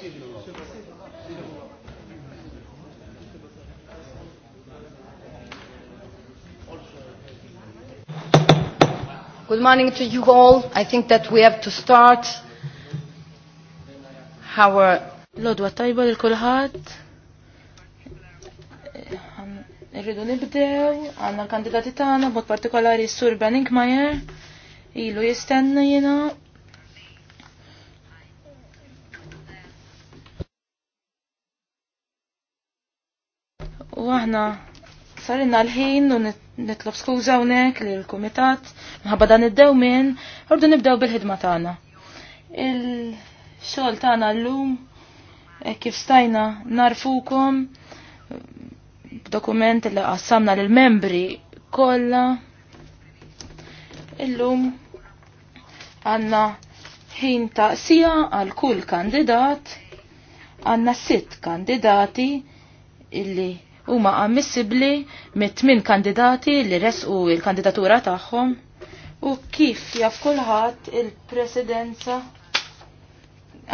Good morning to you all. I think that we have to start our Lodwa tajba lil kulħadd. Irridu nibdew, għandna l-kandidati tagħna b'mod partikolari s-Sur Benning Ilu jistenna jiena aħna sarinna l-ħin u nitlob skuża li l kumitat minħabba dan id-dew minn ordu nibdew bil-ħidma tagħna. Il-xogħol tagħna llum e, kif stajna narfukom dokument li qassamna lill-membri kollha illum għanna ħin taqsija għal kull kandidat għanna sitt kandidati illi huma ammissibbli mit tmien kandidati li resqu il-kandidatura tagħhom u kif jaf kulħadd il-presidenza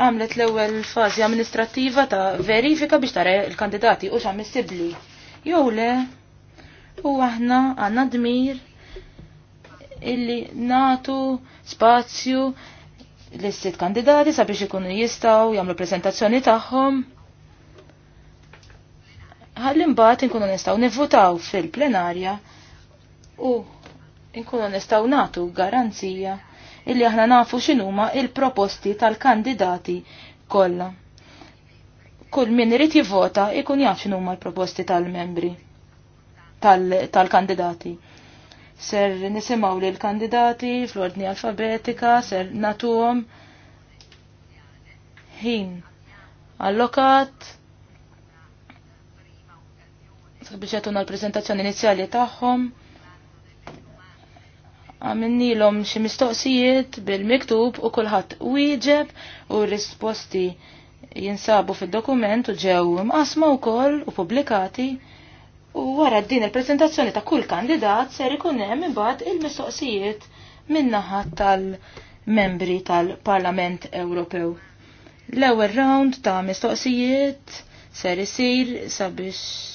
għamlet l-ewwel fażi amministrattiva ta' verifika biex tara il-kandidati u ammissibbli Jew le u aħna għandna dmir illi natu spazju l sitt kandidati sabiex ikunu jistgħu jagħmlu prezentazzjoni tagħhom ħalli mbagħad inkunu nistgħu nivvutaw fil-plenarja u inkunu nistgħu nagħtu garanzija illi aħna nafu x'inhuma il-proposti tal-kandidati kollha. Kull min irid jivvota ikun jaf x'inhuma l-proposti tal-membri tal-kandidati. -tal ser nisimgħu lil kandidati fl-ordni alfabetika, ser natuhom ħin allokat sabiex jatuna l-prezentazzjoni inizjali tagħhom. Għamennilhom xi mistoqsijiet bil-miktub u kulħadd wieġeb u risposti jinsabu fil-dokument u ġew imqasma wkoll u pubblikati. U wara din il-prezentazzjoni ta' kull kandidat ser ikun hemm imbagħad il-mistoqsijiet min-naħa tal-membri tal-Parlament Ewropew. L-ewwel round ta' mistoqsijiet ser isir sabiex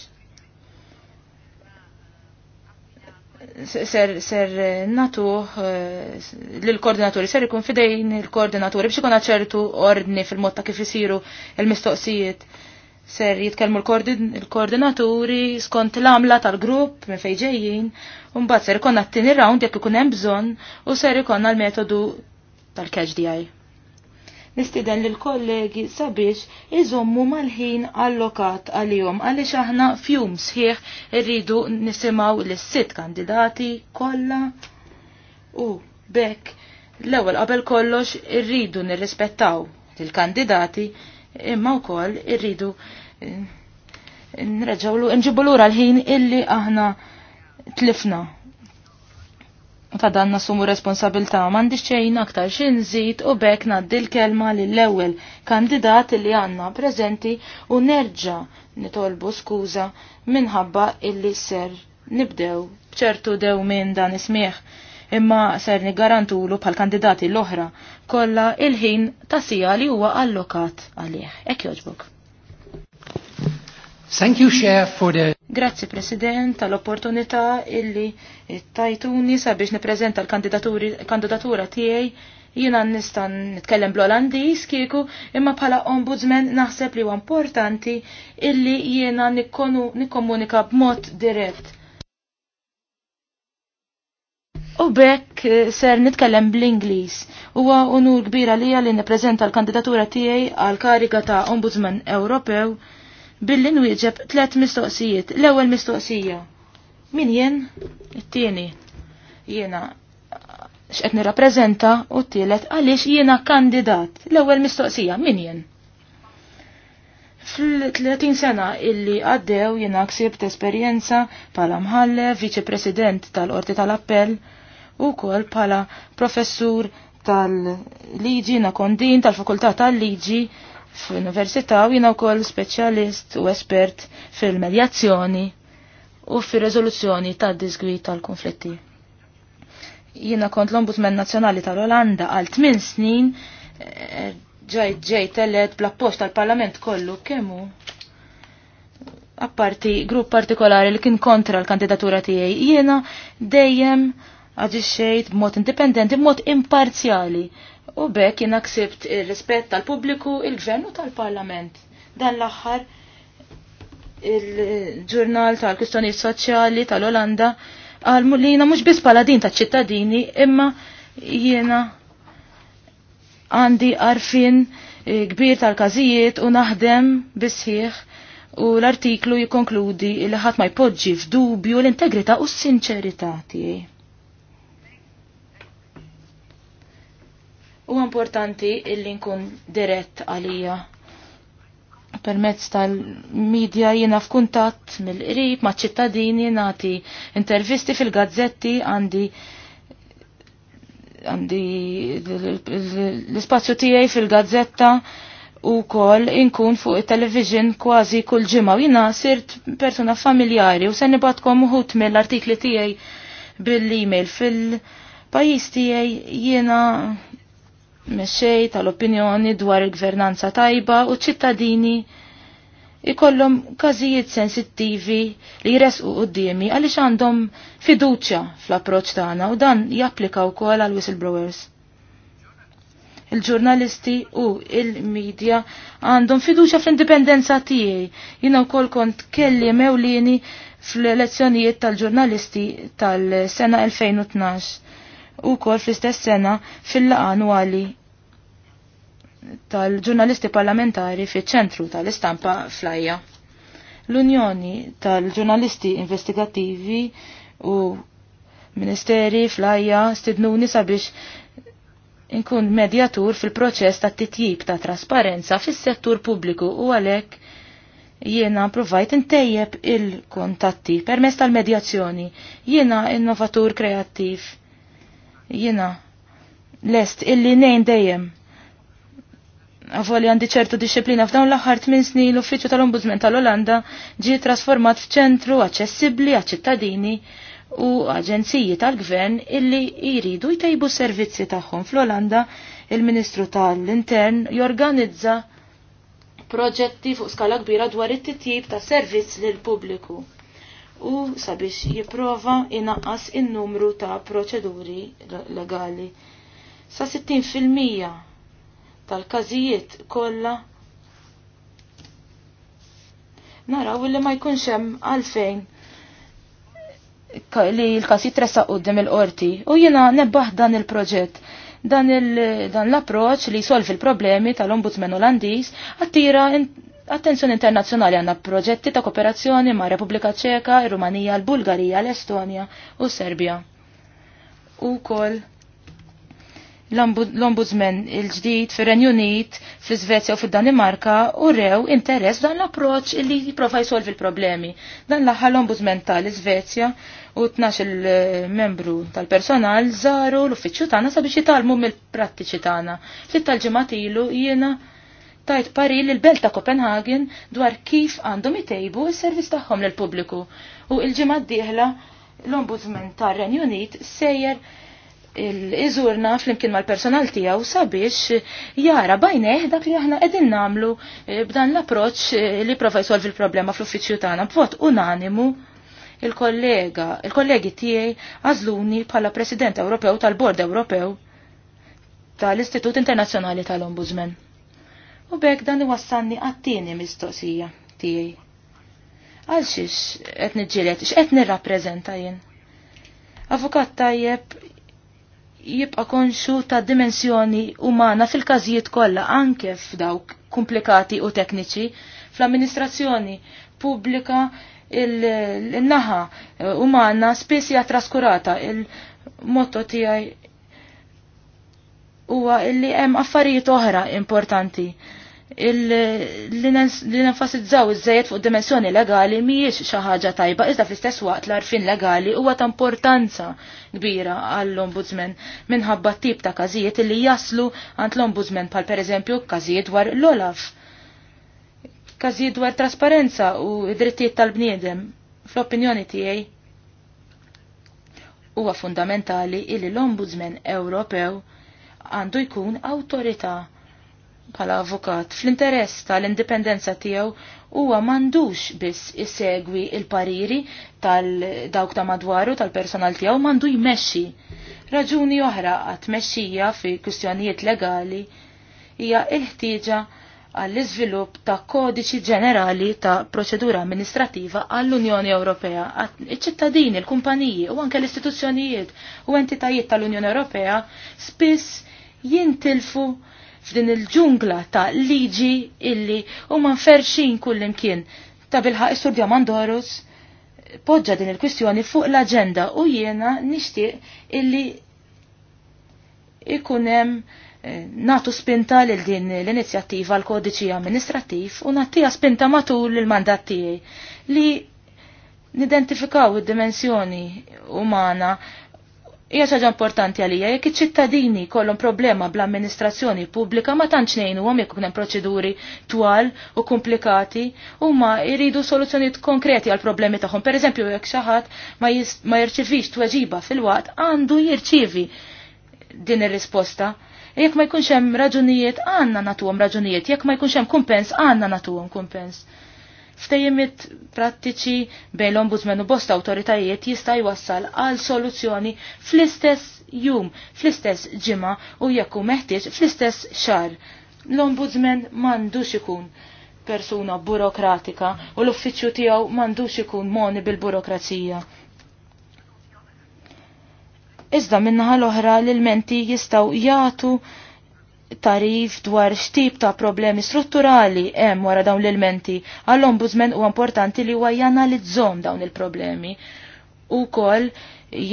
ser, ser uh, eh, l-koordinaturi, ser ikun fidejn il-koordinaturi biex ikun ċertu ordni fil-mod ta' kif isiru il-mistoqsijiet. Ser jitkellmu l-koordinaturi skont l-għamla tal-grupp minn fejġejjin, un bat ser ikon għattini round jekk ikun hemm bżonn u ser ikun għal-metodu tal-catch nistiden lil kollegi sabiex iżommu mal-ħin allokat għalihom għaliex aħna fjum sħiħ irridu nisimgħu lis-sitt kandidati kollha u bekk l-ewwel qabel kollox irridu nirrispettaw il-kandidati imma wkoll irridu eh, nreġawlu nġibulura lura l-ħin illi aħna tlifna ta' danna nasumu responsabilta mandi xejn aktar xin zid u bek naddi l-kelma lill-ewwel kandidat li għanna preżenti u nerġa' nitolbu skuża minħabba illi ser nibdew bċertu dew minn dan ismieħ imma ser nigarantulu pal kandidati l-oħra kollha il-ħin ta' li huwa allokat għalih. Ek joġbok. Thank you, Chef, for the... Grazzi, President, tal-opportunità illi tajtuni sabiex neprezenta l-kandidatura tiegħi jina nista nitkellem bl-Olandis kieku imma bħala ombudsman naħseb li huwa importanti illi jiena nikkomunika b'mod dirett. U bekk eh, ser nitkellem bl-Ingliż. Huwa unur kbira lija li nippreżenta l-kandidatura tiegħi għal kariga ta' Ombudsman Ewropew billi nwieġeb tlet mistoqsijiet. L-ewwel mistoqsija. Min jien? It-tieni. Jiena eh, x'qed nirrappreżenta u t-tielet għaliex jiena kandidat. L-ewwel mistoqsija min jien? Fl-30 sena illi għaddew jiena ksibt esperjenza bħala Mħalle, viċi-president tal-Qorti tal-Appell u kol bħala professur tal-liġi na kondin tal-fakultà tal-liġi tal fakultà tal liġi fl-università u jina wkoll speċjalist u espert fil-medjazzjoni u fir rezoluzzjoni ta' disgwi tal-konflitti. Jina kont l-Ombudsman Nazzjonali tal-Olanda għal 8 snin ġajt eh, ġejt telet bl post tal-Parlament kollu kemmu apparti grupp partikolari li kien kontra l-kandidatura tiegħi jiena dejjem aġixxejt b'mod indipendenti, b'mod imparzjali u bekk jina ksibt il-rispett tal-pubbliku, il-gvern u tal-parlament. Dan l aħħar il-ġurnal tal-kustjonijiet soċjali tal-Olanda għalmu li jina mux bis paladin tal ċittadini imma jina għandi għarfin eh, kbir tal-kazijiet u naħdem bisħiħ u l-artiklu jikonkludi li ħadd ma jpoġġi f'dubju l-integrità u s-sinċerità tiegħi. U importanti illi nkun dirett għalija. Permezz tal-medja jiena f'kuntatt mill-qrib ma' ċittadini nagħti intervisti fil-gazzetti għandi għandi l-ispazju tiegħi fil-gazzetta u kol inkun fuq il-television kważi kull ġimma. Jina sirt persona familjari u sen nibatkom uħut mill-artikli tijaj bil-email fil-pajis tijaj jiena mexxej tal-opinjoni dwar il-gvernanza tajba u ċittadini ikollhom każijiet sensittivi li jresqu quddiemi għaliex għandhom fiduċja fl-approċċ tagħna u dan japplika wkoll għal whistleblowers. Il-ġurnalisti u il-medja għandhom fiduċja fl-indipendenza tiegħi. Jiena wkoll kont kelli mewlieni fl-elezzjonijiet tal-ġurnalisti tal-sena 2012 u kol fl-istess sena fil-laqa annwali tal-ġurnalisti parlamentari fiċ-ċentru tal-istampa flajja. L-Unjoni tal-ġurnalisti investigativi u ministeri flajja stidnuni sabiex inkun medjatur fil-proċess ta' titjib ta' trasparenza fis-settur pubbliku u għalhekk jiena provajt intejjeb il-kontatti permezz tal-medjazzjoni. Jiena innovatur kreattiv jina, lest, illi nejn dejjem. Għavoli għandi ċertu disċiplina f'dawn l-aħħar minn snin l-Uffiċċju tal-Ombudsman tal-Olanda ġie trasformat f'ċentru aċċessibbli għaċ-ċittadini u aġenziji tal-gvern illi jridu jtejbu servizzi tagħhom fl-Olanda il-Ministru tal-Intern jorganizza proġetti fuq skala kbira dwar it-titjib ta' servizz lil pubbliku u sabiex jipprova inaqqas in-numru ta' proċeduri legali. Sa 60% tal-każijiet kollha naraw li ma jkunx hemm għalfejn li l-każ jitressaq qudiem il-qorti u jiena nebbaħ dan il-proġett dan, l-approċ li solvi l-problemi tal-ombudsman olandiż għattira Attenzjoni internazzjonali għandna proġetti ta' kooperazzjoni ma' Repubblika Ċeka, Rumanija, l-Bulgarija, l-Estonja u Serbja. U kol l-Ombudsman il-ġdid fir renju Unit, fi Svezja u fi danimarka u rew interess dan l-approċ li jiprofa jsolvi l-problemi. Dan l l-Ombudsman tal-Svezja u 12 il-membru tal-personal żaru l-uffiċċju tagħna sabiex jitalmu mill-prattiċi tagħna. Fit tal-ġimgħat jiena tajt pari l-belt ta' Copenhagen dwar kif għandhom itejbu s-servizz tagħhom lil pubbliku u l-ġimgħa d-dieħla l-Ombudsman tar-Renju Unit sejjer iżurna flimkien mal-personal tiegħu sabiex jara bajneħ dak li aħna qegħdin namlu eh, b'dan l-approċċ eh, li prova jsolvi l-problema fl-uffiċċju tagħna b'vot unanimu il-kollega, il-kollegi tiegħi għażluni bħala President Ewropew tal-Bord Ewropew tal-Istitut Internazzjonali tal-Ombudsman. U bekk dan iwassanni għattini mistoqsija tiegħi. Għalxiex qed qed x x'qed nirrappreżenta jien. Avukat tajjeb jibqa' konxu ta' dimensjoni umana fil-każijiet kollha anke f'dawk komplikati u tekniċi fl-amministrazzjoni pubblika il-naħa umana spiss hija traskurata il-motto tiegħi huwa illi hemm affarijiet oħra importanti li nenfasizzaw iż fuq dimensjoni legali mhijiex xi ħaġa tajba, iżda fl-istess waqt l-arfin legali huwa ta' importanza kbira għall-ombudsman minħabba tip ta' każijiet li jaslu għand l-ombudsman bħal pereżempju każijiet dwar l-Olaf. Każijiet dwar trasparenza u id-drittijiet tal-bniedem, fl-opinjoni tiegħi huwa fundamentali illi l-Ombudsman Ewropew għandu jkun awtorità bħala avukat fl-interess tal-indipendenza tiegħu huwa m'għandux biss isegwi il-pariri tal-dawk ta' madwaru tal-personal tiegħu m'għandu jmexxi. Raġuni oħra għat mexxija fi kwistjonijiet legali hija l-ħtieġa għall-iżvilupp ta' kodiċi ġenerali ta' proċedura amministrativa għall-Unjoni Ewropea, iċ-ċittadini, il kumpaniji u anke l-istituzzjonijiet u entitajiet tal-Unjoni Ewropea spiss jintilfu f'din il-ġungla ta' liġi illi huma nferxin kullimkien ta' bilħaq is Diamandorus poġġa din il-kwistjoni fuq l-agenda u jiena nixtieq illi ikunem eh, natu spinta lil din l-inizjattiva l-kodiċi amministrativ u nattija spinta matul il-mandat tiegħi li nidentifikaw id-dimensjoni umana Hija ħaġa importanti għalija jekk iċ-ċittadini kollhom problema bl-amministrazzjoni pubblika ma tantx ngħinuhom jekk ikun hemm proċeduri twal u komplikati huma jridu soluzzjonijiet konkreti għal problemi tagħhom. Pereżempju jekk xi ma, ma jirċivix tweġiba fil-waqt għandu jirċievi din ir-risposta. Jekk ma jkunx hemm raġunijiet għandna nagħtuhom raġunijiet, jekk ma jkunx hemm kumpens għandna nagħtuhom kumpens. Ftejjimit prattiċi bejn l-Ombudsman u bosta awtoritajiet jista' jwassal għal soluzzjoni fl-istess jum, fl-istess ġimgħa u jekk hu meħtieġ fl-istess xar. L-Ombudsman m'għandux ikun persuna burokratika u l-uffiċċju tiegħu m'għandux ikun moni bil-burokrazija. Iżda minnaħa l-oħra l-menti jistaw jagħtu tarif dwar x'tip ta' problemi strutturali hemm wara dawn l-elementi għall-ombudsman huwa importanti li huwa janalizzhom dawn il-problemi u kol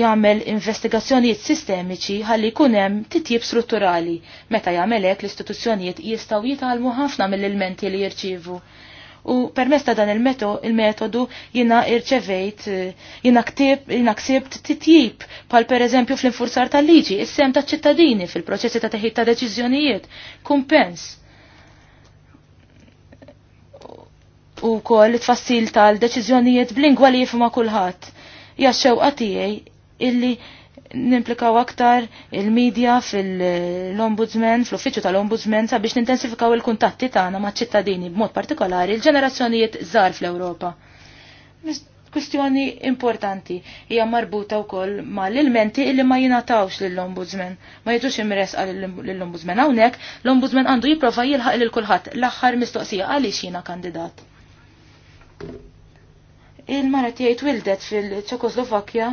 jagħmel investigazzjonijiet sistemiċi ħalli jkun hemm titjib strutturali. Meta jagħmel hekk l-istituzzjonijiet jistgħu jitgħalmu ħafna mill-ilmenti li jirċievu u permess ta' dan il-metodu jina irċevejt, eh, jina ktib, jina ksibt titjib, pal per eżempju fl-infurzar tal-liġi, is-sem ta' ċittadini fil-proċessi ta' teħid ta' deċiżjonijiet, kumpens. U kol tfassil tal-deċiżjonijiet b'lingwa li jifma kulħadd. Jaxxew għatijaj illi nimplikaw aktar il-medja fil-ombudsman, fl-uffiċċju tal-ombudsman sabiex nintensifikaw il-kuntatti tagħna ma' ċittadini b'mod partikolari il-ġenerazzjonijiet żgħar fl-Ewropa. Kwistjoni importanti hija marbuta wkoll ma' l-ilmenti illi ma jingħatawx lill-ombudsman. Ma jiġux imres lill-ombudsman hawnhekk, l-ombudsman għandu jipprova jilħaq lil kulħadd l-aħħar mistoqsija għaliex jiena kandidat. Il-mara tiegħi twildet fil-Ċekoslovakkja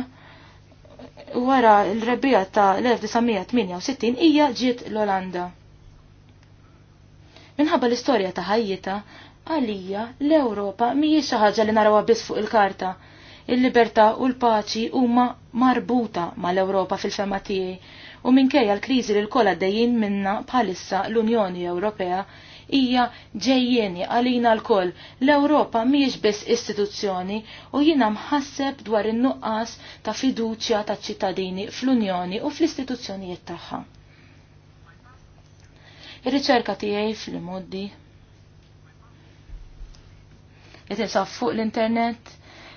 wara l-rebija ta' l-1968 hija ġiet l-Olanda. Minħabba l-istorja ta' ħajjita, għalija l-Ewropa mhijiex xi ħaġa li narawha biss fuq il-karta. Il-libertà u l-paċi huma marbuta mal-Ewropa fil-fema tiegħi u minkejja l-kriżi li l-kola dejjin minna bħalissa l-Unjoni Ewropea hija ġejjeni għalina l-koll. L-Ewropa mhijiex biss istituzzjoni u jiena mħasseb dwar in-nuqqas ta' fiduċja ta' ċittadini fl-Unjoni u fl-istituzzjonijiet tagħha. Ir-riċerka tiegħi fl moddi qed fuq l-internet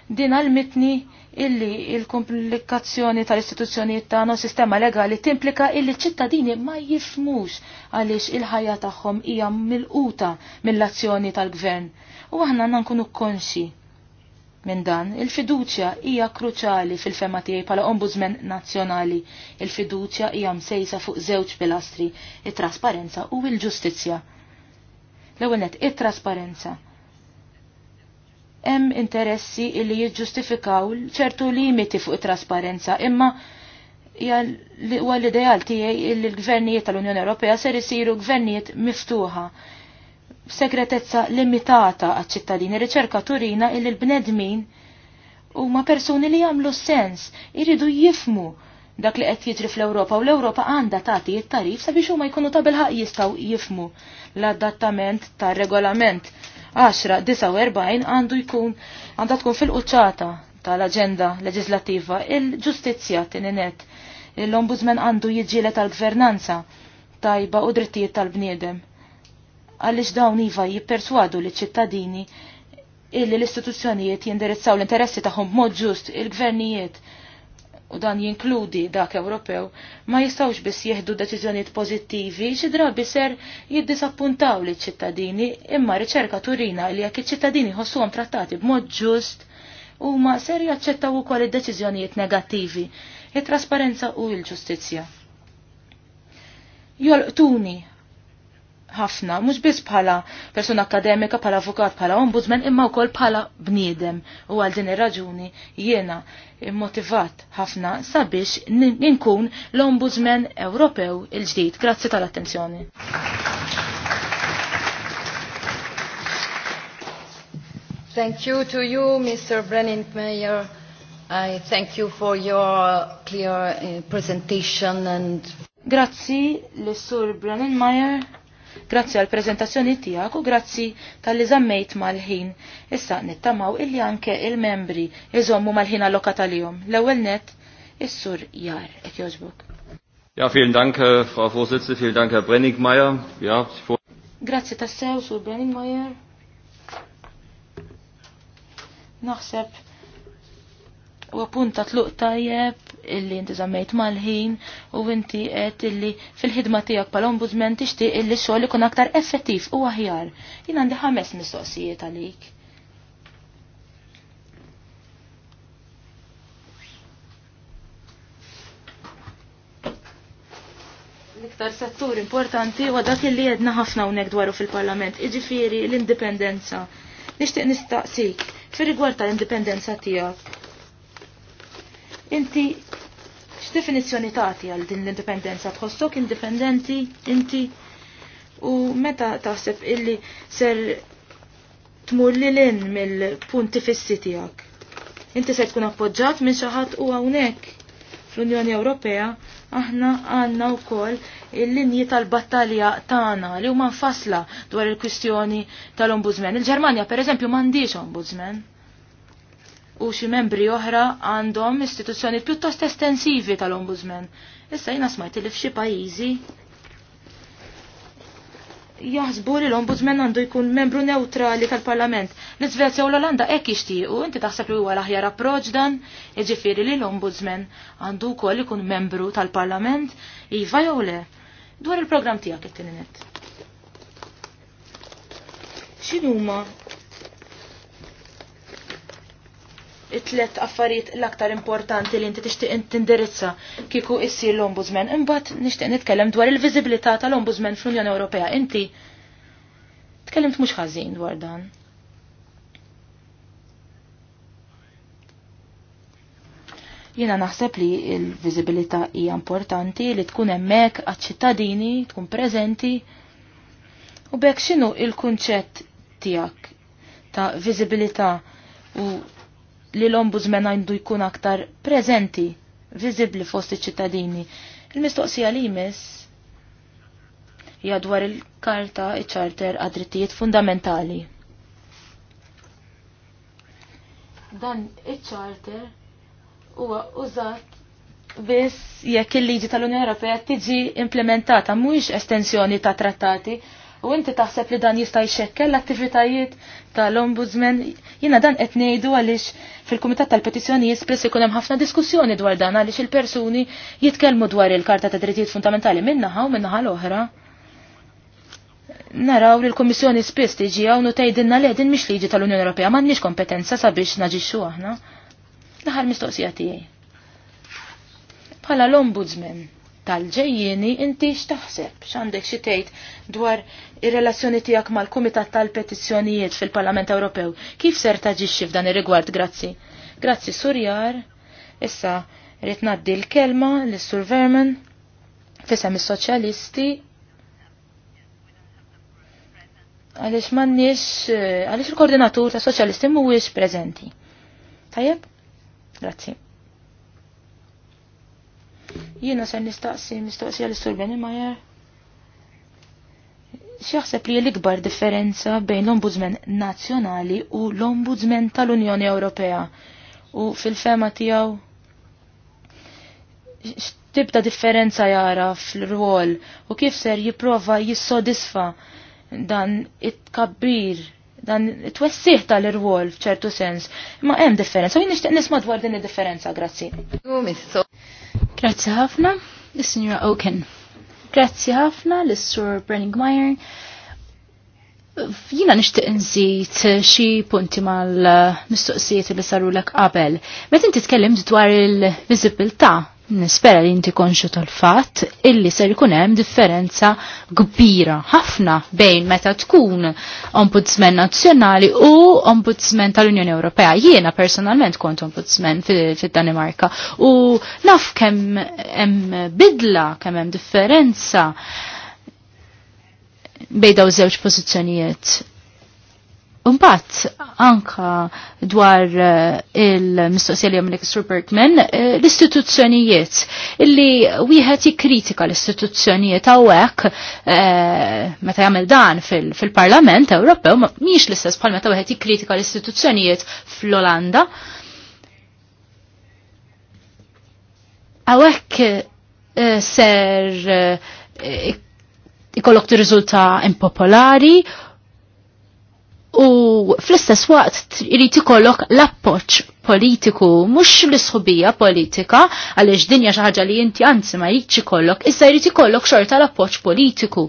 din għal mitni illi il-komplikazzjoni tal-istituzzjonijiet tagħna u sistema legali timplika illi ċittadini ma jifmux għaliex il-ħajja tagħhom hija milquta mill-azzjoni tal-gvern. U aħna għandna nkunu konxi minn dan. Il-fiduċja hija kruċali fil-fema tiegħi bħala ombudsman nazzjonali. Il-fiduċja hija msejsa fuq żewġ pilastri, it-trasparenza u l-ġustizzja. L-ewwel it-trasparenza. it trasparenza hemm interessi li jiġġustifikaw ċertu limiti fuq trasparenza imma huwa l-ideal tiegħi li l-gvernijiet tal-Unjoni Ewropea ser isiru gvernijiet miftuħa segretezza limitata għaċ-ċittadini riċerka turina illi l-bnedmin huma persuni li jagħmlu sens iridu jifmu dak li qed jiġri fl-Ewropa u l-Ewropa għandha tagħti t tarif sabiex huma jkunu ta' jistgħu jifmu l-adattament tar-regolament 10-49 għandu jkun għandha tkun fil-quċċata tal-aġenda leġislattiva il-ġustizzja tininet l-ombudsman għandu jiġġiela tal-gvernanza tajba u drittijiet tal-bniedem għaliex dawn iva jipperswadu li ċittadini illi l-istituzzjonijiet jindirizzaw l-interessi tagħhom b'mod ġust il-gvernijiet u dan jinkludi dak Ewropew, ma jistawx biss jieħdu deċiżjonijiet pożittivi xi drabi ser jiddisappuntaw li ċittadini imma riċerka turina li jekk iċ-ċittadini ħossuhom trattati b'mod ġust huma ser jaċċettaw ukoll id-deċiżjonijiet negattivi, it-trasparenza u l-ġustizzja. Jolqtuni ħafna, mhux biss bħala persuna akademika, bħala avukat, bħala ombudsman, imma wkoll bħala bniedem. U għal din ir-raġuni jiena immotivat ħafna sabiex ninkun l-ombudsman Ewropew il-ġdid. Grazzi tal-attenzjoni. Thank you to you, Mr. Brennan Mayor. I thank you for your clear eh, presentation and Grazzi Lesur Brennan Mayer Grazzi għal prezentazzjoni tijak u grazzi tal-li zammejt mal-ħin. Issa nittamaw illi anke il-membri iżommu mal-ħin allokata tal-jom. L-ewel net, issur sur jar, et jozbuk. Ja, vielen Dank, äh, Frau Vorsitze, vielen Dank, Herr Brenningmeier. Ja, Grazzi tassew, sur Brenningmeier. Naħseb u appunta tluq tajjeb illi inti zammejt mal-ħin u inti qed illi fil-ħidma tiegħek pal-ombudsman tixtieq illi xogħol ikun aktar effettiv u aħjar. Jien għandi ħames mistoqsijiet għalik. L-iktar settur importanti huwa dak illi għedna ħafna hawnhekk dwaru fil-Parlament, iġifieri l-indipendenza. Nixtieq nistaqsik fir-rigward tal-indipendenza tiegħek Inti x'definizzjoni tagħti għal din l-indipendenza? Tħossok indipendenti inti u meta taħseb illi ser tmur lil lin mill-punti fissi tiegħek. Inti se tkun appoġġat minn xi ħadd u hawnhekk fl-Unjoni Ewropea aħna għanna u koll il-linji tal-battalja tagħna li huma fasla dwar il-kwistjoni tal-ombudsman. Il-Ġermanja per eżempju m'għandix ombudsman u xi membri oħra għandhom istituzzjoni pjuttost estensivi tal-Ombudsman. Issa jina smajt li f'xi pajjiżi jaħsbu li l-ombudsman għandu jkun membru neutrali tal-parlament. l u l-Olanda ek ixtiequ, inti taħseb li huwa l-aħjar approċ dan, jiġifieri li l-ombudsman għandu wkoll ikun membru tal-parlament, iva jew le. Dwar il-programm tiegħek it-tininet. X'inhuma it-tlet affarijiet l-aktar importanti li inti tixtieq tindirizza kieku issir l-Ombudsman. Imbagħad nixtieq nitkellem dwar il-viżibilità tal-Ombudsman fl-Unjoni Ewropea. Inti tkellimt mhux ħażin dwar dan. Jiena naħseb li l-viżibilità hija importanti li tkun hemmhekk għaċ-ċittadini, tkun preżenti. U bekk x'inhu il-kunċett tiegħek ta' viżibilità u li l-ombudsman għandu jkun aktar prezenti, viżibli fost iċ-ċittadini. Il-mistoqsija li jmiss hija dwar il-karta iċ-ċarter għad-drittijiet fundamentali. Dan iċ-ċarter huwa użat biss jekk il-liġi tal-Unjoni Ewropea tiġi implementata mhuwiex estensjoni ta' trattati U inti taħseb li dan jista' jxekkel l-attivitajiet tal-Ombudsman? Jiena dan qed ngħidu għaliex fil-Kumitat tal-Petizzjonijiet spiss ikun hemm ħafna diskussjoni dwar dan għaliex il-persuni jitkellmu dwar il-Karta ta' Drittijiet Fundamentali min-naħa u minnaħa l-oħra. Naraw li l-Kummissjoni spiss tiġi hawn u tgħidilna li din mhix liġi tal-Unjoni Ewropea m'għandniex kompetenza sabiex naġixxu aħna. L-aħħar mistoqsija tiegħi. Bħala l-Ombudsman, tal ġejjini inti x'taħseb x'għandek xi tgħid dwar ir-relazzjoni tiegħek mal-Kumitat tal-Petizzjonijiet fil-Parlament Ewropew. Kif ser taġixxi f'dan ir-rigward? Grazzi. Grazzi Surjar. Issa rrid ngħaddi l-kelma lis sur Verman fisem is-soċjalisti għaliex m'għandniex eh, għaliex il-koordinatur ta' soċjalisti mhuwiex preżenti. Tajjeb? Grazzi. Jiena se nistaqsi mistoqsija l sur Mayer. X'jaħseb li l-ikbar differenza bejn l-Ombudsman nazzjonali u l-Ombudsman tal-Unjoni Ewropea u fil-fema tiegħu tibda differenza jara fl-rwol u kif ser jipprova jissodisfa dan it-kabbir dan it-twessiħ tal-irwol f'ċertu sens. Ma hemm differenza, u nixtieq nisma' dwar din id-differenza, grazzi. Grazzi ħafna, is-Sinjura Oken. Grazzi ħafna l-Sur Brenning Meyer. Jina nishtiq nżid xi punti mal-mistoqsijiet li saru l qabel. Meta inti tkellimt dwar il-viżibilità nispera li inti konxu tal-fatt illi ser ikun hemm differenza kbira ħafna bejn meta tkun ombudsman nazzjonali u ombudsman tal-Unjoni Ewropea. Jiena personalment kont ombudsman fil danimarka u naf kemm hemm bidla, kemm hemm differenza bejn daw żewġ pożizzjonijiet. Mbatt, anka dwar eh, il-mistoqsija li għamlek Sir Bergman, eh, l-istituzzjonijiet, illi wieħed jikkritika l-istituzzjonijiet għawek, eh, meta jagħmel dan fil-Parlament Ewropew, ma miex l-istess bħal meta wieħed kritika l-istituzzjonijiet fl-Olanda. Għawek ser ikollok rizulta impopolari, U fl-istess waqt irid ikollok l-appoġġ politiku, mhux l-isħubija politika, għaliex dinja xi ħaġa li inti anzi ma jridx ikollok, issa jrid ikollok xorta l-appoġġ politiku.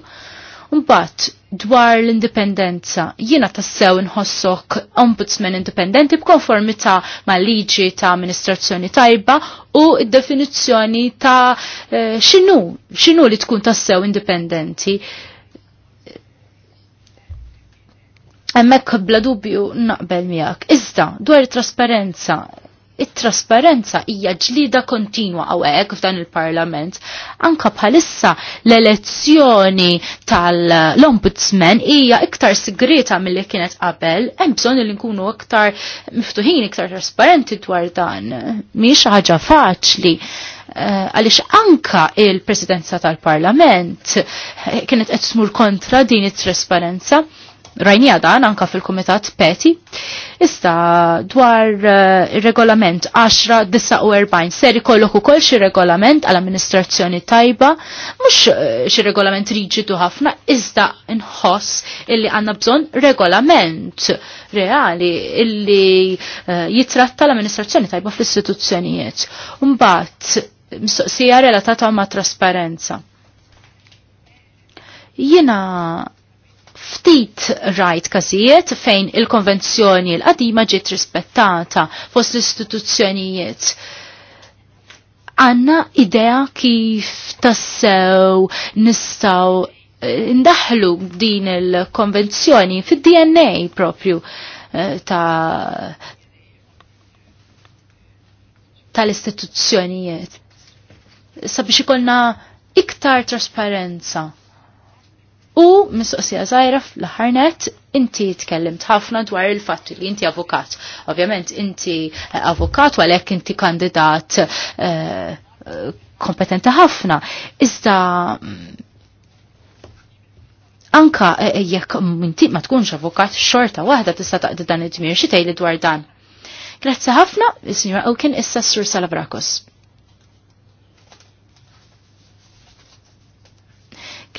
Mbagħad dwar l-indipendenza, jiena tassew inħossok ombudsman indipendenti b'konformità mal-liġi ta' amministrazzjoni tajba u d-definizzjoni ta' eh, xinu, xinu li tkun tassew indipendenti. Emmek bla dubju naqbel miegħek. Iżda dwar trasparenza it-trasparenza hija ġlida kontinwa għawek f'dan il-parlament. Anka bħalissa l-elezzjoni tal-ombudsman hija iktar segreta mill-li kienet qabel, hemm bżonn li nkunu iktar miftuħin, iktar trasparenti dwar dan. Mhix ħaġa faċli eh, għalix anka il-presidenza tal-parlament eh, kienet qed tmur kontra din it-trasparenza rajnija dan anka fil-Komitat Peti. Issa dwar uh, regolament 10-49 ser ikollok ukoll xi regolament għal amministrazzjoni tajba, mhux xie eh, xi regolament riġidu ħafna, iżda nħoss illi għandna bżonn regolament reali illi uh, jitratta l-amministrazzjoni tajba fl-istituzzjonijiet. Mbagħad sija relatata ma' trasparenza. Jiena ftit rajt każijiet fejn il-konvenzjoni l-qadima ġiet rispettata fost l-istituzzjonijiet għanna idea kif tassew nistaw eh, ndaħlu din il-konvenzjoni fid-DNA propju eh, ta' tal-istituzzjonijiet sabiex ikolna iktar trasparenza U mistoqsija zaħira fl-aħħar nett inti tkellimt ħafna dwar il-fatt li inti avukat. Ovvjament inti eh, avukat u għalhekk inti kandidat eh, kompetenti ħafna. Iżda mm, anka eh, jekk inti ma tkunx avukat xorta waħda tista' taqdi dan id-dmir xi tgħidli dwar dan. Grazzi ħafna, is-Sinjora Oken issa Sur Salabrakos.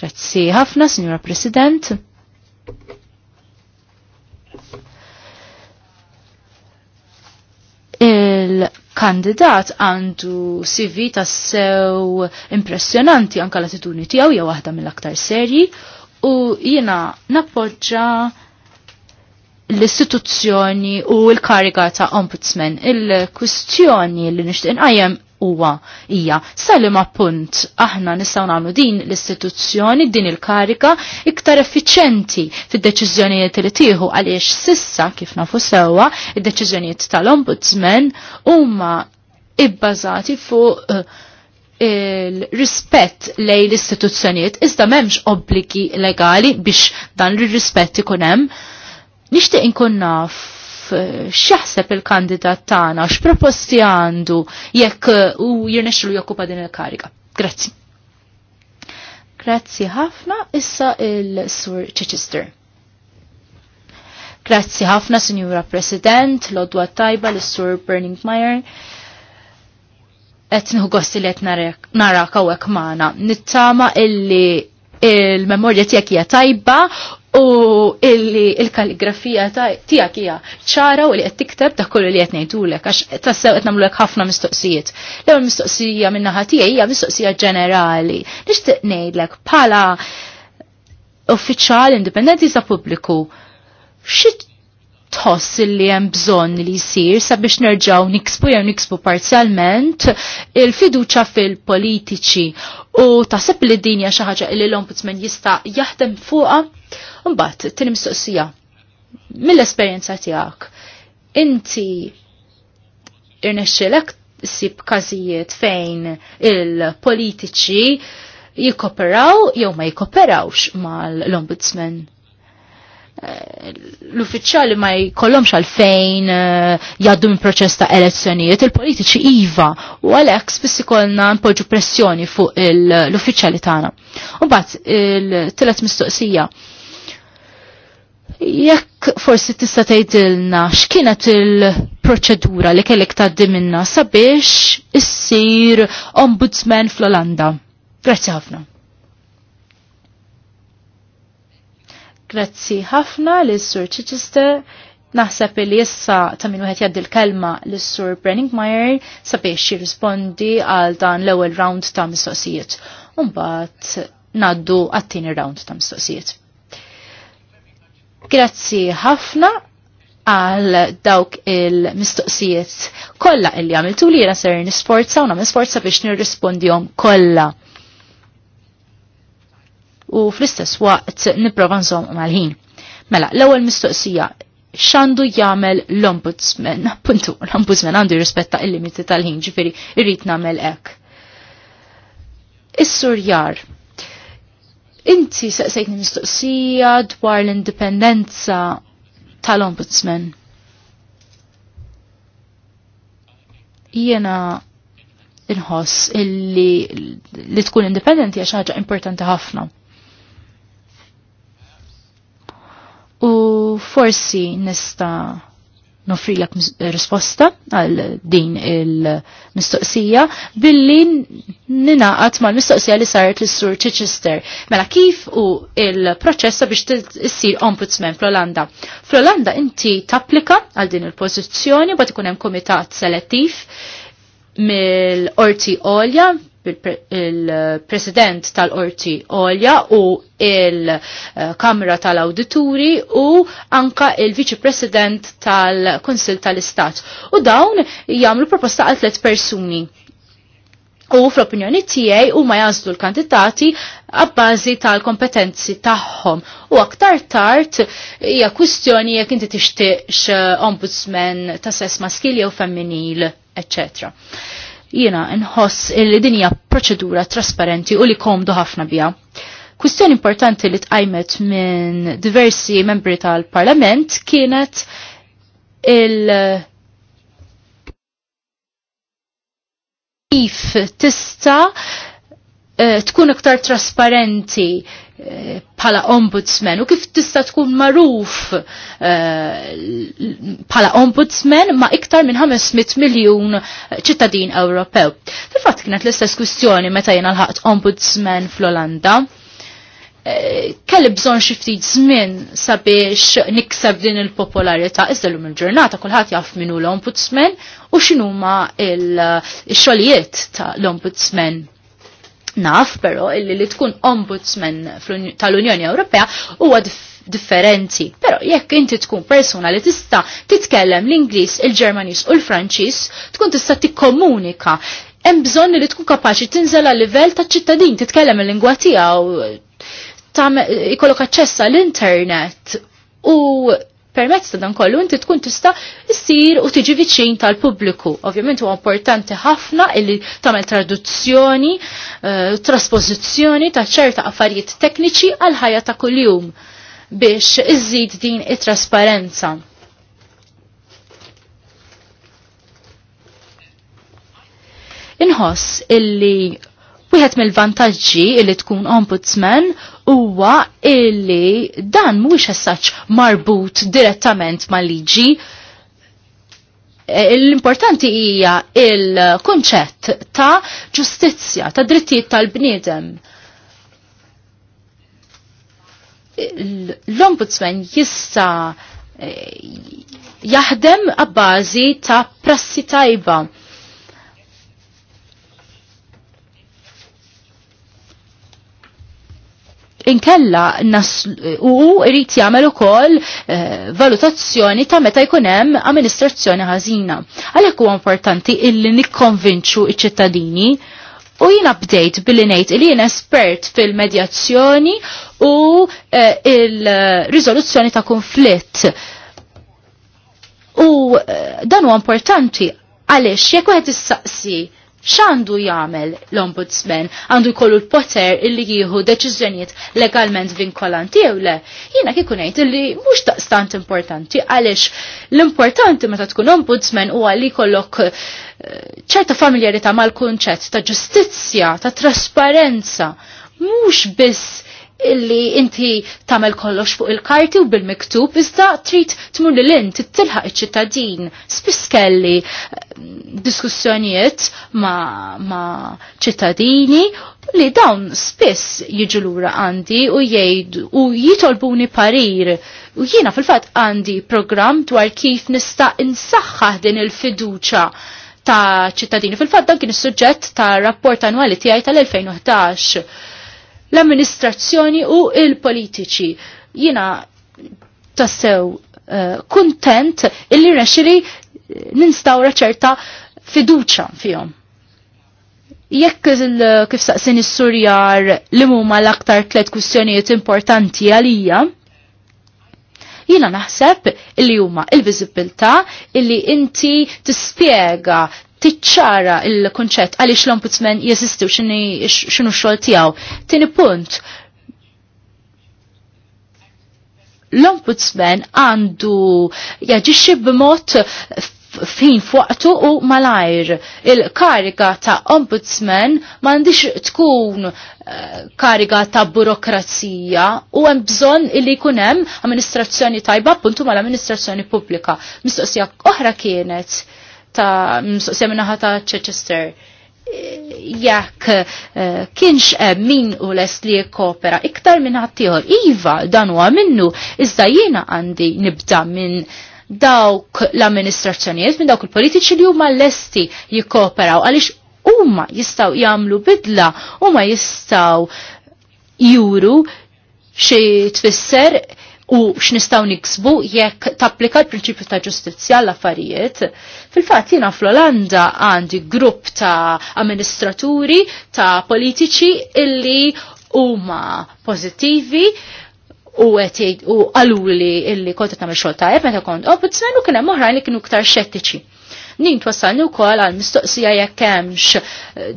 Grazzi ħafna, Signora President. Il-kandidat għandu CV sew impressjonanti anka l-attitudni tiegħu jew waħda mill-aktar serji u jiena nappoġġa l-istituzzjoni u l-kariga ta' ombudsman. Il-kwistjoni li nixtieq għajem huwa hija salim appunt aħna nistgħu nagħmlu din l-istituzzjoni din il-karika iktar effiċenti fid-deċiżjonijiet li tieħu għaliex sissa kif nafu sewwa id-deċiżjonijiet tal-ombudsman huma ibbażati fuq uh, il-rispett lej l-istituzzjonijiet iżda m'hemmx obbligi legali biex dan l rispett ikun hemm. Nixtieq inkun naf x'jaħseb il-kandidat tagħna, x'proposti għandu jekk uh, u jirnexxilu jokkupa din il-kariga. Grazzi. Grazzi ħafna issa il-Sur Chichester. Grazzi ħafna, Sinjura President, l-Odwa Tajba, l-Sur Burning Meyer. Et nħu gosti li et nara kawek maħna. Nittama illi il-memorja tijak hija tajba u illi il-kalligrafija tija hija ċara u li qed tiktab ta' kollu li qed ngħidulek għax tassew qed namlu ħafna mistoqsijiet. L-ewwel mistoqsija minn naħa tiegħi hija mistoqsija ġenerali. Nixtieq ngħidlek bħala uffiċjal indipendenti sa' pubbliku xit tħoss li hemm bżonn li jsir sabiex nerġgħu nikspu jew nikspu parzjalment il-fiduċa fil-politiċi u taħseb li d-dinja xi ħaġa li l-ombudsman jista' jaħdem fuqha mbagħad tieni mistoqsija mill-esperjenza tiegħek. Inti irnexxilek sib każijiet fejn il-politiċi jikoperaw jew ma jikoperawx mal-ombudsman Eh, l-uffiċjali ma jkollhomx għalfejn eh, jgħaddu minn proċess ta' elezzjonijiet, il-politiċi iva u għalhekk spiss ikollna npoġġu pressjoni fuq l-uffiċjali tagħna. U mbagħad il-tielet mistoqsija. Jekk forsi tista' tgħidilna x'kienet il-proċedura li kellek tgħaddi minnha sabiex issir ombudsman fl-Olanda. Grazzi ħafna. Grazzi ħafna li s-sur Chichester. Naħseb li issa ta' minn wieħed jgħaddi l-kelma lis sur Brenningmeyer sabiex jirrispondi għal dan l-ewwel round ta' mistoqsijiet. u mbagħad ngħaddu għat-tieni round ta' mistoqsijiet. Grazzi ħafna għal dawk il-mistoqsijiet kollha illi għamiltu li jiena ser nisforza u nagħmel sforza biex nirrispondihom kollha u fl-istess waqt niprofa nżom mal-ħin. Mela, l-ewwel mistoqsija xandu jagħmel l-ombudsman, puntu, l-ombudsman għandu jirrispetta il-limiti tal-ħin, ġifieri irrid nagħmel hekk. Is-sur jar, inti seqsejtni mistoqsija dwar l-indipendenza tal-ombudsman. Jiena inħoss illi li tkun indipendenti għax ħaġa importanti ħafna. u forsi nista nofrilak risposta għal din il-mistoqsija billi ninaqat mal mistoqsija li saret l sur Chichester. Mela kif u il-proċessa biex t-sir ombudsman fl-Olanda. Fl-Olanda inti tapplika għal din il-pozizjoni bat ikun hemm komitat selettiv mill-orti olja il-President tal-Orti Olja u il-Kamra tal-Awdituri u anka il-Viċi President tal-Konsil tal-Istat. U dawn jagħmlu proposta għal tliet persuni. U fl-opinjoni tiegħi huma jazdu l-kandidati għabbażi tal-kompetenzi tagħhom. U aktar tard hija kwistjoni jekk inti tixtieqx eh, ombudsman ta' sess maskil jew femminil, eċċetera. Jiena nħoss li dinja proċedura trasparenti u li komdu ħafna biha. Kwistjoni importanti li tqajmet minn diversi membri tal-Parlament kienet il- kif tista' eh, tkun iktar trasparenti bħala ombudsman u kif tista' tkun magħruf bħala eh, ombudsman ma' iktar minn 500 miljun ċittadin Ewropew. Fil-fatt kienet l-istess kwistjoni meta jena l ħat ombudsman fl-Olanda eh, kelli bżon xi ftit żmien sabiex nikseb din il-popolarità iżda lum il-ġurnata kulħadd jaf min hu l-ombudsman u x'inhuma il xogħlijiet ta' l-ombudsman. Naf però illi li tkun ombudsman tal-Unjoni Ewropea huwa differenti. Però jekk inti tkun persuna li tista titkellem l-Ingliż, il-Ġermaniż u l-Franċiż, tkun tista' tikkomunika. Hemm bżonn li tkun kapaċi tinżel għal livell ta' ċittadin titkellem il-lingwa tiegħu ikollok aċċess għall-internet u permezz ta' dan kollu inti tkun tista' issir u tiġi viċin tal-pubbliku. Ovvjament huwa importanti ħafna illi tagħmel traduzzjoni, uh, trasposizzjoni ta' ċerta affarijiet tekniċi għal ħajja ta' kuljum biex iżid din it-trasparenza. Inħoss illi Wieħed mill-vantaġġi li tkun ombudsman huwa illi dan mhuwiex saċ marbut direttament mal-liġi. Eh, l-importanti hija il-kunċett ta' ġustizzja, ta' drittijiet tal-bniedem l-ombudsman jista eh, jaħdem għabbażi ta' prassi tajba inkella nas u irrit jagħmel ukoll eh, valutazzjoni ta' meta jkun hemm amministrazzjoni ħażina. Għalhekk huwa importanti illi nikkonvinċu iċ-ċittadini u jien bdejt billi ngħid li jien espert fil-medjazzjoni u eh, il-riżoluzzjoni ta' konflitt. U eh, dan huwa importanti għaliex jekk wieħed issaqsi xandu jagħmel l-ombudsman għandu jkollu l-poter illi jieħu deċiżjonijiet legalment vinkolanti jew le. Jiena kieku ngħid illi mhux taqstant importanti għaliex l-importanti meta tkun ombudsman huwa li jkollok eh, ċerta familjarità mal-kunċett ta' ġustizzja, ta' trasparenza, mhux biss illi inti tamel kollox fuq il-karti u bil-miktub iżda trid tmur lil int tilħaq iċ-ċittadin. Spiss kelli eh, diskussjonijiet ma, ma ċittadini li dawn spiss jiġu lura għandi u jgħidu u jitolbuni parir. U jiena fil-fatt għandi programm dwar kif nista' insaħħaħ din il-fiduċa ta' ċittadini. Fil-fatt dan kien is-suġġett ta' rapport annwali tiegħi tal-2011 l-amministrazzjoni u il-politiċi. Jina tassew eh, kontent uh, illi rexili ninstawra ċerta fiduċa fihom. Jekk kif saqsin is-surjar li huma l-aktar tliet kwistjonijiet importanti għalija, Jina naħseb illi huma il-viżibilità illi inti tispjega tiċċara il-konċett għaliex l-ombudsman jeżisti u x'inhu x-xogħol tiegħu. Tieni punt, l-ombudsman għandu jaġixxi b'mod fin fuqtu u malajr. Il-kariga ta' ombudsman mandiċ tkun eh, kariga ta' burokrazija u hemm bżonn illi jkun hemm amministrazzjoni tajba appuntu mal-amministrazzjoni pubblika. Mistoqsija oħra kienet ta' mistoqsija minnaħa ta' Chichester jekk eh, kienx hemm min u lest li kopera iktar minn ħaddieħor. Iva dan huwa minnu, iżda jiena għandi nibda minn dawk l-amministrazzjonijiet minn dawk il-politiċi li huma lesti jikkooperaw għaliex huma jistgħu jagħmlu bidla, huma jistgħu juru xi tfisser u x'nistgħu niksbu jekk tapplika l-prinċipju ta' ġustizzja l-affarijiet. Fil-fatt jiena fl-Olanda għandi grupp ta' amministraturi ta' politiċi illi huma pożittivi u għet u għaluli illi kontet namel xolta jeb meta kont ombudsman u kienem oħrajn li kienu ktar xettiċi. Nin twassalni wkoll għal mistoqsija jekk hemmx eh,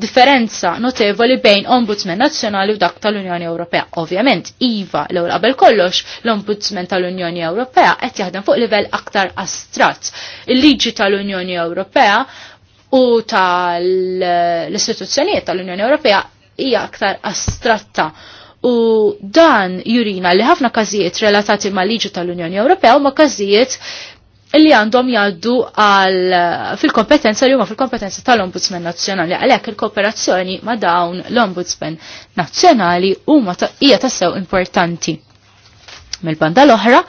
differenza notevoli bejn Ombudsman Nazzjonali u dak tal-Unjoni Ewropea. Ovvjament, iva l ewwel qabel kollox l-Ombudsman tal-Unjoni Ewropea qed jaħdem fuq livell aktar astrat. Il-liġi tal-Unjoni Ewropea u tal-istituzzjonijiet eh, tal-Unjoni Ewropea hija aktar astratta U dan jurina li ħafna każijiet relatati ma' liġi tal-Unjoni Ewropea ma' każijiet li għandhom jgħaddu għal fil-kompetenza li huma fil-kompetenza tal-Ombudsman Nazzjonali għalhekk il-kooperazzjoni ma' dawn l-Ombudsman Nazzjonali huma hija tassew importanti. Mill-banda l-oħra,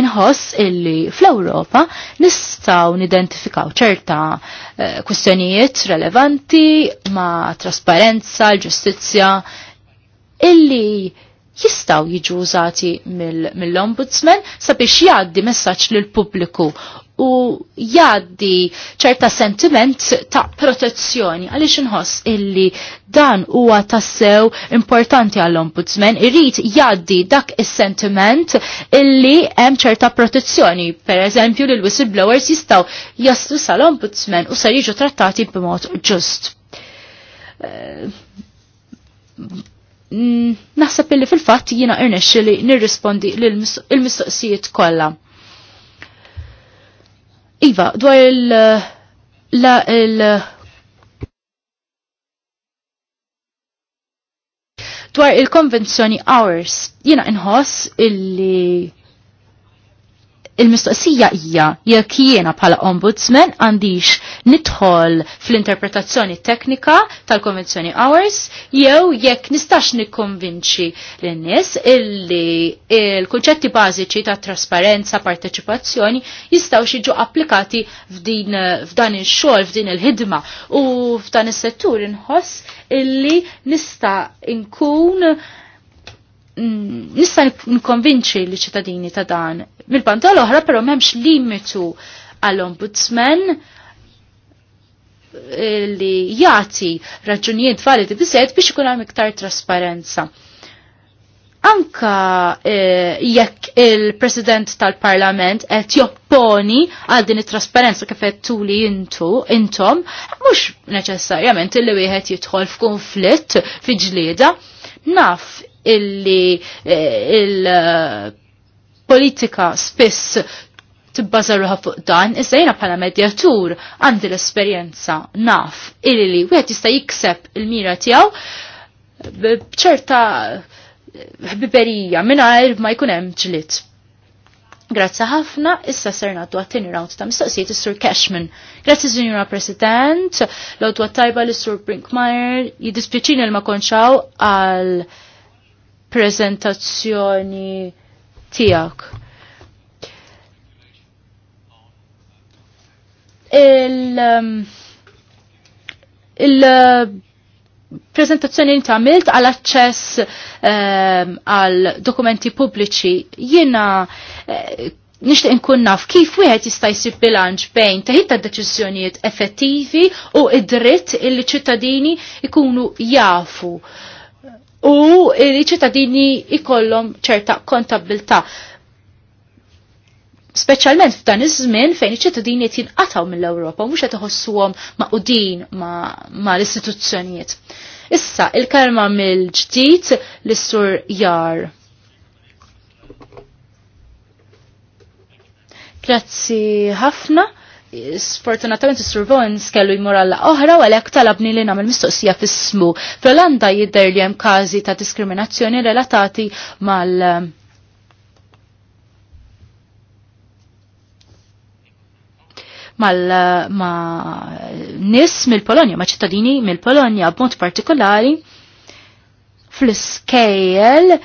inħoss illi fl ewropa nistaw nidentifikaw ċerta eh, kwistjonijiet relevanti ma' trasparenza, l-ġustizja, illi jistaw jiġu użati mill-ombudsman sabiex jgħaddi messaġġ lil pubbliku u jgħaddi ċerta sentiment ta' protezzjoni għaliex inħoss illi dan huwa tassew importanti għall-ombudsman irrid jgħaddi dak is-sentiment illi hemm ċerta protezzjoni. Per eżempju lil whistleblowers jistaw jaslu sal-ombudsman u sar jiġu trattati b'mod ġust eh, Mm, naħseb illi fil-fatt jiena irnexxi li nirrispondi l-mistoqsijiet kollha. Iva, dwar il- la il dwar il-konvenzjoni hours jiena inħoss illi il-mistoqsija hija jekk jiena bħala ombudsman għandix nidħol fl-interpretazzjoni teknika tal-Konvenzjoni Hours jew jekk nistax nikkonvinċi lin-nies illi il-kunċetti bażiċi ta' trasparenza, parteċipazzjoni jistgħu jiġu applikati f'din f'dan ix-xogħol, f'din il-ħidma u f'dan is-settur inħoss illi nista' inkun Mm, nista' nkonvinċi li ċittadini ta' dan. mil banta l-oħra però m'hemmx limitu għall-ombudsman eh, li jagħti raġunijiet validi biżejjed biex ikun hemm iktar trasparenza. Anka eh, jekk il-President tal-Parlament qed jopponi għal din it-trasparenza kif qed tuli intu intom, mhux neċessarjament li wieħed jidħol f'konflitt fi ġlieda, naf illi eh, il-politika eh, spiss tibbaza ruħa fuq dan, iżda jena bħala medjatur għandi l-esperjenza naf illi wieħed jista' jikseb il-mira tiegħu bċerta ħbiberija mingħajr ma jkun hemm ġlit. Grazzi ħafna, issa ser naddu għattini round ta' mistoqsijiet is-Sur Cashman. Grazzi Zinjura President, l-għodwa tajba l-Sur Brinkmeyer, jidispieċini l-ma konċaw għal prezentazzjoni tijak. Il, um, il prezentazzjoni ta' tagħmilt għal aċċess um, għal dokumenti pubbliċi jiena eh, nixtieq inkun naf kif wieħed jista' jsib bilanċ bejn teħid ta' deċiżjonijiet effettivi u id-dritt illi ċittadini ikunu jafu u il-ċittadini ikollhom ċerta kontabilta. Speċjalment f'dan iż-żmien fejn iċ-ċittadini qed jinqataw mill-Ewropa mhux qed iħossuhom maqudin ma' l-istituzzjonijiet. Issa il-kelma mill-ġdid l-istur jar. Grazzi ħafna sfortunatament is-Sur kellu jmur oħra u għalhekk talabni li nagħmel mistoqsija fissmu. Fl-Olanda jidher li hemm każi ta' diskriminazzjoni relatati mal mal ma nis mill-Polonja, ma ċittadini mill-Polonja b'mod partikolari fl-iskejjel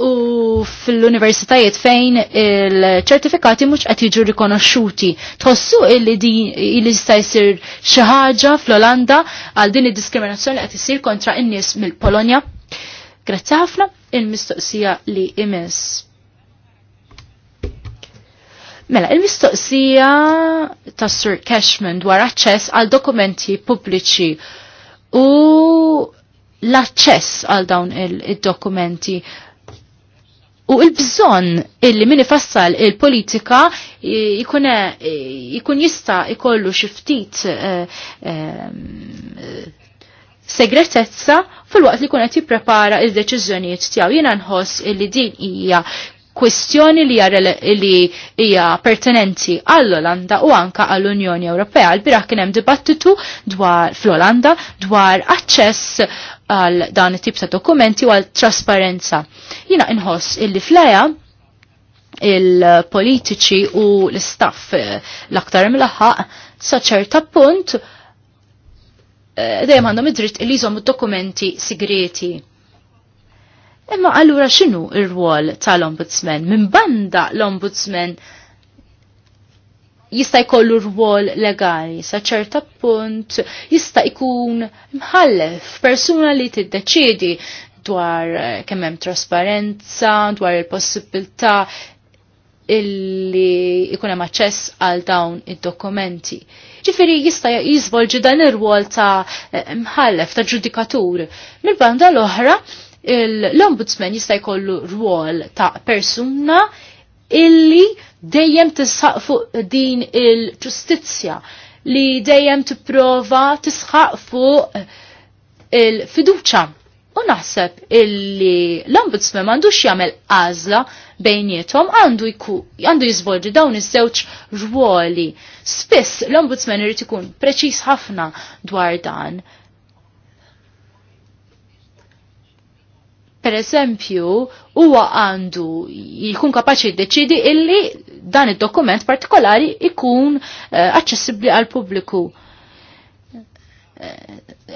u fil-universitajiet fejn il-ċertifikati mhux qed jiġu rikonoxxuti. Tħossu il din illi jista' jsir xi ħaġa fl-Olanda għal din id-diskriminazzjoni għat qed kontra n-nies mill-Polonja. Grazzi ħafna il-mistoqsija li imes. Mela, il-mistoqsija ta' Sir Cashman dwar aċċess għal dokumenti pubbliċi u l-aċċess għal dawn il-dokumenti. il dokumenti u l-bżonn illi min ifassal il-politika jkun eh, jista jkollu xi ftit eh, eh, segretezza fil-waqt li kun qed jipprepara deċizjoniet deċiżjonijiet tiegħu. Jiena nħoss illi din hija kwistjoni li hija pertinenti għall-Olanda u anka għall-Unjoni Ewropea. Għal-biraħ kien hemm dibattitu dwar fl-Olanda dwar aċċess għal dan it-tip ta' dokumenti u għal trasparenza. Jina inħoss illi fleja il-politiċi u l-istaff eh, l-aktar mill-ħaq sa ċerta punt eh, dejjem għandhom id-dritt li jżommu dokumenti sigreti. Imma allura xinu ir-rwol tal-ombudsman? Min banda l-ombudsman jista' jkollu rwol legali sa ċerta punt jista' jkun mħallef persuna li tiddeċiedi dwar eh, kemm hemm trasparenza, dwar il-possibilità illi jkun hemm aċċess għal dawn id-dokumenti. Ġifieri jista' jiżvolġi dan ir-rwol ta' eh, mħallef ta' ġudikatur. Mill-banda l-oħra, l-ombudsman jista' jkollu rwol ta' persuna illi dejjem tisħaq fuq din il-ġustizzja li dejjem tipprova tisħaq fuq il-fiduċa. U naħseb illi l-ombudsman m'għandux jagħmel għażla bejnietom għandu għandu jizvolġi dawn iż-żewġ rwoli. Spiss l-ombudsman irid ikun preċiż ħafna dwar dan per esempio, huwa għandu jkun kapaċi jiddeċidi illi dan id-dokument partikolari ikun uh, aċċessibbli għal pubbliku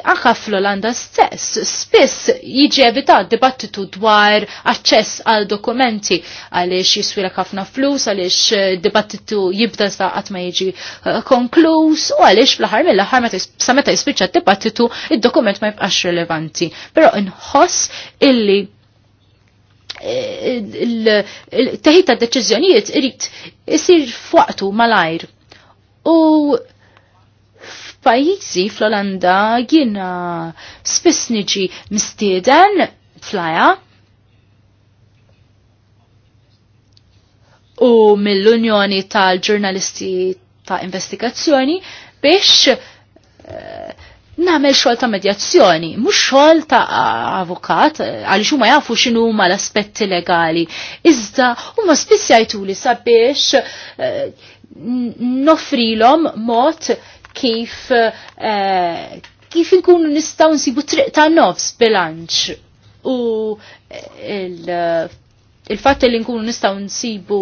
anka fl-Olanda stess, spiss jiġi evitat dibattitu dwar aċċess għal dokumenti għaliex jiswila ħafna flus, għaliex eh, dibattitu jibda sa' ma jiġi eh, konkluż u għaliex fl-ħar mill-ħar sa' meta jispiċċa dibattitu id-dokument ma jibqax relevanti. Però inħoss illi eh, il teħita ta' deċiżjonijiet irid isir fuqtu malajr. U pajizi fl-Olanda jiena spiss niġi mistieden flaja u mill-Unjoni tal-Ġurnalisti ta' Investigazzjoni biex eh, namel xol ta' medjazzjoni, mux xol ta' avukat, eh, għalix huma jafu xinu huma l-aspetti legali. Iżda huma spiss jajtu li sabiex eh, nofrilom mod kif eh, kif inkunu nistaw nsibu triq ta' nofs bilanċ u il fat il li nkunu nistaw nsibu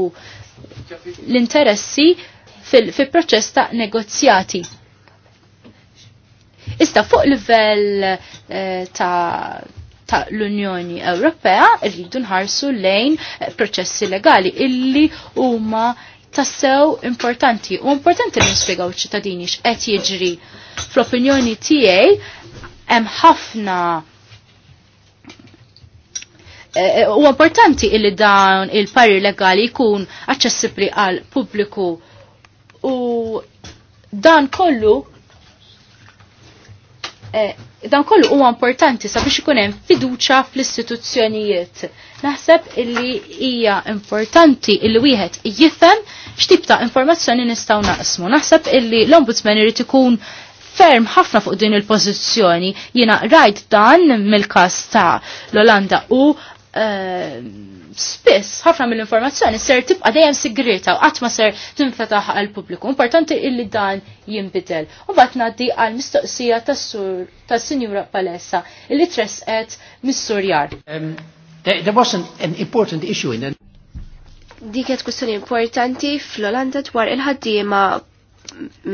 l-interessi fil-proċess fil ta' negozjati. Ista fuq livell eh, ta' ta' l-Unjoni Ewropea rridu nħarsu lejn eh, proċessi legali illi huma tassew importanti u importanti li nispiegaw ċittadini x'qed jiġri. Fl-opinjoni tiegħi hemm ħafna eh, eh, u importanti illi dawn il parri legali jkun aċċessibbli għal pubbliku u dan kollu eh, dan kollu huwa importanti sabiex ikun hemm fiduċja fl-istituzzjonijiet Naħseb illi hija importanti illi wieħed jifhem x'tip ta' informazzjoni nistgħu naqsmu. Naħseb illi l-Ombudsman irid ikun ferm ħafna fuq din il-pożizzjoni. Jiena rajt dan mill-każ ta' l-Olanda u Uh, spiss ħafna mill-informazzjoni ser tibqa dejjem sigreta u qatt ma ser tinfetaħ għal pubbliku. Importanti illi dan jinbidel. U bat ngħaddi għal mistoqsija tas-sur tas-Sinjura Palessa illi tresqet mis-Surjar. Um. There, there wasn't an important issue in the... Diket importanti fl-Olanda dwar il-ħaddiema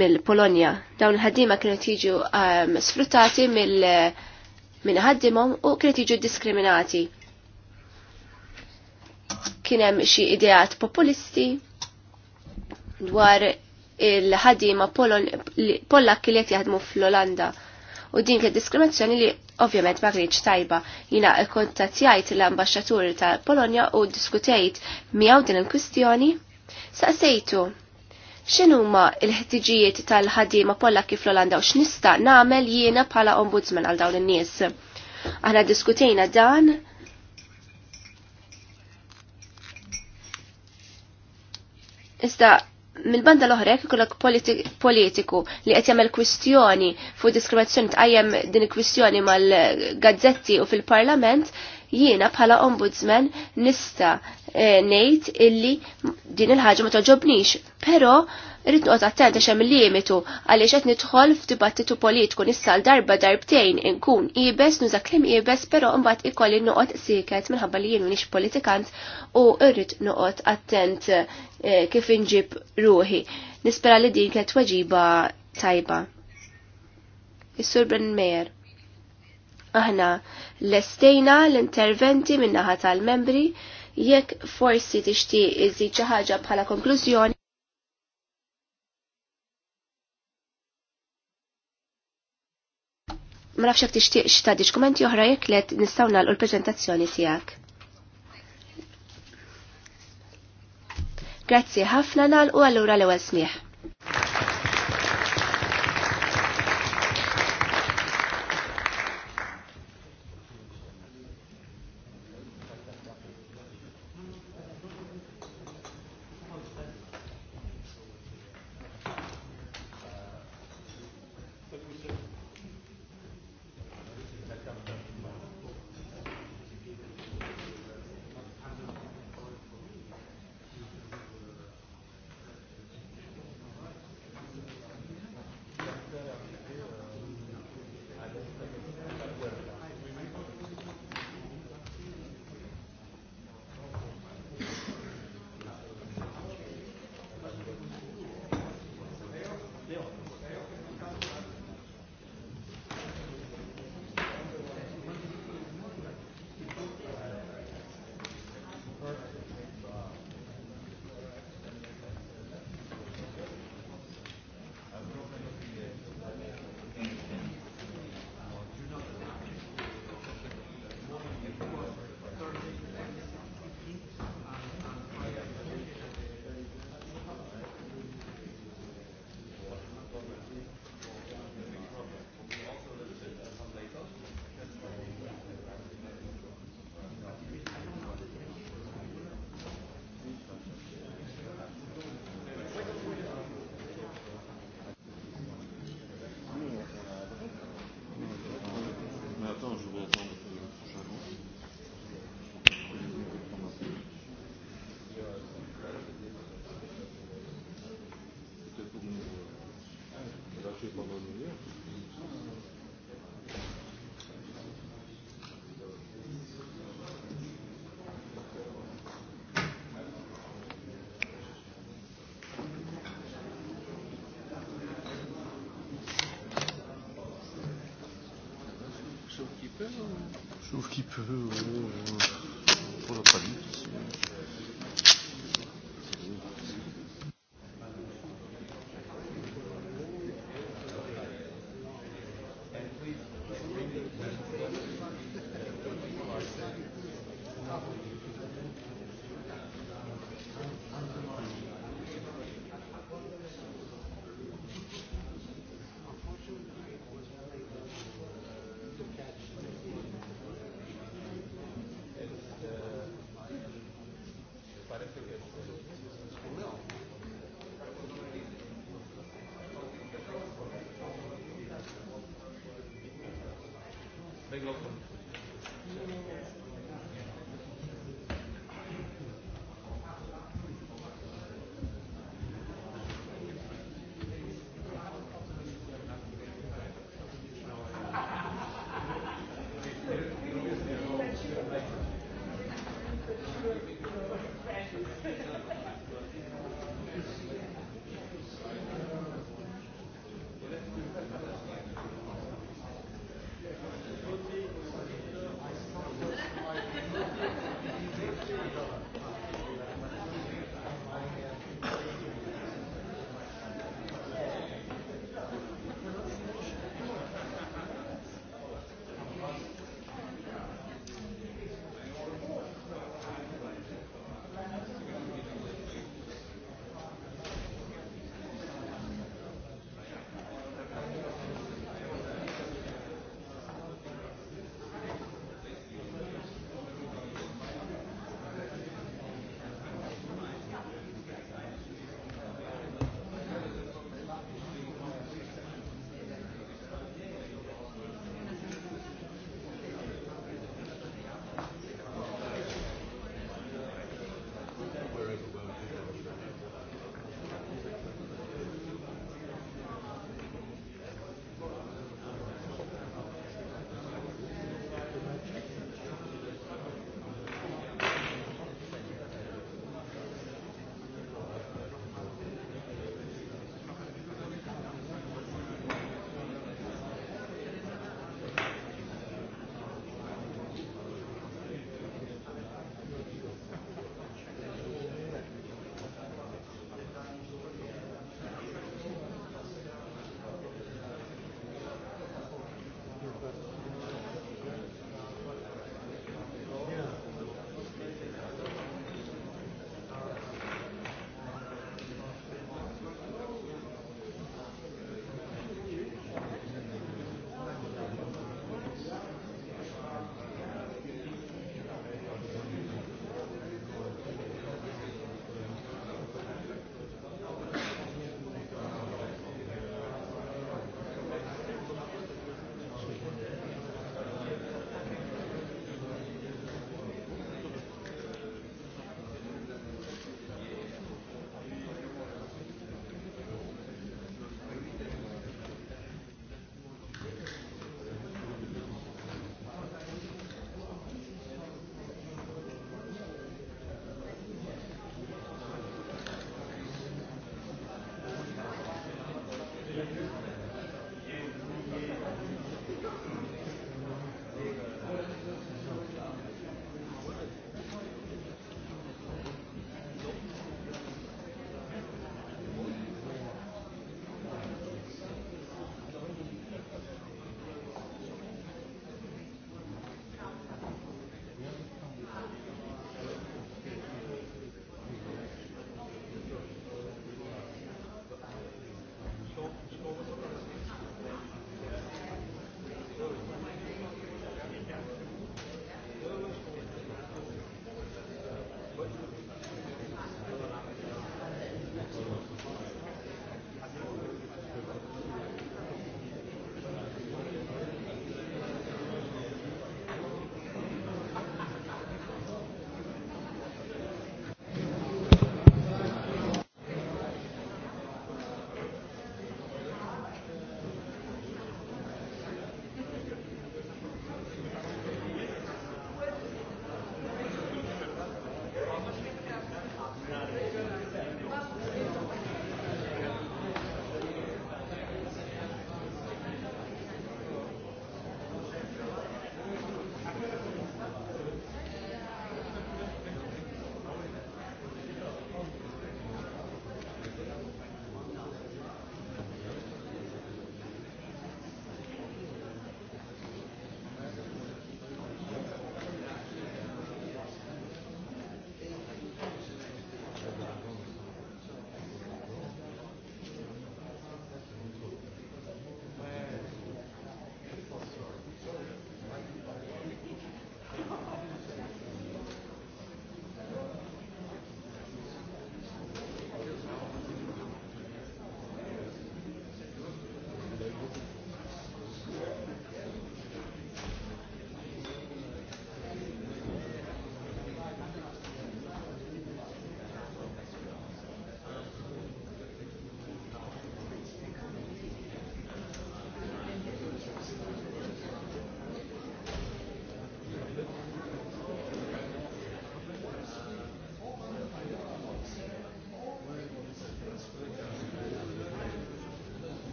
mill-Polonja. Dawn il-ħaddiema kienu tiġu um, ehm, sfruttati mill ħaddimom u kienu tiġu diskriminati. Kien hemm xi ideat populisti dwar il-ħaddiema Pollak kiliet qed jaħdmu fl-Olanda u din kien diskriminazzjoni li ovvjament ma kienx tajba. Jina kontattjajt l-ambasċatur ta' Polonja u diskutejt miegħu din il-kwistjoni. Saqsejtu, x'inhuma l-ħtiġijiet tal-ħaddiema Polla kif l-Olanda u x'nista' nagħmel jiena bħala ombudsman għal dawn in-nies. Aħna diskutejna dan Iżda mill-banda l-oħra jekk ikollok politiku li qed jagħmel kwistjoni fuq diskriminazzjoni tqajjem din il-kwistjoni mal-gazzetti u fil-Parlament, jiena bħala ombudsman nista eh, ngħid illi din il-ħaġa ma toġobnix, però rrid noqgħod attent xem hemm limitu għaliex qed nidħol f'dibattitu politiku nissal darba darbtejn inkun ibes nuża klim ibes però mbagħad ikolli noqgħod siket minħabba li jien nix politikant u rrid noqgħod attent eh, kif inġib ruħi. Nispera li din kienet waġiba tajba. Is-Sur Meyer. Aħna lestejna l-interventi minnaħa tal-membri jekk forsi tixtieq iżid xi ħaġa bħala konklużjoni. ma nafx jekk tixtieq x'tadix kumenti oħra jekk let nistgħu nagħlqu l-preżentazzjoni tiegħek. Grazzi ħafna nagħlqu allura l-ewwel smieħ.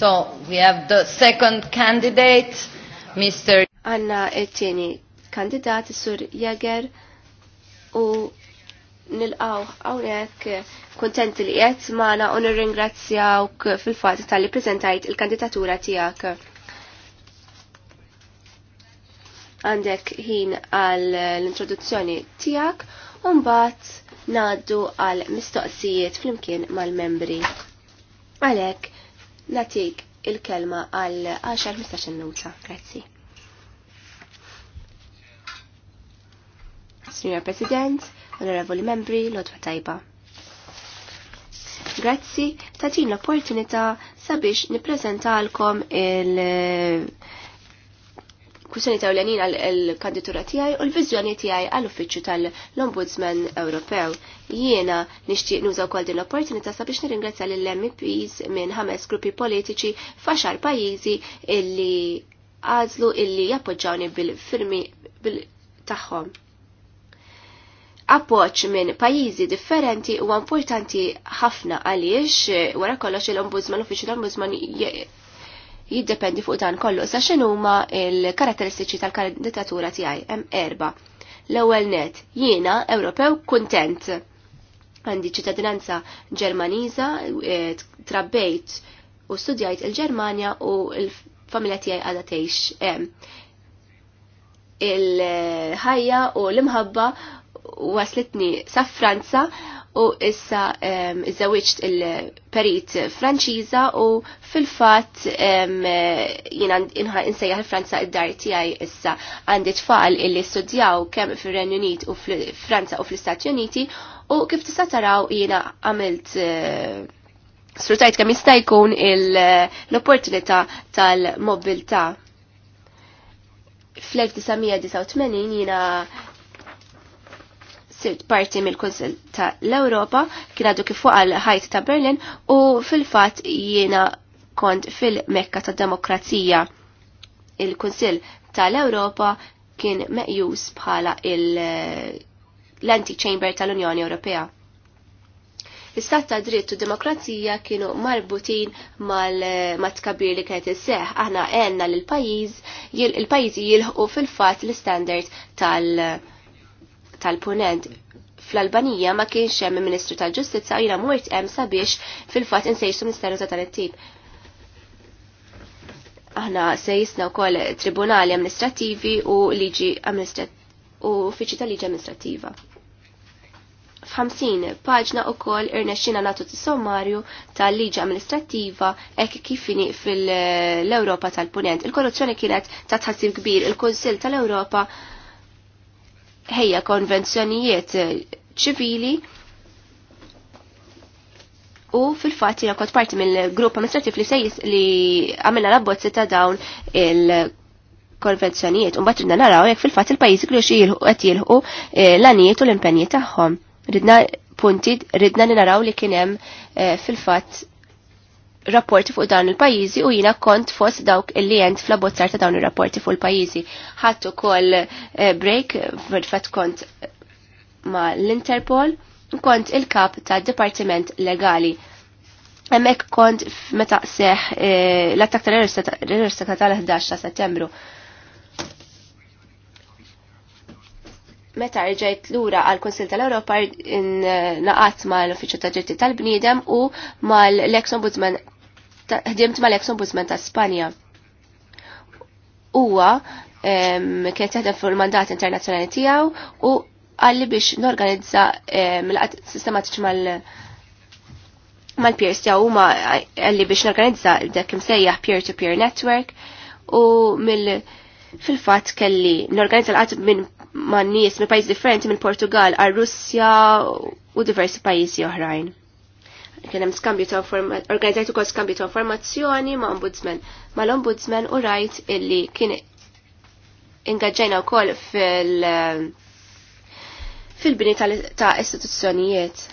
So we have the second candidate, Mr. Anna Etieni, kandidat sur Jager u nilqaw hawnhekk kontent li jett maħna u nirringrazzjawk fil-fat tal-li prezentajt il-kandidatura tijak. Għandek ħin għal l-introduzzjoni tijak un mbagħad ngħaddu għal mistoqsijiet flimkien mal-membri. Għalek, natik il-kelma għal 10-15 minuta. Grazzi. Signor President, onorevoli membri, lodwa tajba. Grazzi, tatin l-opportunita sabiex niprezentalkom il- kwistjoni ta' l għal-kandidatura tiegħi u l-viżjoni tiegħi għall-Uffiċċju tal-Ombudsman Ewropew. Jiena nixtieq nużaw wkoll din l-opportunità sabiex nirringrazzja lill MEPs minn ħames gruppi politiċi f'għaxar pajjiżi illi għażlu illi jappoġġawni bil-firmi bil tagħhom. Appoġġ minn pajjiżi differenti huwa importanti ħafna għaliex wara kollox l-Ombudsman Uffiċċju tal-Ombudsman jiddependi fuq dan kollu. Sa huma il-karatteristiċi tal-kandidatura tiegħi hemm erba. L-ewwel net, jiena Ewropew kuntent. Għandi ċittadinanza Ġermaniża, e, trabbejt u studjajt il-Ġermanja u l-familja tiegħi għadha tgħix hemm. Il-ħajja u l-imħabba waslitni sa' Franza u issa iżawiċt il-perit Franċiża u fil-fatt jiena insejjaħ il-Franza id-dar tiegħi issa għandi tfal illi studjaw kemm fir-Renju Unit u fil franza u fl-Istati Uniti u kif tista' taraw jiena għamilt eh, sfruttajt kemm jista' jkun l-opportunità tal-mobilità fl-1989 jina sirt parti mill-Kunsil ta' l-Europa, kien għadu kif fuq għal ħajt ta' Berlin u fil-fat jiena kont fil-Mekka ta' Demokrazija. Il-Kunsil ta' l-Europa kien meqjus bħala l-anti-chamber tal-Unjoni Ewropea. istat ta' dritt u demokrazija kienu marbutin mal-matkabir li kienet seħ Aħna għenna l-pajiz, il pajiz jilħu fil-fat l-standard tal tal-punent fl-Albanija ma kienx hemm Ministru tal-Ġustizza jiena mort hemm sabiex fil-fatt insejsu Ministeru ta' dan it-tip. Aħna sejsna wkoll tribunali amministrativi u liġi u uffiċċju tal-liġi amministrattiva. F'50 paġna wkoll irnexxina nagħtu sommarju tal-liġi amministrattiva hekk kif fil-Ewropa tal-Punent. Il-korruzzjoni kienet ta' tħassib kbir, il-Kunsill tal-Ewropa ħejja konvenzjonijiet ċivili u fil-fatt jina kont parti mill-grupp amministrativ li sejis li għamilna l-abbozzi ta' dawn il-konvenzjonijiet. Un batridna naraw jek fil-fatt il-pajizi kienu xie għet jilħu eh, l-anijiet u l-impenji tagħhom. Ridna punti, ridna naraw li kienem eh, fil-fatt rapporti fuq dawn il-pajizi u jina kont fost dawk il-li jent fl-abbozzar ta' dawn il-rapporti fuq il-pajizi. Ħattu kol eh, break fat kont eh, ma l-Interpol, kont il-kap ta' Departiment Legali. Emmek kont meta seħ eh, l-attak tal-11 ta' 11 ta' settembru. Meta rġajt lura għal Konsil tal-Europa eh, naqat mal-Uffiċċju ta' Ġitti tal-Bniedem u mal-Ex-Ombudsman ħdimt mal-Ex-Ombudsman ta' Spanja. Huwa kien teħdem fuq il-mandat internazzjonali tiegħu u għalli biex norganizza l qatt sistematiċi mal- mal-peers tiegħu huma għalli biex norganizza dak imsejjaħ peer-to-peer network u mill- fil-fatt kelli norganizza l-qatt minn ma' nies minn pajjiż differenti minn Portugal għal Russja u diversi pajjiżi oħrajn. Kien hemm skambju ta' organizzajt ukoll skambju ta' informazzjoni ma' ombudsman. Ma' l-ombudsman u rajt illi kien ingaġġajna wkoll fil- fil-bini ta' istituzzjonijiet.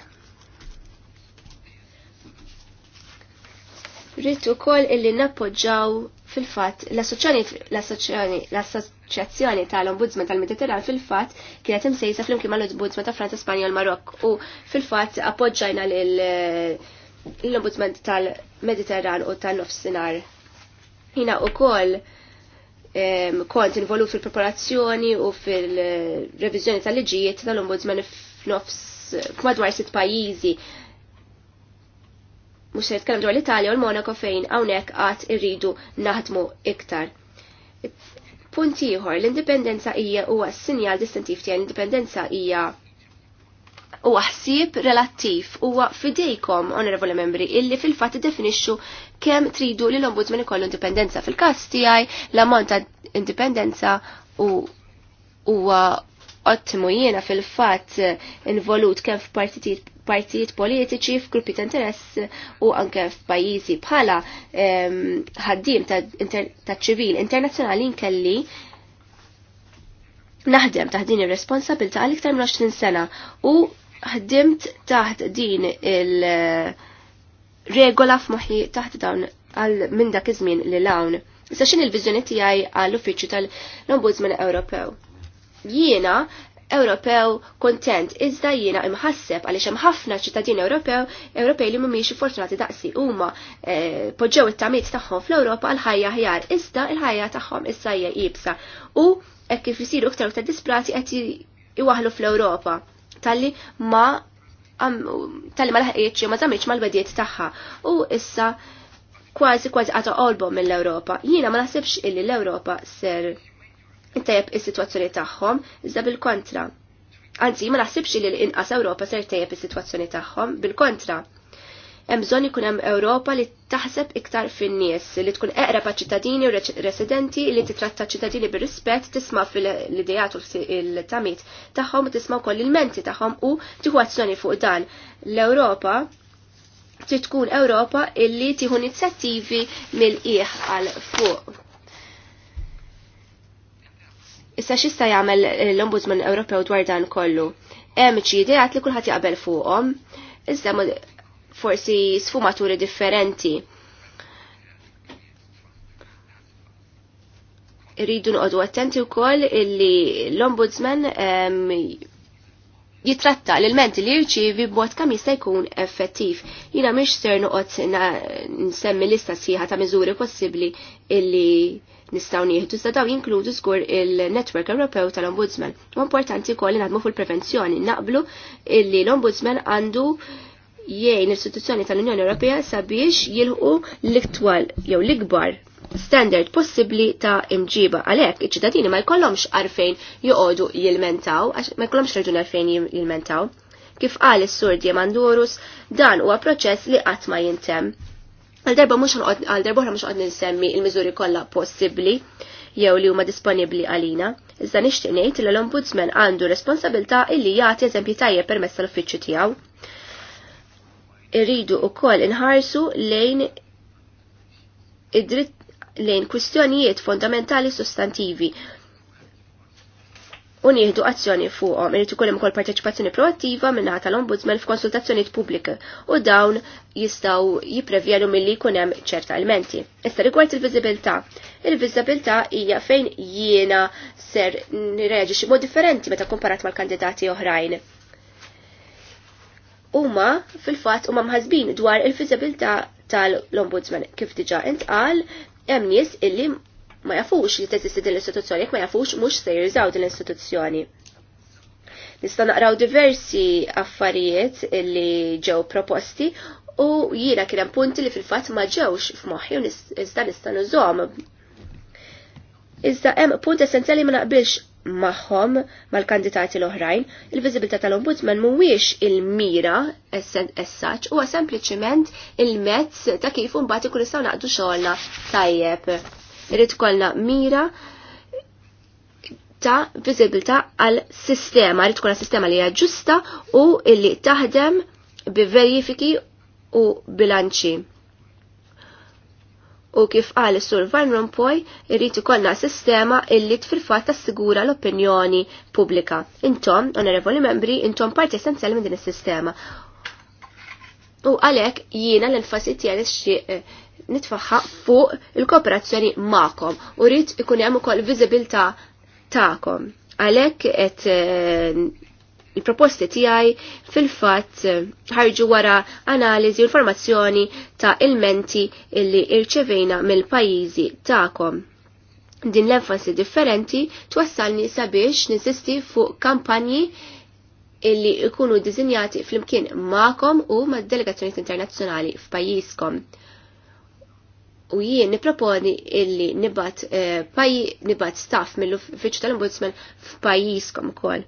Rritu ukoll illi nappoġġaw fil-fat l-Assoċjazzjoni tal-Ombudsman tal-Mediterran fil-fat kienet imsejsa fl-imkien mal-Ombudsman ta' Franza, Spanja u l-Marok u fil-fat appoġġajna eh, l-Ombudsman tal-Mediterran u tal-Nofsinar. Jina u koll kont involu fil-preparazzjoni u fil-revizjoni eh, tal-liġijiet tal-Ombudsman f'nofs f'madwar sitt pajjiżi mux se jitkellem dwar l-Italja u l-Monaco fejn hawnhekk qatt irridu naħdmu iktar. Punt ieħor, l-indipendenza hija huwa s-sinjal distintiv tiegħi l-indipendenza hija huwa ħsieb relattiv huwa fidejkom, onorevoli membri, illi fil-fatt iddefinixxu kemm tridu li l-ombudsman ikollu indipendenza fil-każ tiegħi, l-ammont ta' indipendenza u huwa ottimu jiena fil-fatt involut kemm f'partitijiet partijiet politiċi f'gruppi ta' interess u anke f'pajjiżi bħala ehm, ħaddim ta' ċivil internazzjonali nkelli naħdem taħt din ir-responsabilta għal iktar minn 20 sena u ħdimt taħt din il-regola f'moħħi taħt dawn għal minn dak iż-żmien li hawn. Issa x'inhi il-viżjoni tiegħi għall uffiċċju tal-Ombudsman Ewropew? jiena Ewropew kontent, iżda jiena imħasseb għaliex hemm ħafna ċittadini Ewropew Ewropej li mhumiex fortunati daqsi huma eh, poġġew it-tamiet tagħhom fl-Ewropa għal ħajja ħjar, iżda l ħajja tagħhom issa hija ibsa. U hekk kif isiru aktar ta' disprati qed iwaħlu fl-Ewropa talli ma talli ma laħqieċ ma zamiċ mal-bediet tagħha. U issa kważi kważi għata qolbhom mill ewropa Jiena ma naħsibx illi l ewropa ser intajab is-sitwazzjoni tagħhom, iżda bil-kontra. Anzi, ma naħsibx li l-inqas Ewropa ser tajab is-sitwazzjoni tagħhom, bil-kontra. Hemm bżonn ikun hemm Ewropa li taħseb iktar fin-nies, li tkun eqra pa' ċittadini u residenti li titratta ċittadini bir-rispett, tisma' fil-idejat u l-tamit tagħhom u tisma' wkoll il-menti tagħhom u tieħu azzjoni fuq dan. L-Ewropa trid tkun Ewropa illi tieħu inizjattivi mill-qiegħ għal fuq. Issa xista jagħmel eh, l-Ombudsman Ewropew dwar dan kollu. Hemm xi ideat li kulħadd jaqbel fuqhom, iżda forsi sfumaturi differenti. Irridu noqogħdu attenti wkoll illi l-Ombudsman ehm, jitratta l-ilment li jirċivi b'mod kemm jista' jkun effettiv. Jiena mhix ser noqgħod nsemmi lista sħiħa ta' miżuri possibbli illi nistaw nieħdu sa daw jinkludu żgur il-Network Ewropew tal-Ombudsman. U importanti wkoll li nadmu fil-prevenzjoni naqblu illi l-Ombudsman għandu jgħin l-istituzzjoni tal-Unjoni Ewropea sabiex jilħu l-iktwal jew l-ikbar standard possibli ta' imġiba. Għalhekk iċ-ċittadini ma jkollhomx għarfejn joqogħdu jilmentaw, ma jkollhomx raġun għarfejn jilmentaw. Kif qal is-sur Diamandurus, dan huwa proċess li qatt ma jintemm Għal-darba mux għal-darba mux għad nsemmi il-mizuri kollha possibli jew li huma disponibbli għalina, iżda nixtieq ngħid li l-Ombudsman għandu responsabilità illi jagħti eżempji tajjeb permezz tal-uffiċċju tiegħu. Irridu wkoll inħarsu lejn id-dritt lejn kwistjonijiet fondamentali sostantivi u nieħdu azzjoni fuqhom. Irid ikun hemm ukoll parteċipazzjoni proattiva minnaħa tal-Ombudsman f'konsultazzjonijiet pubbliki u dawn jistgħu jipprevjenu milli jkun hemm ċerta elementi. Issa rigward il-viżibilità. Il-viżibilità hija fejn jiena ser nirreġixxi mod differenti meta komparat mal-kandidati oħrajn. Huma fil-fatt huma mħasbin dwar il-viżibilità tal-Ombudsman kif diġà intqal hemm nies illi ma jafux li teżisti din l-istituzzjoni, jekk ma jafux mhux se jirżaw din l-istituzzjoni. Nista' naqraw diversi affarijiet li ġew proposti u jiena kien hemm punti li fil-fatt ma ġewx f'moħħi u iżda nista' nużhom. Iżda hemm punt essenzjali ma naqbilx magħhom mal-kandidati l-oħrajn, il-viżibilità tal-ombudsman mhuwiex il-mira essaċ huwa sempliċement il-mezz ta' kif imbagħad ikun nistgħu naqdu xogħolna tajjeb. Irrid kollha mira ta' viżibilità għal sistema, rrid tkun sistema li hija ġusta u illi taħdem bi verifiki u bilanċi. U kif qal sur Van Rompuy, irrid ikollna sistema illi tfil-fatt tassigura l-opinjoni pubblika. Intom, onorevoli membri, intom parti essenzjali minn din is-sistema. U għalhekk jiena l-enfasi tiegħi nitfaħħa fuq il-kooperazzjoni ma'kom u rrid ikun hemm ukoll viżibilità ta'kom. Għalhekk qed eh, il-proposti tiegħi fil-fatt ħarġu wara analiżi u informazzjoni ta' ilmenti illi irċevejna mill-pajjiżi ta'kom. Din l-enfasi differenti twassalni sabiex nisisti fuq kampanji illi ikunu dizinjati fl-imkien ma'kom u mad delegazzjonijiet internazzjonali f'pajjiżkom u jien niproponi illi nibat, eh, nibat staff mill uffiċċju tal-ombudsman f'pajjiżkom ukoll.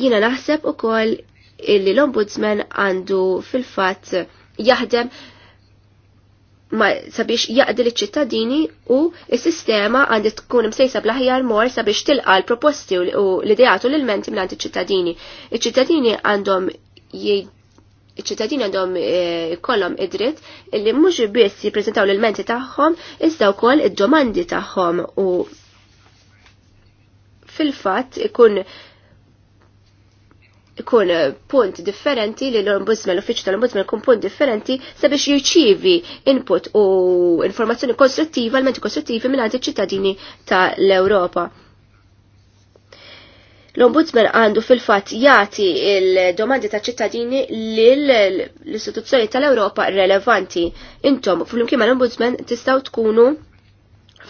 Jiena naħseb ukoll illi l-ombudsman għandu fil-fatt jaħdem ma sabiex jaqdi l-ċittadini u s-sistema għandi tkun msejsa blaħjar mor sabiex tilqa l-proposti u l-idejat l-elementi mill-għand iċ-ċittadini. Iċ-ċittadini għandhom jgħid iċ-ċittadini għandhom eh, kollom id-dritt illi mhux biss jippreżentaw l-menti tagħhom iżda wkoll id-domandi tagħhom u fil-fatt ikun ikun punt differenti li l-ombudsman, l-uffiċċju tal-ombudsman ikun punt differenti sabiex jirċivi input u informazzjoni konstruttiva, l-menti konstruttivi minn għandi ċittadini tal-Ewropa. L-Ombudsman għandu fil-fatt jagħti il-domandi ta' ċittadini lill-istituzzjoni tal-Ewropa relevanti. Intom, fl-imkien mal-Ombudsman tistaw tkunu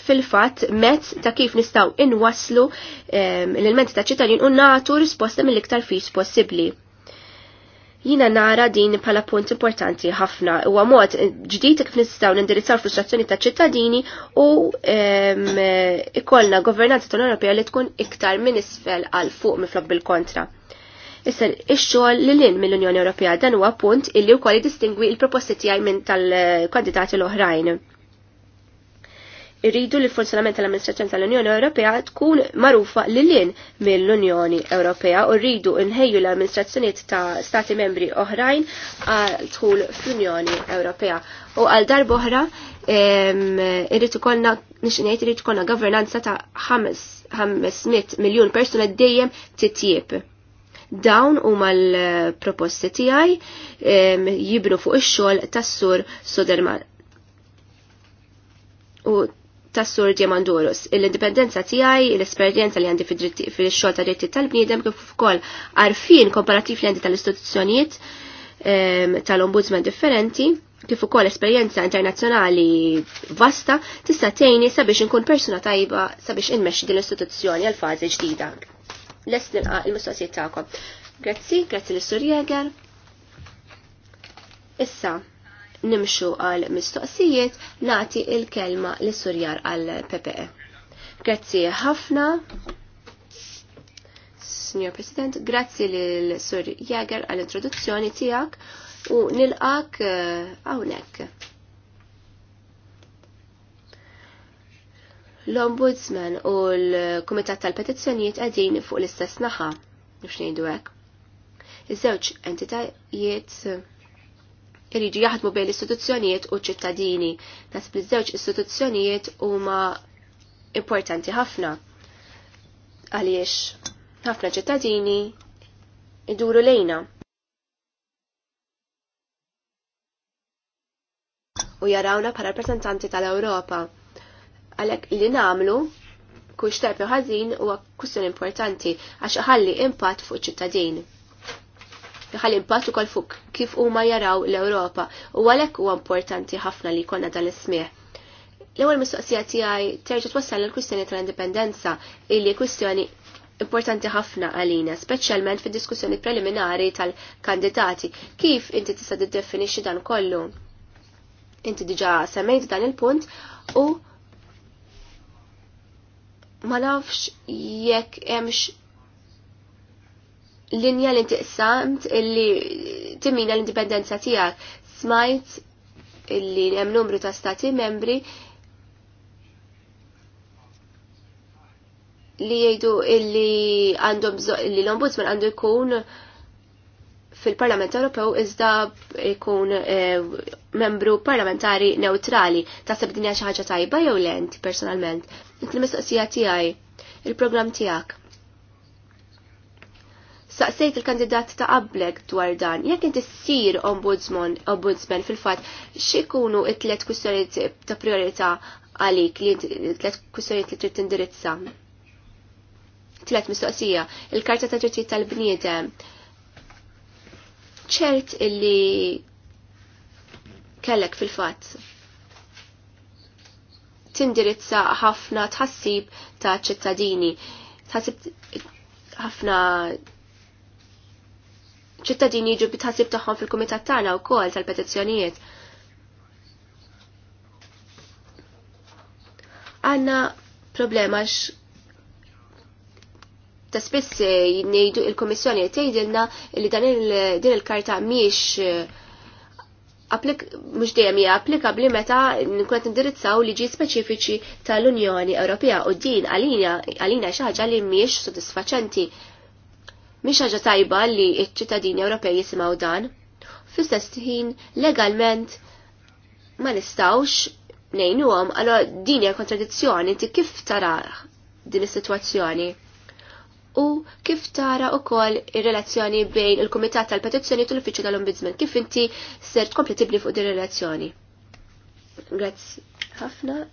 fil-fatt mezz ta' kif nistgħu inwaslu eh, l-elementi ta' ċittadin u nagħtu risposta mill-iktar fis possibbli. Jina nara din pala punt importanti ħafna huwa mod ġdid kif nistgħu nindirizzaw frustrazzjoni ta' ċittadini u ikollna governanza tal-Ewropea li tkun iktar minn isfel għal fuq miflok bil-kontra. Issa ix-xogħol li lin mill-Unjoni Ewropea dan huwa punt illi wkoll distingwi l-proposti tiegħi minn tal-kandidati l-oħrajn irridu li funzjonament tal-amministrazzjoni tal-Unjoni Ewropea tkun marufa lilin mill-Unjoni Ewropea u rridu nħejju l-amministrazzjoniet ta' stati membri oħrajn għal tkun fl-Unjoni Ewropea. U għal darba oħra irrid nix ngħid irid ikollna governanza ta' 500 miljun persuna dejjem titjieb dawn u mal-proposti tijaj jibnu fuq ix-xogħol tas-sur Soderman. U ta' Sur Diamandurus. l indipendenza tiegħi, l-esperjenza li għandi fil-xogħol ta' dritti tal-bniedem kif ukoll għarfien komparattiv li għandi tal-istituzzjonijiet tal-ombudsman differenti, kif ukoll esperjenza internazzjonali vasta tista' tgħinni sabiex inkun persuna tajba sabiex inmexxi din l-istituzzjoni għal fażi ġdida. Les nilqa' il-mistoqsijiet tagħkom. Grazzi, grazzi l-Sur Jäger. Issa, nimxu għal mistoqsijiet nati il-kelma l surjar għal PPE. Grazzi ħafna. Signor President, grazzi l sur Jager għall introduzzjoni tijak u nilqak eh, għawnek. L-Ombudsman u l-Kumitat tal-Petizzjonijiet għedin fuq l-istess naħa, nix għek. Iż-żewġ entitajiet iridu jaħdmu bejn l-istituzzjonijiet u ċittadini. Nasib li żewġ istituzzjonijiet huma importanti ħafna. Għaliex ħafna ċittadini iduru lejna. U jarawna bħala rappresentanti tal-Ewropa. Għalhekk li nagħmlu kux ħazin ħażin huwa kwistjoni importanti għax ħalli impatt fuq iċ-ċittadin ħalli impatt ukoll fuq kif huma jaraw l-Ewropa u għalhekk huwa importanti ħafna li jkollna dan ismieħ. L-ewwel mistoqsija tiegħi terġa' twassal l-kwistjoni tal-indipendenza illi kwistjoni importanti ħafna għalina, speċjalment fid-diskussjoni preliminari tal-kandidati. Kif inti tista' tiddefinixxi dan kollu? Inti diġà semmejt dan il-punt u ma nafx jekk hemmx linja li tiqsamt illi timmina l-indipendenza tijak. Smajt illi hemm numru ta' stati membri li jgħidu illi għandhom li l-ombudsman għandu jkun fil-Parlament Ewropew iżda jkun eh, membru parlamentari neutrali. ta sebdinja xi ħaġa tajba jew lent personalment. Int l-mistoqsija tiegħi, il-programm tiegħek Saqsejt il-kandidat ta' qablek dwar dan, jekk inti ssir ombudsman, ombudsman fil-fatt, x'ikunu it-tlet kwistjonijiet ta' priorità għalik li t tlet kwistjonijiet li trid tindirizza? Tlet mistoqsija, il-karta ta' drittijiet tal-bniedem. ċert illi kellek fil-fatt tindirizza ħafna tħassib ta' ċittadini. Tħassib ħafna ċittadini jiġu bitħasib tagħhom fil-kumitat tagħna wkoll tal-petizzjonijiet. Għanna problema x ta' spiss nejdu il-Komissjoni tgħidilna li dan din il-karta mhijiex eh, mhux dejjem hija applikabbli meta nkun indirizzaw liġi speċifiċi tal-Unjoni Ewropea u din għalina xi ħaġa li mhijiex sodisfaċenti Mhix ħaġa tajba li ċ-ċittadini Ewropej jisimgħu dan. Fl-istess ħin legalment ma nistgħux ngħinuhom allora din hija kontradizzjoni inti kif tara din is-sitwazzjoni u kif tara ukoll ir relazzjoni bejn il kumitat tal-Petizzjoni u l-Uffiċċju tal-Ombudsman, kif inti ser tkompli tibni fuq din ir relazzjoni. Grazzi ħafna,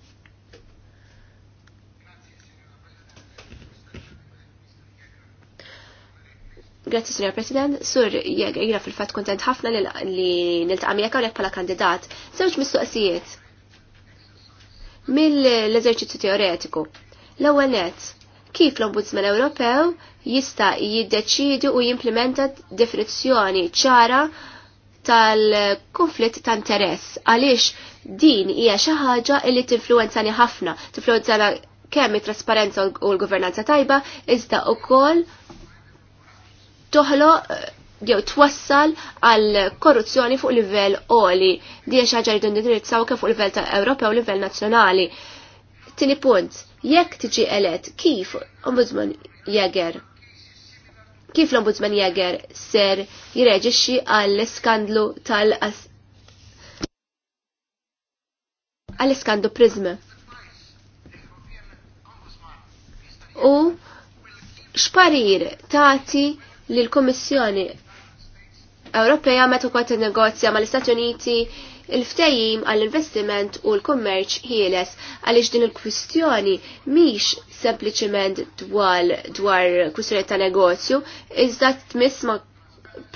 Grazzi, Signor President. Sur, jgħira fil-fat kontent ħafna li niltaqa' miegħek hawnhekk bħala kandidat. Żewġ mistoqsijiet. Mill-eżerċizzju teoretiku. L-ewwel nett, kif l-Ombudsman Ewropew jista' jiddeċidi u jimplementa definizzjoni ċara tal-konflitt ta' interess għaliex din hija xi ħaġa li tinfluwenzani ħafna, tinfluwenzana kemm it-trasparenza u l-governanza tajba, iżda wkoll Toħlo eh, jew twassal għal korruzzjoni fuq livell oli. Di xaġa xi li fuq livell ta' Ewropa u livell nazzjonali. Tieni punt, jekk tiġi elet, kif Ombudsman Jager, kif l-Ombudsman Jäger ser jireġiċi għall skandlu tal għall skandlu prizme? U xparir tati ta li l-Kummissjoni Ewropea meta ukoll tinnegozja mal-Istati Uniti il ftehim għall-investiment u l-kummerċ ħieles għaliex din il-kwistjoni mhix sempliċement dwar dwar kwistjoni ta' negozju, iżda tmiss ma'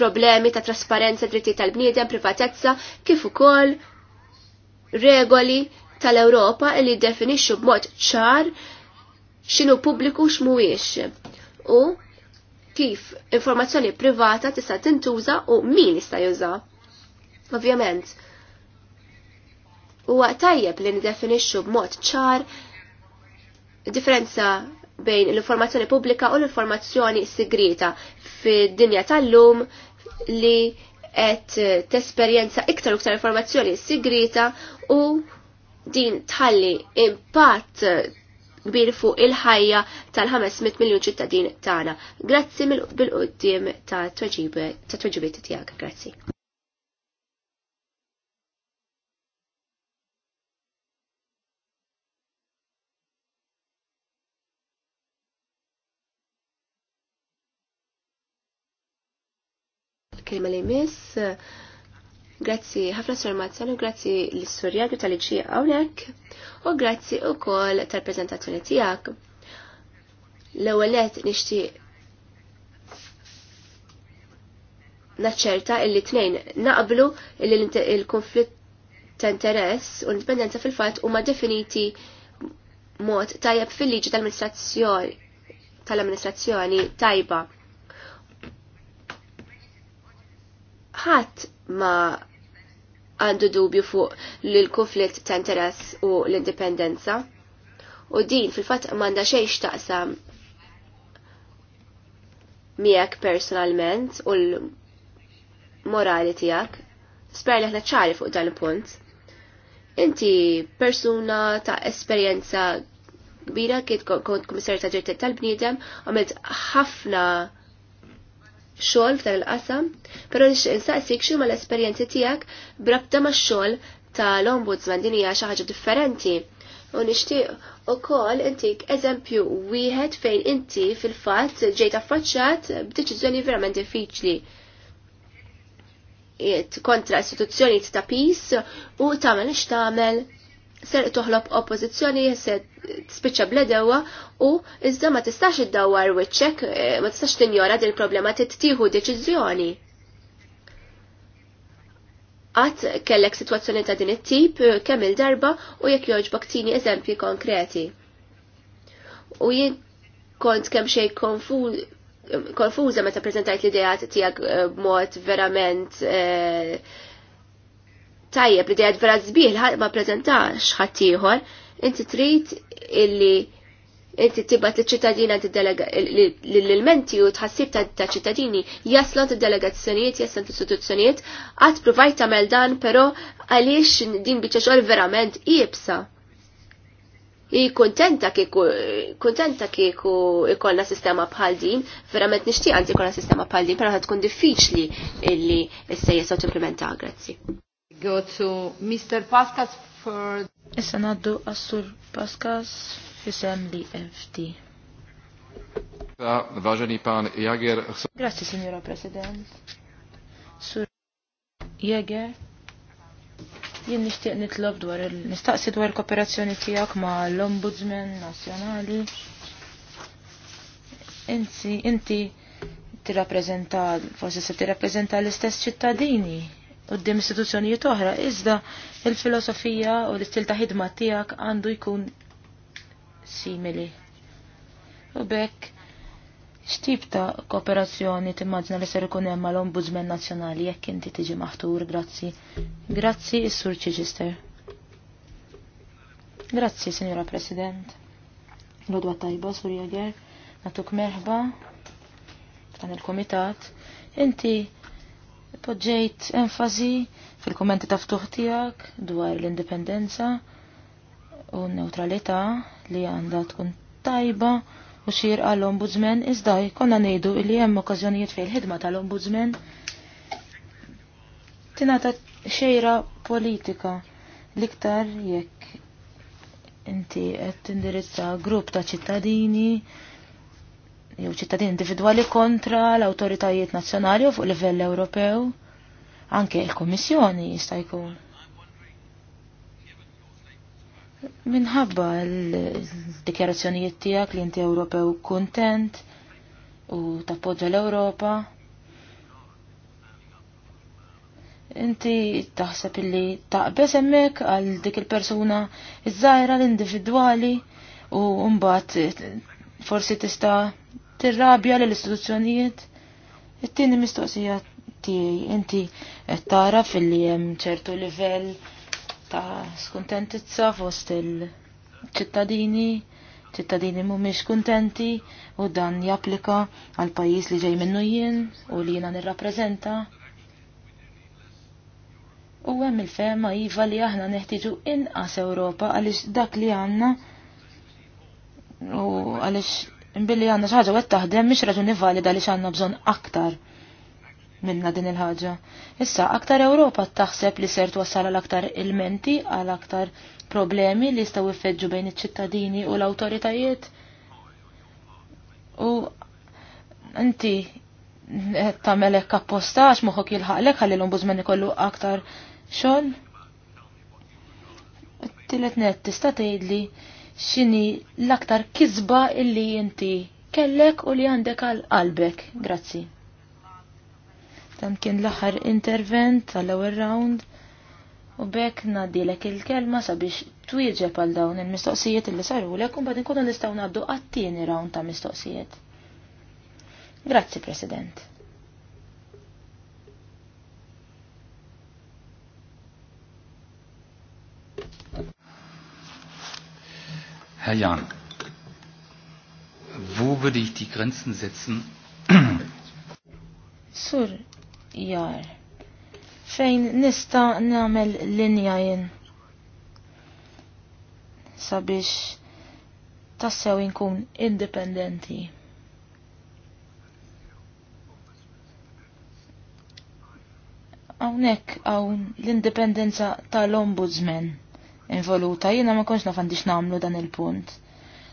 problemi ta' trasparenza dritti tal-bniedem, privatezza, kif ukoll regoli tal-Ewropa li definixxu b'mod ċar x'inhu pubbliku x'mhuwiex. U kif informazzjoni privata tista' tintuża u min jista' juża. Ovvjament, huwa tajjeb li nidefinixxu b'mod ċar differenza bejn l-informazzjoni pubblika u l-informazzjoni segreta fid-dinja tal-lum li qed tesperjenza iktar u iktar informazzjoni segreta u din tħalli impatt kbir fuq il-ħajja tal-500 miljon ċittadin tagħna. Grazzi bil-qudiem ta' tweġibiet tiegħek. Grazzi. Kelma li miss Grazzi ħafna sur Mazzano, grazzi l-istorja tal-ġi għawnek u grazzi u kol tal-prezentazzjoni tijak. L-ewelet nishti naċċerta illi tnejn naqblu illi il-konflitt ta' interess u l-indipendenza fil-fatt huma definiti mod tajjeb fil-liġi tal-amministrazzjoni tal-amministrazzjoni tajba. ħadd ma għandu dubju fuq li l-konflitt ta' interess u l-indipendenza. U din fil-fatt m'għandha xejn x'taqsam miegħek personalment u l-morali tiegħek. Sper li aħna ċari fuq dan il-punt. Inti persuna ta' esperjenza kbira kiet kont komissar ta' ġirtet tal-bniedem għamilt ħafna xogħol tal l qasam però nixtieq insaqsik xi l-esperjenzi tiegħek brabta max-xogħol tal-ombudsman din hija xi ħaġa differenti. U nixtieq ukoll intik eżempju wieħed fejn inti fil-fatt ġejt affaċċat b'deċiżjoni verament diffiċli kontra istituzzjoni ta' pis u tagħmel x'tagħmel ser toħlob oppożizzjoni se tispiċċa bledewa u iżda ma tistax iddawwar wiċċek, eh, ma tistax tinjora din il-problema tittieħu deċiżjoni. Għat kellek situazzjoni ta' din it-tip eh, kemm il-darba u jekk joġbok tini eżempji konkreti. U jien kont kemm xejn konfuża meta prezentajt l idea tiegħek eh, b'mod verament eh, tajjeb li dejjed vera zbieħ ħadd ma preżentax ħaddieħor, inti trid illi inti tibat l-ċittadina l-elementi u tħassib ta' ċittadini jaslant il-delegazzjoniet, jaslant istituzzjoniet, għat provajt tamel dan, pero għaliex din xogħol verament iebsa. I kontenta kieku, kontenta kieku ikolna sistema bħal din, verament nishtiq għandi ikolna sistema bħal din, pero tkun diffiċli illi s-sejja sot implementa, grazzi. Go to Mr. Pascas for... Issa naddu għassur Paskas fisem li FD. Vaġani pan Jager. Grazie, signora President. Sur Jager. Jien nixtieq nitlob dwar il-nistaqsi dwar il-kooperazzjoni tiegħek ma' l-Ombudsman Nazzjonali. Inti, inti tirrappreżenta, forsi se tirrappreżenta l-istess ċittadini qoddim istituzzjonijiet oħra, iżda il-filosofija u l-istil ta' ħidma tiegħek għandu jkun simili. U bekk x'tip ta' kooperazzjoni timmaġna li ser ikun hemm mal-Ombudsman Nazzjonali jekk inti tiġi maħtur, grazzi. Grazzi is-Sur Chichester. Grazzi, Sinjora President. Lodwa tajba, Sur Jager, natuk merħba dan il-Komitat. Inti Poġġejt enfasi fil-kommenti ta' ftuħ tiegħek dwar l-indipendenza u n-neutralità li għandha tkun tajba u xir għall-ombudsman iżda konna ngħidu li hemm okkażjonijiet fejn ħidma tal-ombudsman tingħata xejra politika l-iktar jekk inti qed tindirizza grupp ta' ċittadini jew ċittadin individwali kontra l-awtoritajiet nazzjonali u fuq livell Ewropew, anke l kummissjoni jista' jkun. Minħabba l-dikjarazzjonijiet tiegħek li inti Ewropew kuntent u tappoġġa l-Ewropa. Inti taħseb illi taqbes hemmhekk għal dik il-persuna iż-żgħira l-individwali u mbagħad forsi tista' tirrabja lill istituzzjonijiet It-tieni mistoqsija tiegħi inti qed tara filli hemm ċertu livell ta' skuntentizza fost il-ċittadini, ċittadini mhumiex kuntenti u dan japplika għal pajjiż li ġej minnu jien u li jina nirrappreżenta. U hemm il-fema iva li aħna neħtieġu inqas Ewropa għaliex dak li għandna u għaliex Imbilli għanna xaħġa għed taħdem mish raġuni valida li xanna bżon aktar minna din il-ħagġa. Issa, aktar Ewropa taħseb li ser twassal għal aktar ilmenti, għal aktar problemi li jistaw iffeġġu bejn iċ-ċittadini u l-autoritajiet. U inti tamelek appostax moħok jilħaqlek għalli l-ombudsman ikollu aktar xogħol. Tillet net tista' tgħidli xini l-aktar kizba illi jinti kellek u li għandek għal qalbek. Grazzi. Dan kien l-aħħar intervent tal-ewwel round u bekk nadilek il-kelma sabiex twieġeb għal dawn il-mistoqsijiet illi saru lek u bad nkunu nistgħu ngħaddu għat-tieni round ta' mistoqsijiet. Grazzi, President. Herr Jahn, wo würde ich die Grenzen setzen? Sur Jar, fejn nista namel linja sabiex tassew inkun indipendenti. Awnek hawn l independenza tal-ombudsman involuta, jiena ma konx nafandix għandix namlu dan il-punt.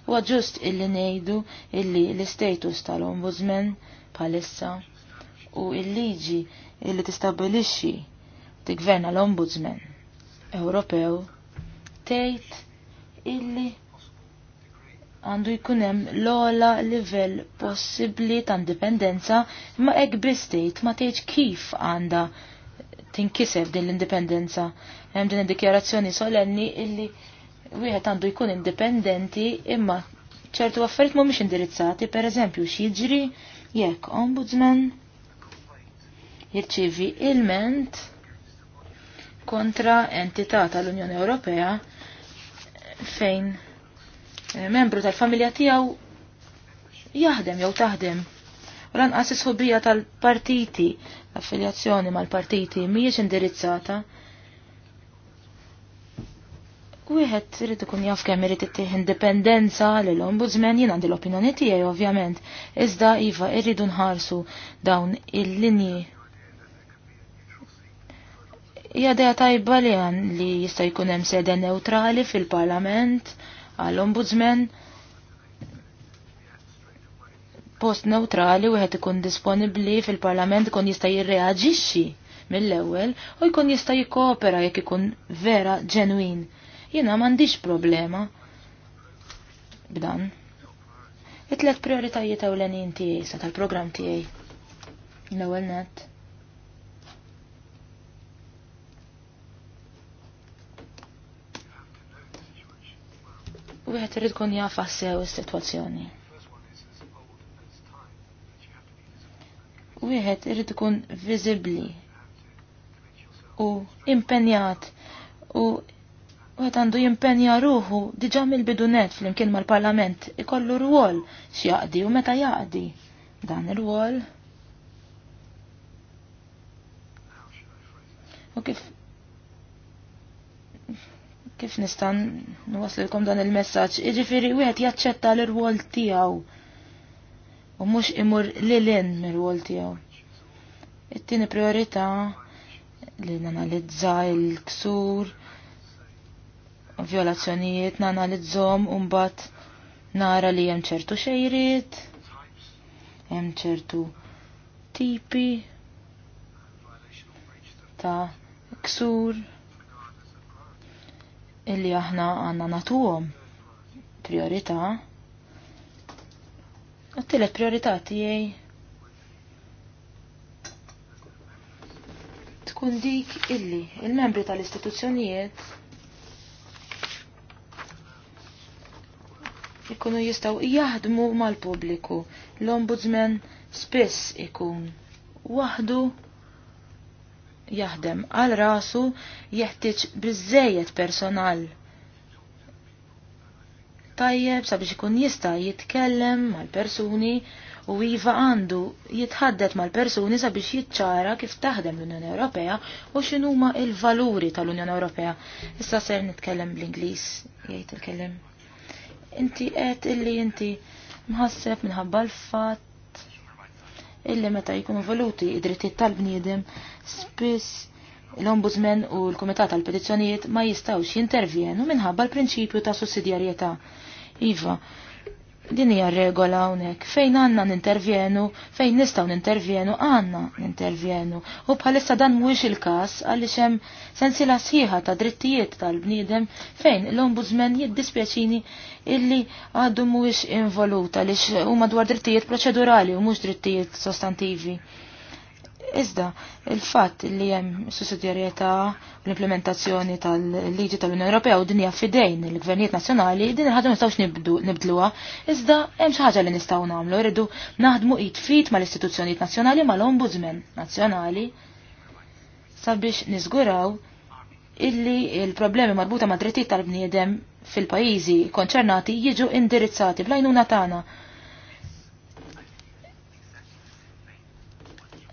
Huwa ġust illi ngħidu illi l-istatus tal-ombudsman palissa u il-liġi illi tistabilixxi tigverna l-ombudsman Ewropew tgħid illi għandu jkun hemm l-ola livell possibbli ta' indipendenza imma hekk biss ma tgħidx kif għandha tinkiseb din l-indipendenza. Hemm din id-dikjarazzjoni solenni illi wieħed għandu jkun indipendenti imma ċertu affarijiet mhumiex indirizzati, pereżempju x'jiġri jekk ombudsman jirċivi ilment kontra entità tal-Unjoni Ewropea fejn membru tal-familja tiegħu jaħdem jew taħdem u lanqas is-ħubija tal-partiti, l-affiljazzjoni mal-partiti mhijiex indirizzata. Wieħed irid ikun jaf kemm irid ittieħ indipendenza lil ombudsman jien għandi l-opinjoni tiegħi ovvjament, iżda iva irridu nħarsu dawn il-linji hija dea tajba li għan li jista' jkun hemm sede neutrali fil-Parlament għall-Ombudsman post neutrali wieħed ikun disponibbli fil-Parlament ikun jista' jirreaġixxi mill-ewwel u jkun jista' jikkopera jekk ikun vera ġenwin. Jiena m'għandix problema b'dan. It-tlet prioritajiet ewlenin tiegħi sa tal-programm tiegħi. L-ewwel nett. Wieħed irid tkun jaf sew is-sitwazzjoni. wieħed irid ikun viżibbli u impenjat u wieħed għandu jimpenja ruħu diġà mill-bidunet flimkien mal-Parlament ikollu rwol x'jaqdi u meta jaqdi dan ir-rwol. U kif kif nistan nwaslilkom dan il-messaġġ, jiġifieri wieħed jaċċetta l rwol tiegħu u mhux imur l-in mir wol tiegħu. It-tieni priorità li nanalizza l-ksur, violazzjonijiet nanalizzhom un-bat nara li hemm ċertu xejriet, hemm ċertu tipi ta' ksur illi aħna għanna natuhom priorità' Għattilet priorità tiegħi tkun dik illi il-membri tal-istituzzjonijiet ikunu jistaw jaħdmu mal-pubbliku. L-ombudsman spiss ikun waħdu jaħdem għal rasu jeħtieġ biżejjed personal tajjeb sabiex ikun jista' jitkellem mal-persuni u iva għandu jitħaddet mal-persuni sabiex jitċara kif taħdem l-Unjoni Ewropea u x'inhuma il-valuri tal-Unjoni Ewropea. Issa ser nitkellem bl-Ingliż jgħid il kellem Inti qed illi inti mħasseb minħabba l-fatt illi meta jkunu valuti id-drittijiet tal-bniedem spiss l-Ombudsman u l-Komitat tal petizzjonijiet ma jistawx jintervjenu minħabba l-prinċipju ta' sussidjarjetà. Iva, din hija regola hawnhekk fejn għandna nintervjenu, fejn nistgħu nintervjenu għandna nintervjenu. U bħalissa dan mhuwiex il-każ għaliex hemm sensiela sħiħa ta' drittijiet tal-bniedem fejn l-Ombudsman jiddispjaċini illi għadu mhuwiex involuta għaliex huma dwar drittijiet proċedurali u mhux drittijiet sostantivi. Iżda, il-fatt li hemm sussidjarjetà u l-implementazzjoni tal-liġi tal-Unjoni Ewropea u dinja fidejn il-gvernijiet nazzjonali, din il ħadu ma nistgħux nibdluha, iżda hemm xi ħaġa li nistgħu nagħmlu, rridu naħdmu it fit mal nazjonali nazzjonali mal-Ombudsman nazzjonali sabiex niżguraw illi il-problemi marbuta ma' drittijiet tal-bniedem fil-pajjiżi konċernati jiġu indirizzati bl-għajnuna tagħna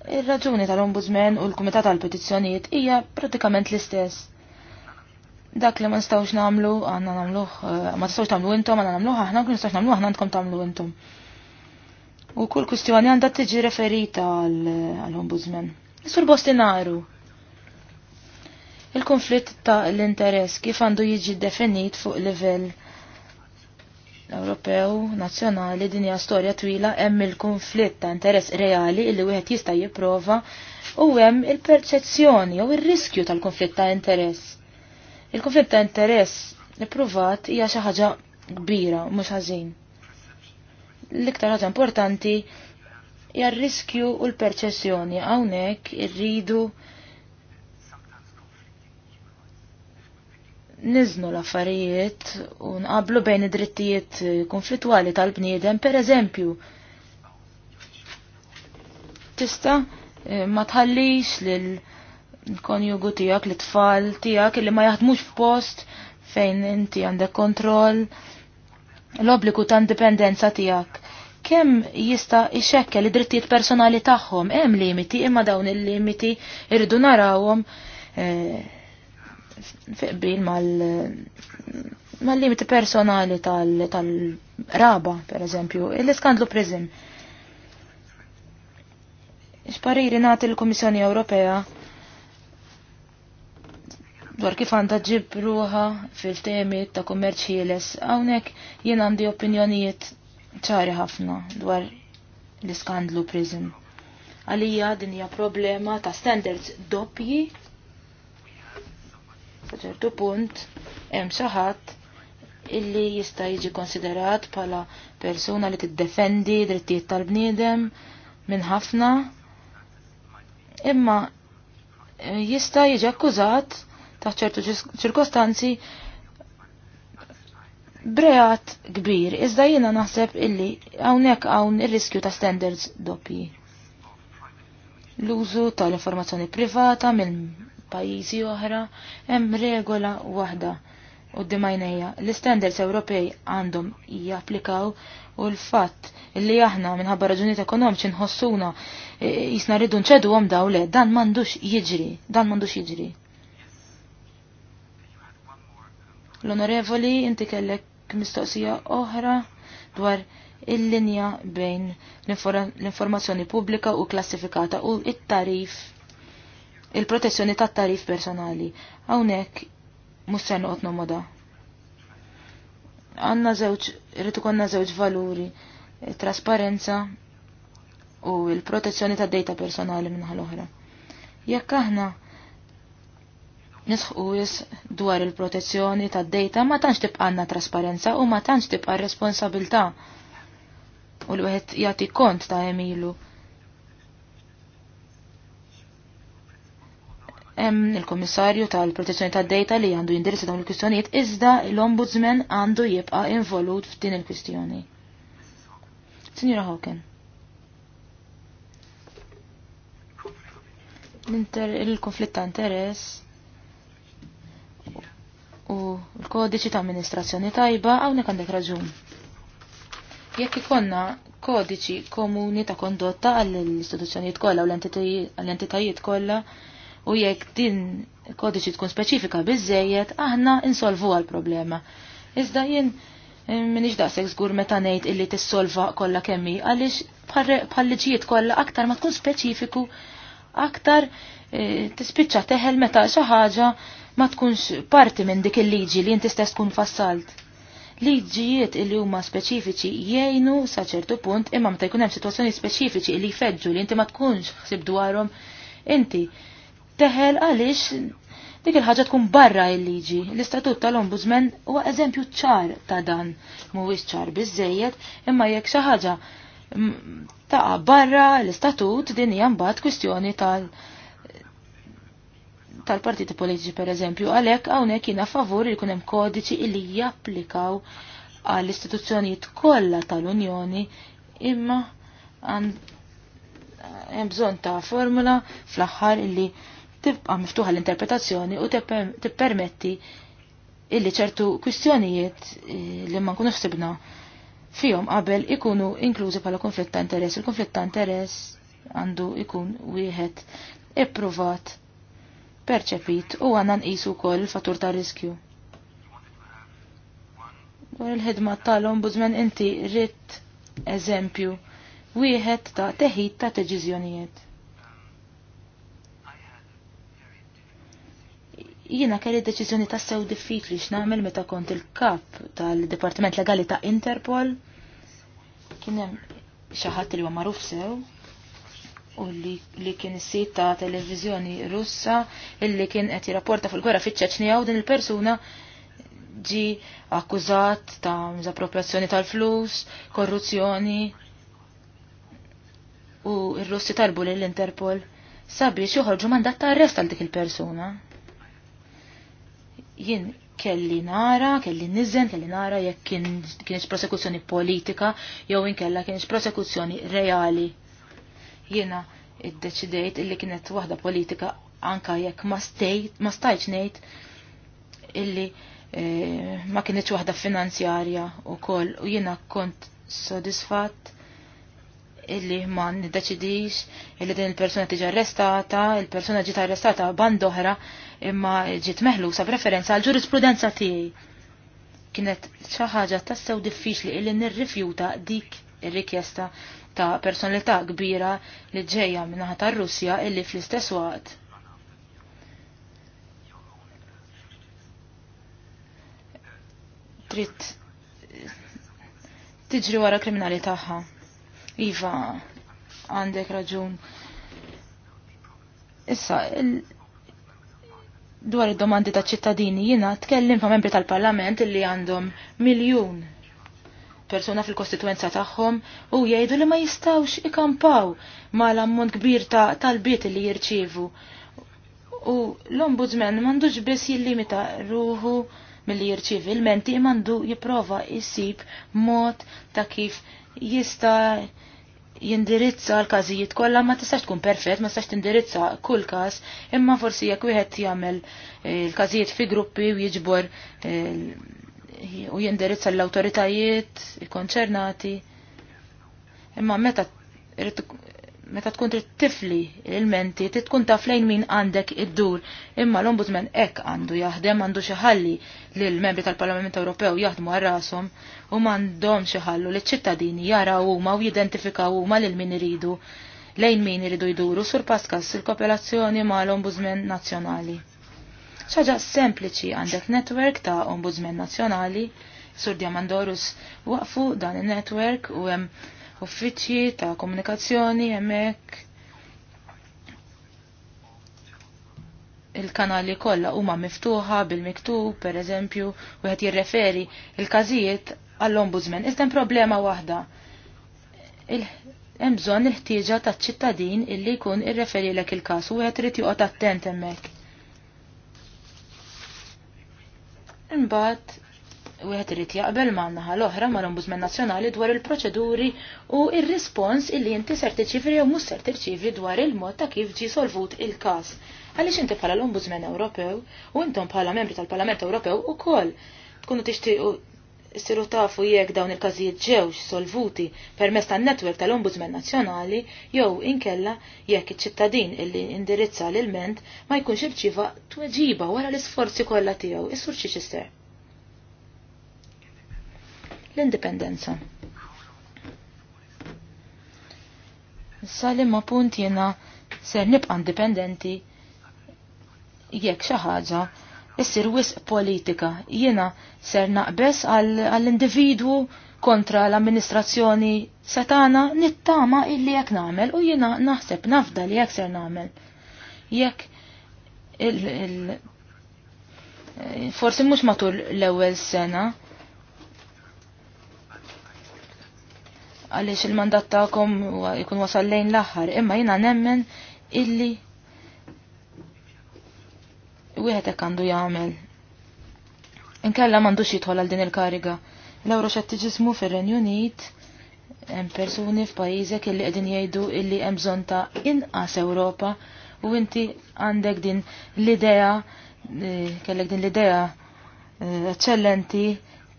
Ir-raġuni tal-Ombudsman u l-Kumitat tal-Petizzjonijiet hija pratikament l-istess. Dak li ma nistgħux nagħmlu għandna nagħmluh eh, ma tistgħux tagħmlu intom għandna nagħmluh aħna kull nistgħux nagħmluh aħna għandkom tagħmlu intom. U kull kwistjoni għandha tiġi referita għall-Ombudsman. Sur aru. Il-konflitt ta' l-interess kif għandu jiġi definit fuq livell Ewropew nazzjonali din hija storja twila hemm il-konflitt ta' interess reali illi wieħed jista' jipprova u hemm il-perċezzjoni jew ir-riskju tal-konflitt ta' interess. Il-konflitt ta' interess ippruvat hija xi ħaġa kbira mhux ħażin. L-iktar ħaġa importanti hija r-riskju u l-perċezzjoni hawnhekk irridu niznu l-affarijiet u nqablu bejn id-drittijiet konflittuali tal-bniedem, per eżempju, tista eh, ma tħallix l konjugu tijak, l tfal tijak, li ma jaħdmux f'post fejn inti għandek kontroll l obliku ta' indipendenza tijak. Kem jista' ixekke li drittijiet personali tagħhom hemm limiti imma dawn il-limiti irridu narawhom eh, fiqbil mal-limiti personali tal-raba, per eżempju, l-iskandlu prizm. Xpariri nati l-Komissjoni Ewropea dwar kif għandha ġib ruħa fil-temi ta' kummerċ ħieles, hawnhekk jien għandi opinjonijiet ċari ħafna dwar l-iskandlu prizm għalija din hija problema ta' standards doppji ċertu punt hemm xi ħadd illi jista' jiġi konsiderat bħala persuna li tiddefendi drittijiet tal-bniedem minn ħafna imma eh, jista' jiġi akkużat ta' ċertu ċirkostanzi breat kbir, iżda jiena naħseb illi hawnhekk hawn ir-riskju ta' standards doppji. L-użu tal-informazzjoni privata minn pajjiżi oħra, hemm regola waħda u d-dimajnija. L-standards Ewropej għandhom japplikaw u l-fatt li aħna minħabba raġunijiet ekonomiċi nħossuna e, jisna rridu nċedu għom daw le, dan mandux jiġri, dan mandux jiġri. L-onorevoli inti kellek mistoqsija oħra dwar il-linja bejn l-informazzjoni pubblika u klassifikata u it-tarif il-protezzjoni tat tarif personali. Hawnhekk mhux se noqgħod nomoda. Għanna żewġ irid konna żewġ valuri, trasparenza u l-protezzjoni tad data personali minħa l-oħra. Jekk aħna nisħu jis dwar il-protezzjoni tad data ma tantx għandna trasparenza u ma tantx tibqa' responsabilta' u l-wieħed jagħti kont ta' emilu il-Kummissarju tal-Protezzjoni tad-Data li għandu jindirizza dawn il-kwistjonijiet iżda l-Ombudsman għandu jibqa' involut f'din il-kwistjoni. Signora Hawken. il-konflitt ta' interess u l-kodiċi ta' amministrazzjoni tajba hawnhekk għandek raġun. Jekk ikonna kodiċi komuni ta' kondotta għall-istituzzjonijiet kollha u l-entitajiet kollha, u jekk din kodiċi tkun speċifika biżejjed aħna insolvu għal-problema. Iżda jien eh, minix daqseg zgur meta ngħid illi tissolva kollha kemmi għaliex bħal-liġijiet kollha aktar ma tkun speċifiku aktar eh, tispiċċa teħel meta xi ħaġa ma tkunx parti minn dik il-liġi li inti stess tkun fassalt. Liġijiet illi huma speċifiċi jgħinu sa ċertu punt imma meta jkun hemm sitwazzjoni speċifiċi li jfeġġu li inti ma tkunx ħsib dwarhom inti teħel għaliex dik il-ħaġa tkun barra il-liġi. L-istatut tal-ombudsman huwa eżempju ċar ta' dan. Mhuwiex ċar biżejjed, imma jekk xi ħaġa mm, ta' barra l-istatut din hija mbagħad kwistjoni tal- tal-partiti politiċi per eżempju, għalhekk hawnhekk jiena favur li jkun hemm kodiċi li japplikaw għall istituzzjonijiet kollha tal-Unjoni imma hemm bżonn ta' formula fl-aħħar illi tibqa' miftuħa l-interpretazzjoni u tippermetti illi ċertu kwistjonijiet eh, li ma nkunux sibna fihom qabel ikunu inklużi bħala konflitt ta' interess. Il-konflitt ta' interess għandu ikun wieħed ippruvat, perċepit u għanna nqisu wkoll il-fattur ta' riskju. Dwar il-ħidma tal-ombudsman inti rrit eżempju wieħed ta' teħid ta' deċiżjonijiet. Jiena kelli deċiżjoni ta' sew diffikli x'nagħmel meta kont il-kap tal-Dipartiment Legali ta' Interpol. Kien hemm xi ħadd li huwa magħruf sew u li, li kien is-sit ta' televiżjoni Russa illi kien qed jirrapporta fil-gwerra fiċ-Ċeċnija u din il-persuna ġi akkużat ta' mżapropjazzjoni tal-flus, korruzzjoni u r-Russi tarbu lill-Interpol sabiex joħorġu mandat ta' arrest għal dik il-persuna jien kelli nara, kelli nizzen, kelli nara jekk kienx prosekuzzjoni politika jew inkella kienx prosekuzzjoni reali. Jiena iddeċidejt illi kienet waħda politika anka jekk ma stejt, ma stajċ ngħid illi e, ma kienx waħda finanzjarja u koll u jiena kont sodisfatt illi ma niddeċidix illi din il-persuna tiġi arrestata, il-persuna ġiet arrestata band oħra imma ġiet meħlusa preferenza għal ġurisprudenza tiegħi. Kienet xi ħaġa tassew diffiċli illi nirrifjuta dik ir-rikjesta ta' personalità kbira li ġejja minnaħa tar-Russja illi fl-istess waqt trid tiġri wara kriminali tagħha. Iva, għandek raġun. Issa, dwar id-domandi ta' ċittadini jina tkellim fa' membri tal-parlament li għandhom miljun persuna fil-kostituenza tagħhom u jgħidu li ma jistawx ikampaw ma l-ammont kbir ta' biet li jirċievu. U l-ombudsman m'għandux biss jillimita ruħu milli jirċiv il menti mandu jipprova jisib mod ta' kif jista' jindirizza l-każijiet kollha ma tistax tkun perfett, ma tistax tindirizza kull każ, imma forsi jekk wieħed jagħmel eh, l-każijiet fi gruppi u jiġbor eh, u jindirizza l-awtoritajiet konċernati. Imma meta meta tkun trid tifli il-menti, trid tkun taf lejn min għandek id-dur. Imma l-Ombudsman hekk għandu jaħdem għandu xi ħalli lil membri tal-Parlament Ewropew jaħdmu għal rashom u m'għandhom xi ħallu li ċittadini jaraw huma u jidentifikaw huma lil min iridu lejn min iridu jduru sur paskas il-kooperazzjoni mal-Ombudsman Nazzjonali. ċaġa sempliċi għandek netwerk ta' Ombudsman Nazzjonali, Sur Diamandorus waqfu dan il-netwerk u hemm uffiċċji ta' komunikazzjoni hemmhekk. il-kanali kollha huma miftuħa bil-miktub, per eżempju, wieħed jirreferi il-każijiet għall-ombudsman. Iżden problema waħda. Hemm bżonn il-ħtieġa taċ-ċittadin illi jkun irreferilek il-każ u wieħed irid joqgħod attent hemmhekk. Imbagħad wieħed irid jaqbel ma' naħa l-oħra mal-Ombudsman Nazzjonali dwar il-proċeduri u ir-rispons illi inti ser tirċifri jew mhux ser tirċifri dwar il-mod ta' kif ġi solvut il-każ. Għaliex inti bħala l-Ombudsman Ewropew u intom bħala membri tal-Parlament Ewropew ukoll tkunu tixtiequ siru tafu jekk dawn il-każijiet ġewx solvuti permezz tan-netwerk tal-Ombudsman Nazzjonali jew inkella jekk iċ-ċittadin illi indirizza l-ilment ma jkunx irċiva tweġiba wara l-isforzi kollha tiegħu is-sur Chichester l-indipendenza. Issa ma punt jena ser nibqa' indipendenti jekk xi ħaġa issir wisq politika. Jiena ser naqbes għall-individwu kontra l-amministrazzjoni setana nittama illi jekk nagħmel u jena naħseb nafda li jekk ser nagħmel. Jekk il, il forsi mhux matul l-ewwel sena għaliex il-mandat tagħkom jkun wasal lejn l-aħħar, imma jiena nemmen illi wieħed hekk għandu jagħmel. Inkella m'għandux jidħol għal din il-kariga. L-Euroxettiġismu fir-Renju Unit hemm persuni f'pajjiżek illi qegħdin jgħidu illi hemm bżonn ta' inqas Ewropa u inti għandek din l-idea eh, kellek din l-idea eh, eċċellenti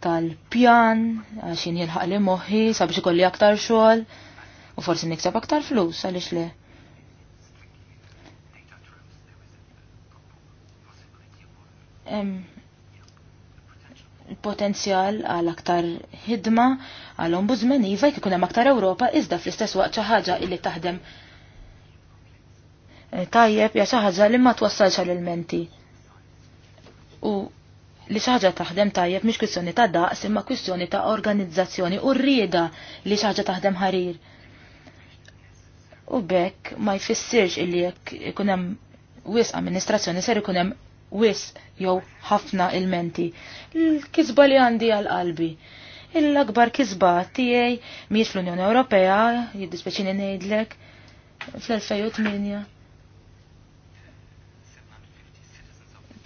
tal-pjan għaxin jilħaq li moħħi sabiex ikolli aktar xogħol u forsi niksab aktar flus għaliex le. potenzjal għal aktar ħidma għal ombudsman iva jek ikun hemm aktar Ewropa iżda fl-istess waqt xi ħaġa illi taħdem tajjeb ja xi ħaġa li ma twassalx għal ilmenti. U li xaħġa taħdem tajjeb mhix kwistjoni ta' daqs imma kwistjoni ta' organizzazzjoni u rrieda li xaħġa taħdem ħarir. U bekk ma jfissirx illi jekk ikun hemm wis amministrazzjoni ser ikun hemm wis jew ħafna ilmenti. il kisba li għandi għal qalbi. Il-akbar kisba tiegħi mhijiex fl-Unjoni Ewropea, jiddispeċini ngħidlek, fl-2008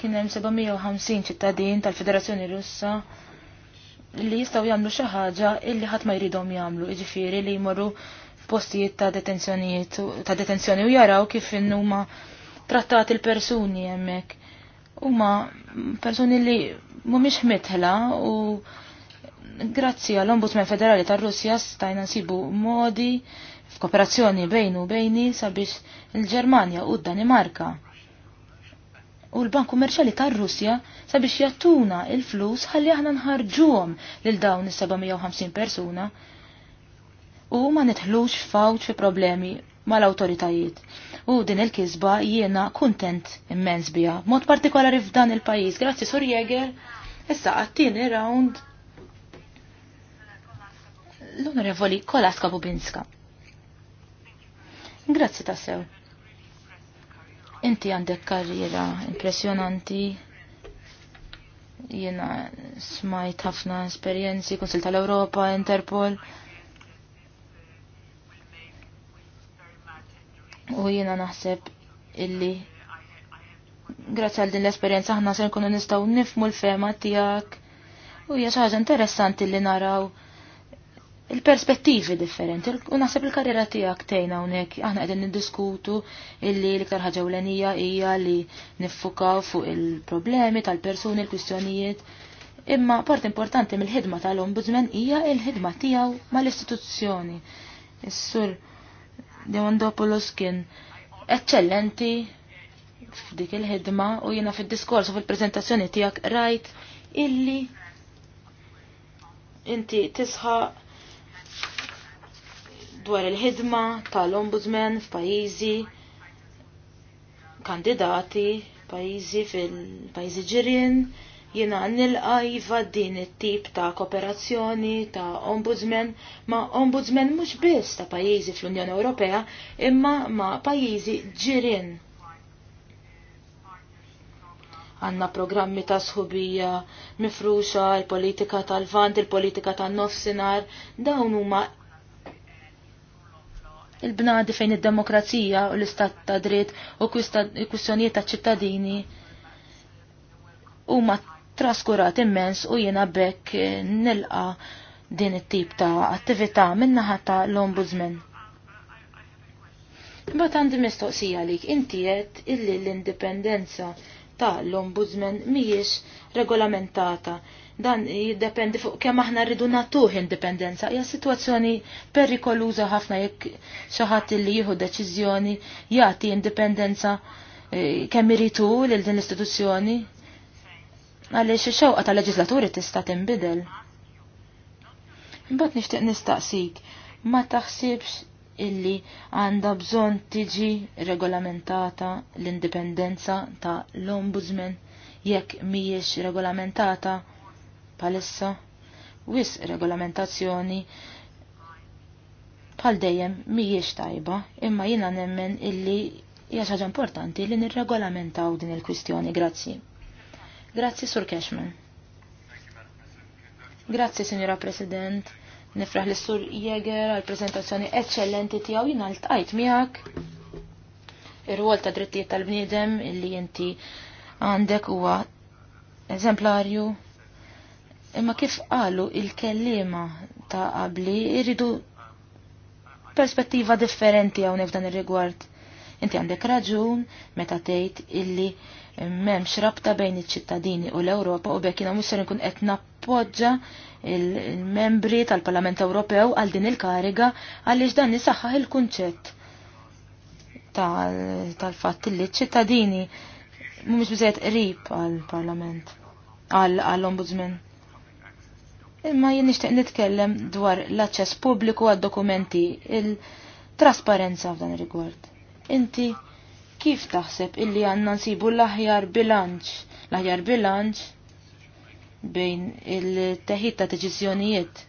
kien hemm 750 ċittadin tal-Federazzjoni Russa li jistgħu jagħmlu xi ħaġa illi ħadd ma jridhom jagħmlu, jiġifieri li jmorru f'postijiet ta' detenzjonijiet ta' detenzjoni u jaraw kif huma trattati l-persuni hemmhekk. Huma persuni li mhumiex mitħla u grazzi għall-Ombudsman Federali tar-Russja stajna nsibu modi f'kooperazzjoni bejnu bejni sabiex il-Ġermanja u d-Danimarka u l-Bank Kummerċjali tar-Russja sabiex jattuna il-flus ħalli aħna nħarġuhom lil dawn is-750 persuna u ma nitħlux fawċ fi problemi mal awtoritajiet U din il-kisba jiena kuntent immens biha. mod partikolari f'dan il pajjiż Grazzi, Sur Jeger, Issa, għattini round l-onorevoli Kolaska Bubinska. Grazzi tassew. Inti għandek karriera impressjonanti, jiena smajt ħafna esperjenzi, Konsil tal-Europa, Interpol. U jiena naħseb illi grazzi għal din l-esperjenza aħna se nkunu nistgħu nifmu l-fema tiegħek u hija xi ħaġa interessanti li naraw il-perspettivi differenti. U naħseb il-karriera tiegħek tejna hawnhekk aħna qegħdin niddiskutu illi l-iktar ħaġa ewlenija hija li niffukaw fuq il-problemi tal-persuni, il-kwistjonijiet. Imma part importanti mill-ħidma tal-ombudsman hija l-ħidma tiegħu mal-istituzzjoni. Is-sur Dewandopoulos kien eċċellenti f'dik il-ħidma u jiena fid-diskors u fil-preżentazzjoni tiegħek rajt illi inti tisħa dwar il-ħidma tal-ombudsman f'pajjiżi kandidati, pajjiżi fil-pajjiżi ġirien, jiena nilqa iva din it-tip ta' kooperazzjoni ta' ombudsman ma' ombudsman mhux biss ta' pajjiżi fl-Unjoni Ewropea imma ma' pajjiżi ġirien għanna programmi ta' sħubija, mifruxa, il-politika tal-vant, il-politika tan nofsinar dawn huma il-bnadi fejn id-demokrazija u l-istat ta' dritt u kwistjonijiet ta' ċittadini huma traskurat immens u jena bekk nilqa din it-tip ta' attività minnaħa ta' l-ombudsman. Bat għandi mistoqsija għalik inti qed illi l-indipendenza ta' l-ombudsman mhijiex regolamentata Dan jiddependi fuq kemm aħna rridu nagħtuh indipendenza. Hija sitwazzjoni perikoluża ħafna jekk xi ħadd li jieħu deċiżjoni jagħti indipendenza e, kemm iritu lil din l-istituzzjoni. Għaliex ix-xewqa tal-leġislaturi tista' tinbidel. Imbagħad nixtieq nistaqsik, ma taħsibx illi għanda bżon tiġi regolamentata l-indipendenza ta' l-ombudsman jekk miex regolamentata palissa wis regolamentazzjoni bħal dejjem mhijiex tajba, imma jiena nemmen illi hija ħaġa importanti li nirregolamentaw din il-kwistjoni, grazzi. Grazzi Sur Cashman. Grazzi Sinjora President, nifraħ li Sur Jäger għal prezentazzjoni eccellenti tiegħu jiena ltqajt miegħek. Ir-rwol ta' drittijiet tal-bniedem illi inti għandek huwa eżemplarju Imma kif qalu il-kellima ta' qabli irridu perspettiva differenti hawn f'dan ir-rigward. Inti għandek raġun meta tgħid illi m'hemmx rabta bejn iċ-ċittadini u l-Ewropa u bekk jiena mhux ser nkun qed nappoġġa il-membri tal-Parlament Ewropew għal din il-kariga għaliex dan isaħħaħ il-kunċett tal-fatt li ċ-ċittadini mhumiex biżejjed qrib għall-Parlament għall-Ombudsman imma jien nixtieq nitkellem dwar l-aċċess pubbliku għad-dokumenti, il-trasparenza f'dan ir-rigward. Inti kif taħseb illi għandna nsibu l-aħjar bilanċ, l-aħjar bilanċ bejn il-teħid ta' deċiżjonijiet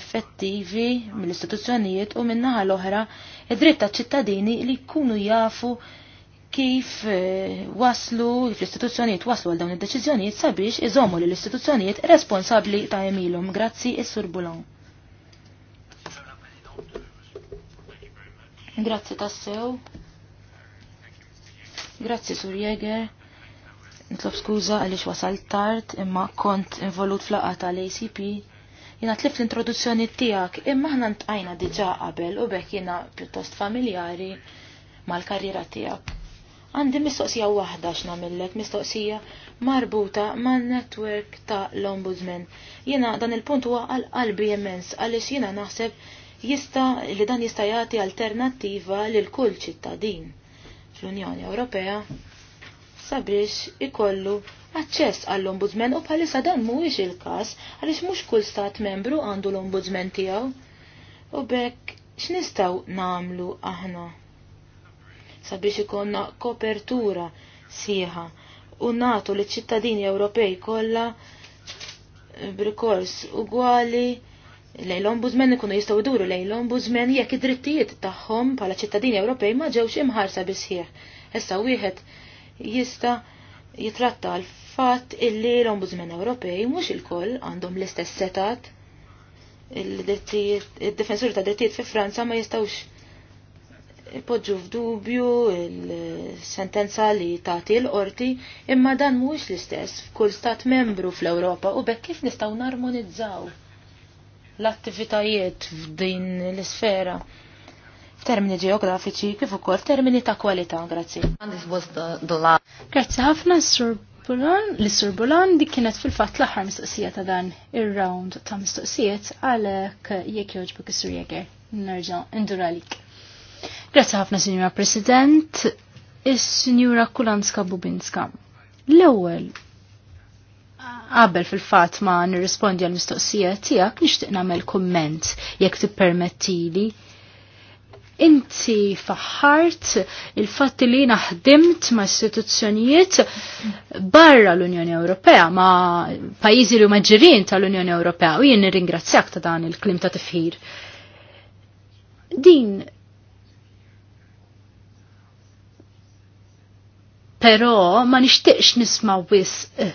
effettivi mill-istituzzjonijiet u minnaħa l-oħra id-dritt ta' ċittadini li jkunu jafu kif eh, waslu, l-istituzzjonijiet waslu għal dawn id-deċiżjonijiet sabiex iżommu l istituzzjonijiet responsabbli ta' emilhom. Grazzi is-Sur Bulon. Grazzi tassew. Grazzi Sur Jäger. Nitlob skuża għaliex wasal tard imma kont involut fl-laqgħa tal-ACP. Jina tlif l-introduzzjoni tiegħek imma aħna ntqajna diġà qabel u bekk jina pjuttost familjari mal-karriera tiegħek. Għandi mistoqsija waħda x'namillek, mistoqsija marbuta ma' netwerk ta' l-Ombudsman. Jiena dan il-punt huwa għal qalbi immens għaliex jiena naħseb jista li dan jista' jagħti alternattiva lil kull ċittadin fl-Unjoni Ewropea sabiex ikollu aċċess għall-ombudsman u bħalissa dan mhuwiex il-każ għaliex mhux kull stat membru għandu l-ombudsman tiegħu. U bekk x'nistgħu nagħmlu aħna sabiex ikonna kopertura sieħa u natu li ċittadini Ewropej kollha eh, b'rikors ugwali lejn l-ombudsman ikunu jistgħu jduru lejn l-ombudsman jekk id-drittijiet tagħhom bħala ċittadini Ewropej ma ġewx imħarsa sħiħ. Issa wieħed jista' jitratta l-fatt illi l-Ombudsman Ewropej mhux il-koll għandhom l-istess setat il-drittijiet, id-difensuri ta' drittijiet fi Franza ma jistawx poġġu f'dubju il-sentenza li tagħti l-qorti, imma dan mhuwiex l-istess f'kull stat membru fl-Ewropa u bekk kif nistgħu narmonizzaw l-attivitajiet f'din l-isfera f'termini ġeografiċi kif ukoll termini ta' kwalità, grazzi. Grazzi ħafna s-surbulan, l-surbulan dik kienet fil-fatt l-aħħar mistoqsija ta' dan ir-round ta' mistoqsijiet għalhekk jekk jogħġbok is-surjeger. Nerġa' indura Grazie ħafna, Signora President, is-Signora Kulanska Bubinska. L-ewwel qabel fil-fatt ma nirrispondi għal mistoqsija tiegħek nixtieq nagħmel kumment jekk tippermettili. Inti faħħart il-fatt li naħdimt ma' istituzzjonijiet barra l-Unjoni Ewropea, ma' pajjiżi li huma ġirien tal-Unjoni Ewropea u jien nirringrazzjak ta' dan il-klim ta' tifħir. Din Pero ma nixtieqx nisma' wis eh,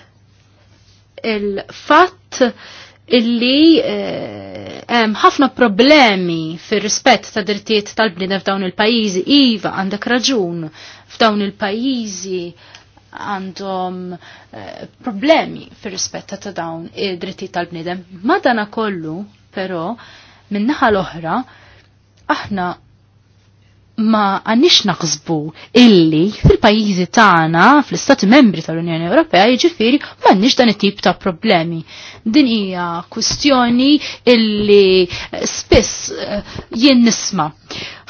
il-fatt illi eh, hemm eh, ħafna problemi fir-rispett ta' drittijiet tal-bniedem f'dawn il-pajjiżi. Iva għandek raġun f'dawn il-pajjiżi għandhom eh, problemi fir-rispett ta' dawn id-drittijiet tal-bniedem. Madana kollu, però, min-naħa l-oħra, aħna ma għannix naħsbu illi fil-pajizi tagħna fl-Istati Membri tal-Unjoni Ewropea jiġifieri m'għandniex dan it-tip ta' problemi. Din hija kwistjoni illi spiss eh, jien nisma'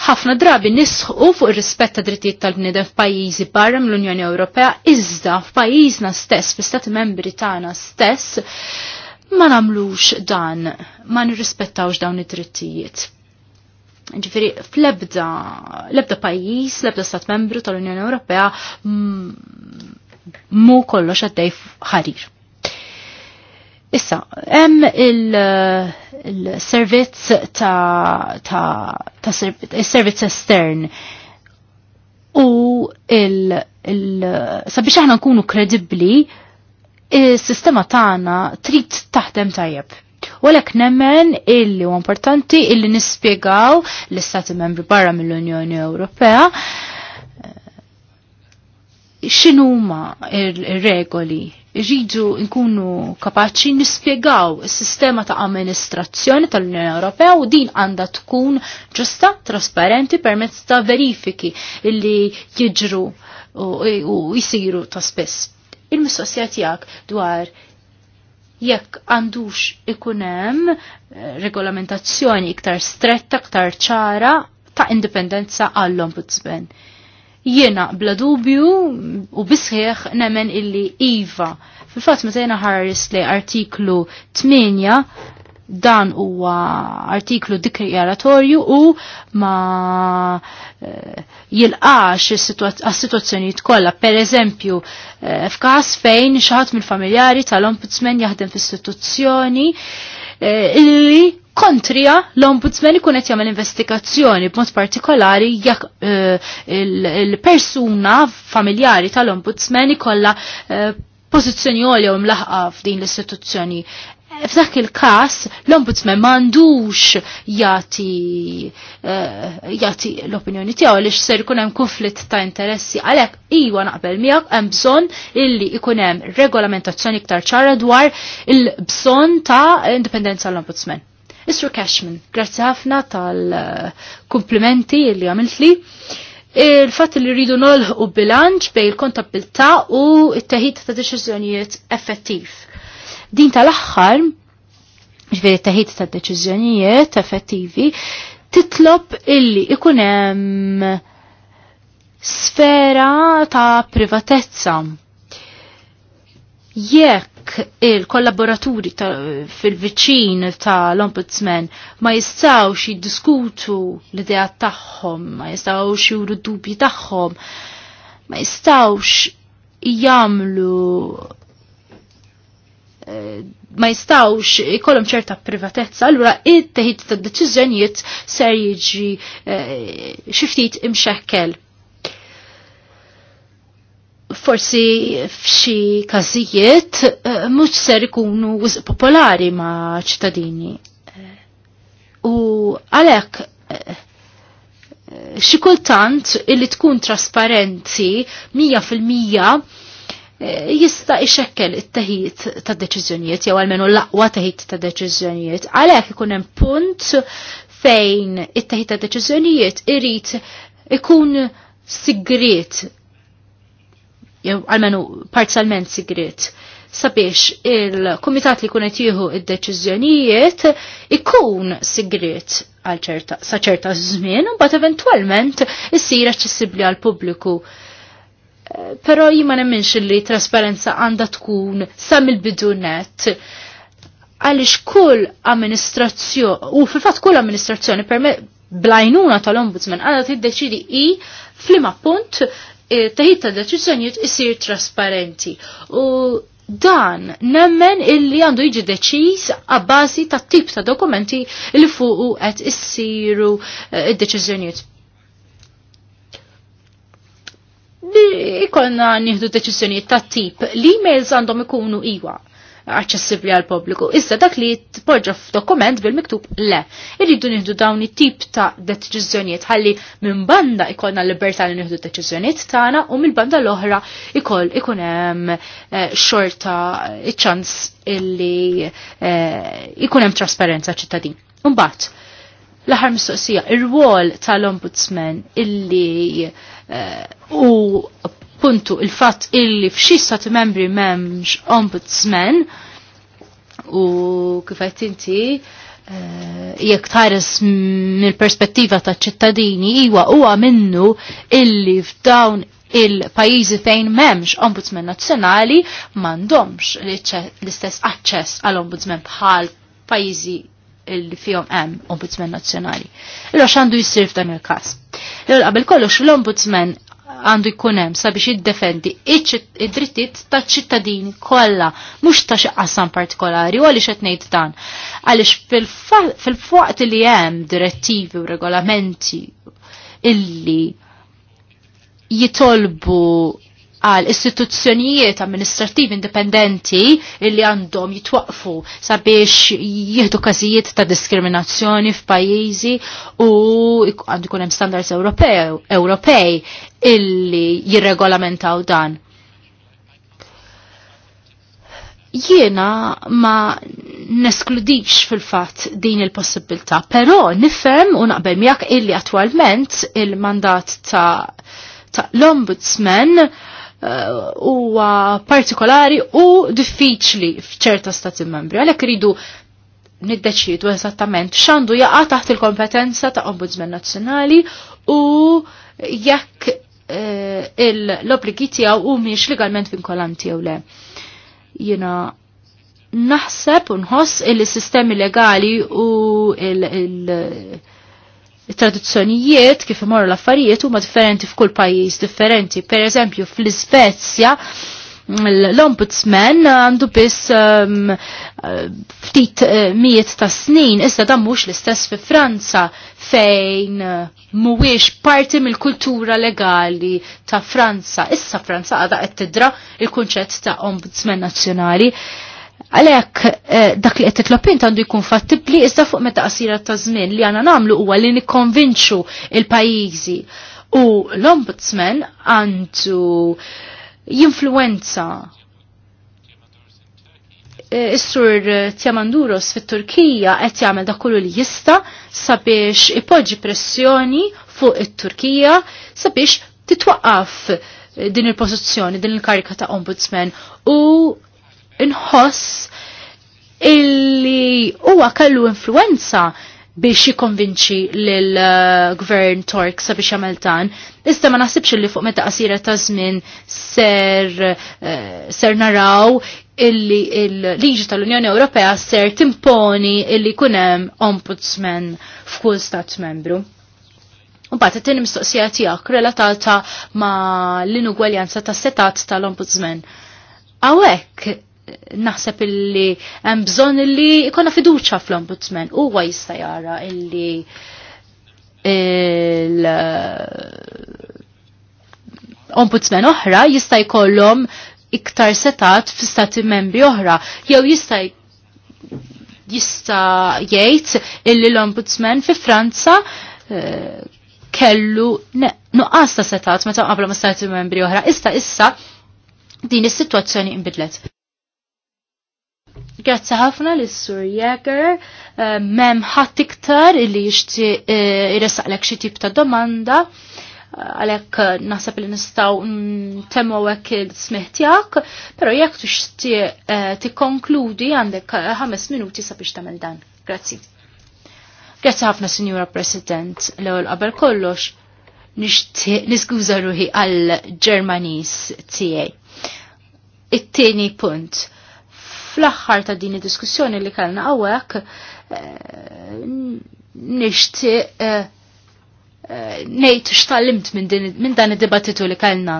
ħafna drabi nisħu fuq ir-rispett ta' drittijiet tal-bniedem f'pajjiżi barra mill-Unjoni Ewropea iżda f'pajjiżna stess, fl-Istati Membri tagħna stess ma namlux dan, ma nirrispettawx dawn id-drittijiet Ġifiri, fl-ebda, l-ebda pajis, l-ebda stat membru tal-Unjoni Ewropea mm, mu kollox għaddej ħarir. Issa, hemm il-servizz ta', il servizz estern u il, sabiex aħna nkunu kredibbli, is-sistema tagħna trid taħdem tajjeb. Walek nemmen illi u importanti illi nispjegaw l-Istati membri barra mill-Unjoni Ewropea eh, xinuma ir-regoli ġiġu nkunu kapaċi nispiegaw il-sistema ta' amministrazzjoni tal-Unjoni Ewropea u din għandha tkun ġusta, trasparenti permezz ta' verifiki illi jiġru u jisiru ta' spess. Il-mistoqsija tiegħek dwar jekk għandux ikunem eh, regolamentazzjoni iktar stretta, iktar ċara ta' indipendenza għall-ombudsman. Jiena bla dubju u bisħieħ nemmen illi Iva. Fil-fatt ma jiena ħarris li artiklu 8 dan huwa artiklu dikjaratorju u ma eh, jilqax għas-situazzjonijiet kollha. Per eżempju, eh, f'każ fejn xaħat mill-familjari tal-ombudsman jaħdem f'istituzzjoni eh, illi kontrija l-ombudsman ikun qed jagħmel investigazzjoni b'mod partikolari jekk il-persuna familjari tal-ombudsman ikollha pożizzjoni għolja u mlaħqa f'din l-istituzzjoni. F'dak il-kas l-ombudsman mandux jati eh, jati l-opinjoni tiegħu għaliex ser ikun hemm konflitt ta' interessi għalhekk iwa naqbel miegħek hemm bżonn illi ikun hemm regolamentazzjoni iktar ċara dwar il-bżonn ta' indipendenza l-ombudsman. Isru Cashman, grazzi ħafna tal-komplimenti illi għamiltli. il fat li rridu nolħu bilanċ bej il-kontabilta u it-teħid ta' deċiżjonijiet effettiv Din tal-aħħar, ġveri taħit ta' deċiżjonijiet effettivi, titlob illi ikunem sfera ta' privatezza. Jekk il-kollaboraturi fil-viċin tal-ombudsman ma jistawx jiddiskutu l-idea tagħhom, ma jistawx juru d-dubji tagħhom, ma jistawx jamlu Eh, ma jistawx ikollhom ċerta privatezza, allura it-teħid ta' deċiżjonijiet ser jiġi eh, xi ftit imxekkel. Forsi f'xi każijiet eh, mhux ser ikunu wisq popolari ma' ċittadini. U għalhekk xi kultant illi tkun trasparenti mija fil-mija Eh, jista' ixekkel it-teħid ta' deċiżjonijiet jew għalmenu l-aqwa teħid ta' deċiżjonijiet. Għalhekk ikun hemm punt fejn it-teħid ta' deċiżjonijiet irid ikun sigriet jew għalmenu parzialment sigriet sabiex il-komitat li kunet jieħu id-deċiżjonijiet ikun sigriet għal ċerta sa ċerta żmien u bat eventualment issir aċċessibbli għal pubbliku. Pero jima nemminx li trasparenza għanda tkun sam il-bidu net għalix kull amministrazzjoni, u fil-fat kull amministrazzjoni blajnuna tal-ombudsman għanda t-deċidi i flima punt e, teħid ta' deċiżjonijiet isir trasparenti. U dan nemmen illi għandu jiġi deċiż għabbażi ta' tip ta' dokumenti li fuq qed issiru e, id-deċiżjonijiet ikonna nieħdu deċiżjonijiet ta' tip li mails għandhom ikunu iwa aċċessibbli għal pubbliku. Issa dak li tpoġġa f'dokument bil-miktub le. Irridu nieħdu dawn it-tip ta' deċiżjonijiet ħalli minn banda ikollna l-libertà li nieħdu deċiżjonijiet tagħna u minn banda l-oħra ikoll ikun hemm eh, xorta ċans illi eh, ikun hemm trasparenza ċittadin. Imbagħad, L-aħar mistoqsija, ir-wol tal-ombudsman illi eh, u puntu il-fatt illi f'xi stati membri memx ombudsman u kifajt inti eh, jekk tħares mill-perspettiva ta' ċittadini iwa huwa minnu illi f'dawn il-pajizi fejn memx ombudsman nazzjonali mandomx l-istess aċċess għall-ombudsman bħal pajizi il fihom hemm ombudsman nazzjonali. Illa x'għandu jsir f'dan il-każ. Illa qabel kollox l-ombudsman għandu jkun hemm sabiex jiddefendi id-drittijiet taċ-ċittadini kollha mhux ta' xi qasam partikolari u għaliex qed ngħid dan. Għaliex fil-waqt li hemm direttivi u regolamenti illi jitolbu għal istituzzjonijiet amministrativ indipendenti illi għandhom jitwaqfu sabiex jieħdu każijiet ta' diskriminazzjoni f'pajjiżi u għandu jkun hemm standards Ewropej illi jirregolamentaw dan. Jiena ma neskludix fil-fat din il-possibilità, però nifhem u naqbel jak illi attwalment il-mandat ta' ta' l-ombudsman Eh, huwa partikolari u diffiċli f'ċerta stati membri. Għalhekk iridu niddeċidu eżattament x'għandu jaqa' taħt il-kompetenza ta' Ombudsman Nazzjonali u jekk eh, l-obbligi tiegħu humiex legalment vinkolanti jew le. Jiena naħseb u nħoss il-sistemi legali u il tradizzjonijiet kif imorru l-affarijiet huma differenti f'kull pajjiż differenti. Per eżempju, fl-Iżvezja l-ombudsman għandu biss um, ftit eh, miet ta' snin, issa dan mhux l-istess fi Franza fejn eh, mhuwiex parti mill-kultura legali ta' Franza. Issa Franza għadha qed tidra il-kunċett ta' ombudsman nazzjonali. Għalhekk eh, dak li qed titlob int għandu jkun fattibbli iżda fuq meta qasira ta' żmien li għandna nagħmlu huwa li nikkonvinċu il-pajjiżi u l-ombudsman għandu jinfluenza eh, Is-sur Tjamanduros fit-Turkija qed jagħmel dak kollu li jista' sabiex ipoġġi pressjoni fuq it-Turkija sabiex titwaqqaf din il-pożizzjoni, din il-karika ta' ombudsman u inħoss illi huwa kellu influenza biex jikonvinċi l-gvern uh, Tork sabiex jagħmel dan. Iżda ma naħsibx li fuq meta qasira ta' żmien ser, uh, ser naraw illi l liġi tal-Unjoni Ewropea ser timponi illi jkun hemm ombudsman f'kull stat membru. Mbagħad it-tieni mistoqsija tiegħek relatata ma l-inugwaljanza tas setat tal-ombudsman. Awek naħseb illi hemm bżonn illi ikonna fiduċa fl-ombudsman huwa jista' jara illi il ombudsman oħra jista' jkollhom iktar setat fi stati membri oħra jew jista' jista' jgħid illi l-ombudsman fi Franza eh, kellu nuqqas ta' setat meta qabla ma' stati membri oħra. Issa issa din is-sitwazzjoni inbidlet. Grazzi ħafna lis sur Jäger, eh, mem ħadd iktar illi jixti jressaqlek eh, xi tip ta' domanda eh, għalek naħseb li nistaw temmu għek smiħtijak, pero jek tuxti ti konkludi għandek ħames minuti sabiex tamel dan. Grazzi. Grazzi ħafna, Signora President, l ewwel qabel kollox, niskuza ruħi għal ġermanis tijaj. It-tieni punt fl-aħħar ta' din id-diskussjoni li kellna hawnhekk eh, nixtieq eh, eh, ngħid x'tallimt minn dan id-dibattitu li kellna.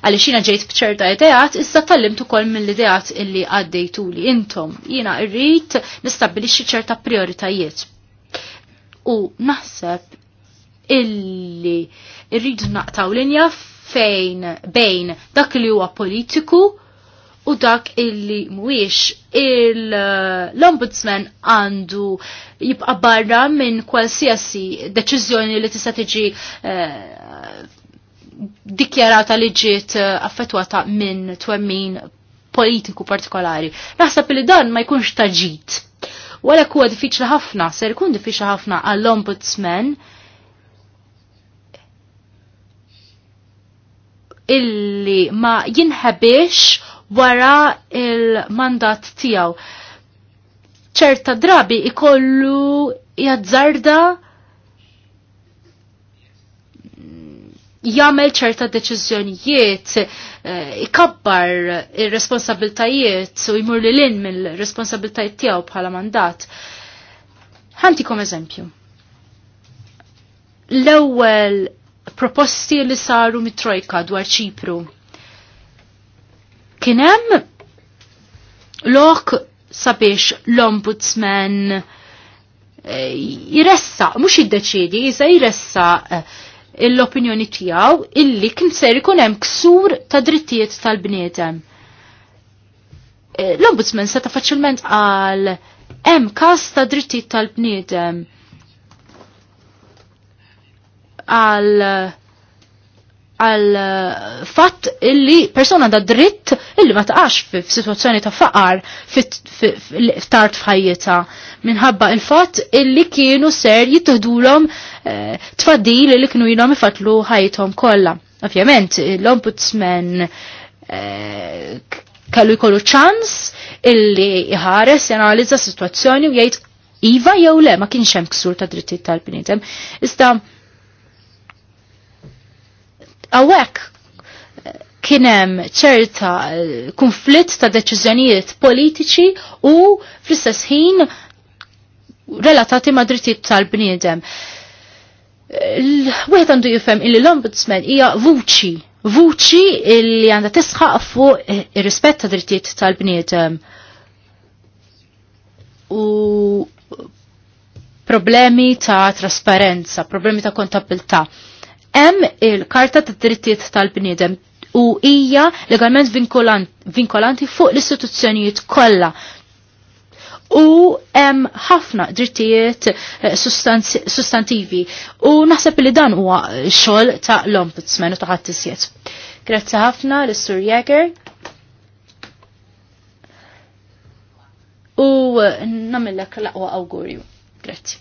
Għaliex jiena ġejt bċerta ideat, issa tallimt ukoll mill-ideat illi għaddejtuli intom. Jiena rrid nistabbilixxi ċerta prioritajiet. U naħseb illi rridu naqtaw linja fejn bejn dak li huwa politiku u dak illi mwix l-ombudsman għandu jibqa barra minn kwalsiasi deċiżjoni li tista' tiġi eh, dikjarata li ġiet eh, affettwata minn twemmin politiku partikolari. Naħseb li dan ma jkunx taġit. Wala huwa diffiċli ħafna, ser ikun diffiċli ħafna għall-ombudsman illi ma jinħabiex wara il-mandat tijaw. ċerta drabi ikollu jazzarda jagħmel ċerta deċiżjonijiet, eh, ikabbar ir-responsabiltajiet u jmur li lin mill-responsabiltajiet tiegħu bħala mandat. Ħantikom eżempju. L-ewwel proposti li saru mit-Trojka dwar Ċipru Kienem lok sabiex l-ombudsman eh, jressa mux jiddeċidi, jisa jressa eh, l-opinjoni tijaw illi kien ser ikunem hemm ksur ta' drittijiet tal-bniedem. Eh, l-ombudsman seta faċilment għal hemm kas ta' drittijiet tal-bniedem għal għal eh, fatt illi persona da dritt illi ma taqax f'sitwazzjoni ta' faqar f'tart f'ħajjita minħabba il-fatt illi kienu ser jittihdulhom eh, tfaddil illi kienu jilhom ifatlu ħajjithom kollha. Ovvjament, l-ombudsman eh, kellu jkollu ċans illi jħares janalizza situazzjoni u jgħid iva jew le ma kienx hemm ksur ta' drittijiet tal-bniedem. Iżda Awek kienem ċerta eh, konflitt ta' deċiżjonijiet politiċi u fl-istess ħin relatati ma' drittijiet tal-bniedem. Eh, Wieħed għandu jifhem illi l-ombudsman hija vuċi, vuċi illi għandha tisħaq fuq eh, ir-rispett ta' drittijiet tal-bniedem. U problemi ta' trasparenza, problemi ta' kontabilta' Hemm il-Karta tad-Drittijiet tal-Bniedem u hija legalment vinkolanti fuq l-istituzzjonijiet kollha u hemm ħafna drittijiet eh, sustantivi u naħseb li dan huwa xogħol ta' l-Ombudsman u ta' ħadd Grazzi ħafna lis sur Jäger. U eh, namillek l-aqwa awgurju. Grazzi.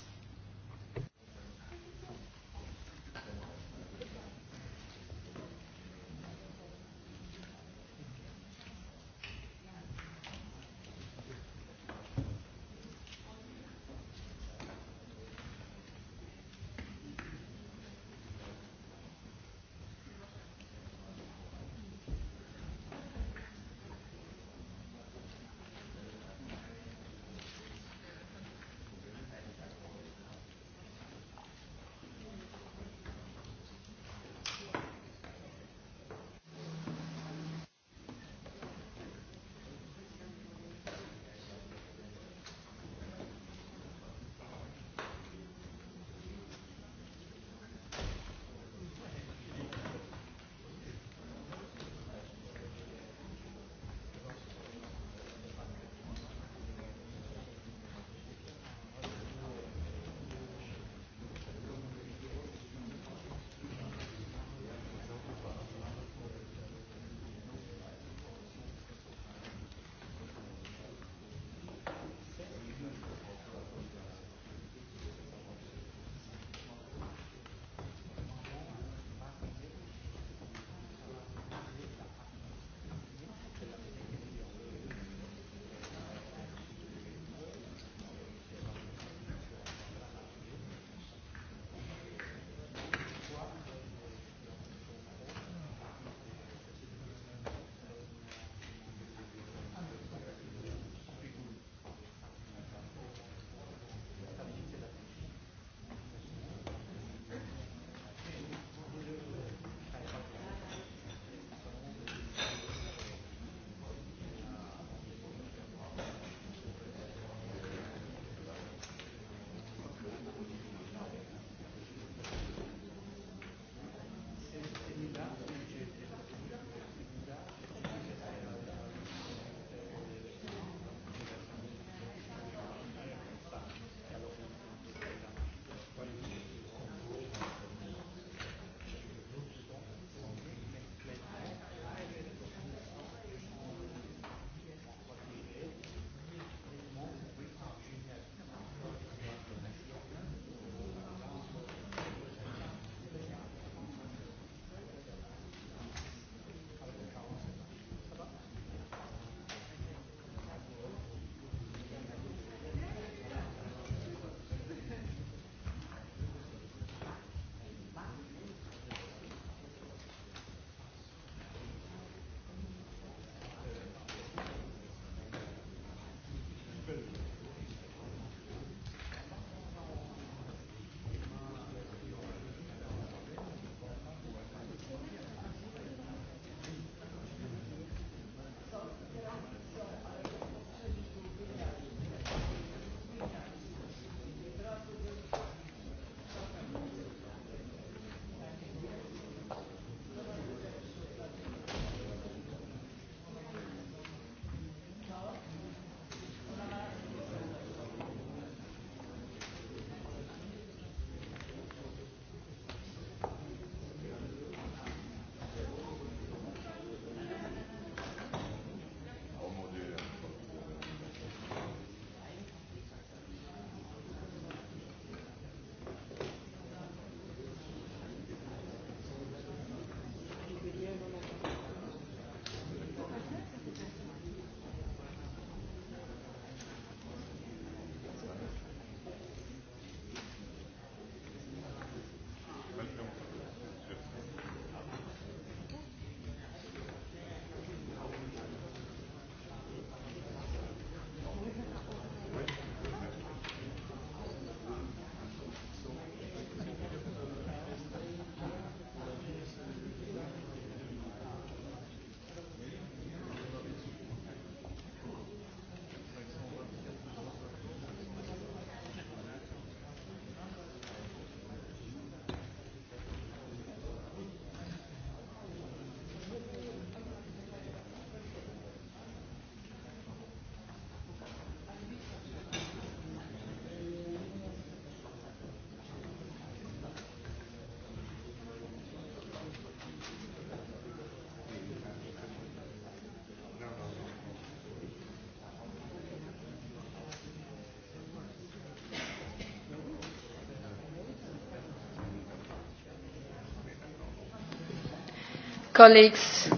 Colleagues,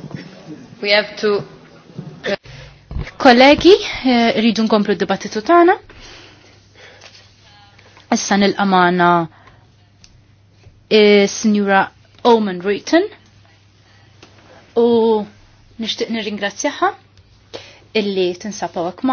we have to... Kollegi, eh, rridu nkomplu d-dibattitu tagħna. Issa nil-amana eh, Signora Omen Reaton u nixtieq nirringrazzjaha illi tinsab hawnhekk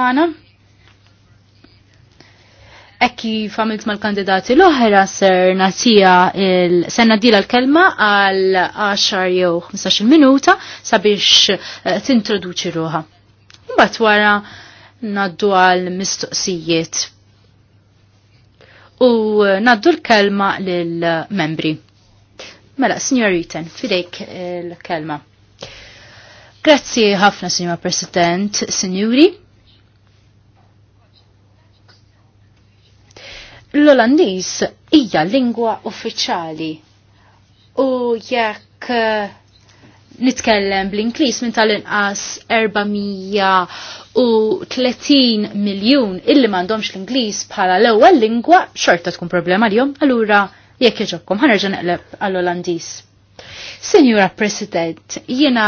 kif għamilt mal-kandidati l-oħra ser natija il-senna dila l-kelma għal 10 jew 15 minuta sabiex eh, tintroduċi ruħa. Mbagħad wara naddu għal mistoqsijiet u eh, naddu l-kelma lill-membri. Mela, Signor Riten, fidejk eh, l-kelma. Grazzi ħafna, Signor President, Signori. l olandis hija lingwa uffiċjali u jekk eh, nitkellem bl-Ingliż minn tal-inqas 430 miljun illi m'għandhomx l-Ingliż bħala l-ewwel lingwa xorta tkun problema l allura jekk jogħġobkom ħanerġa' neqleb għall olandis Sinjura President, jiena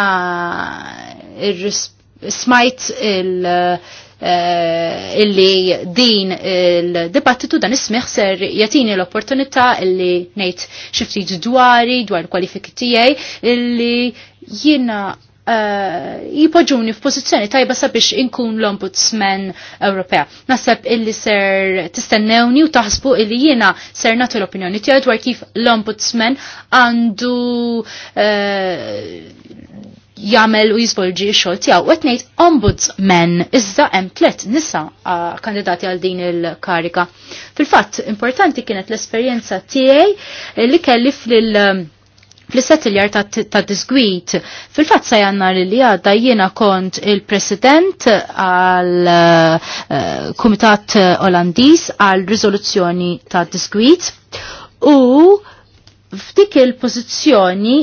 smajt il- Eh, illi din il-dibattitu dan ismiħ ser jatini l-opportunità illi nejt xifti dwari, dwar kwalifiki tijaj, illi jina eh, jipoġuni f'pożizzjoni tajba sabiex inkun l-Ombudsman Ewropea. Nasab illi ser tistennewni u taħsbu illi jiena ser natu l-opinjoni tiegħu dwar kif l-Ombudsman għandu eh, jagħmel u jispolġi x-xogħol tiegħu. Qed ngħid ombudsman iżda hemm tliet nisa kandidati għal din il-karika. Fil-fatt importanti kienet l-esperjenza tiegħi li kelli fil- um, fl-settiljar ta' disgwit. Fil-fat sa' janna li għadda jiena kont il-president għal uh, komitat Olandis għal rizoluzzjoni ta' disgwit u f'dik il-pozizjoni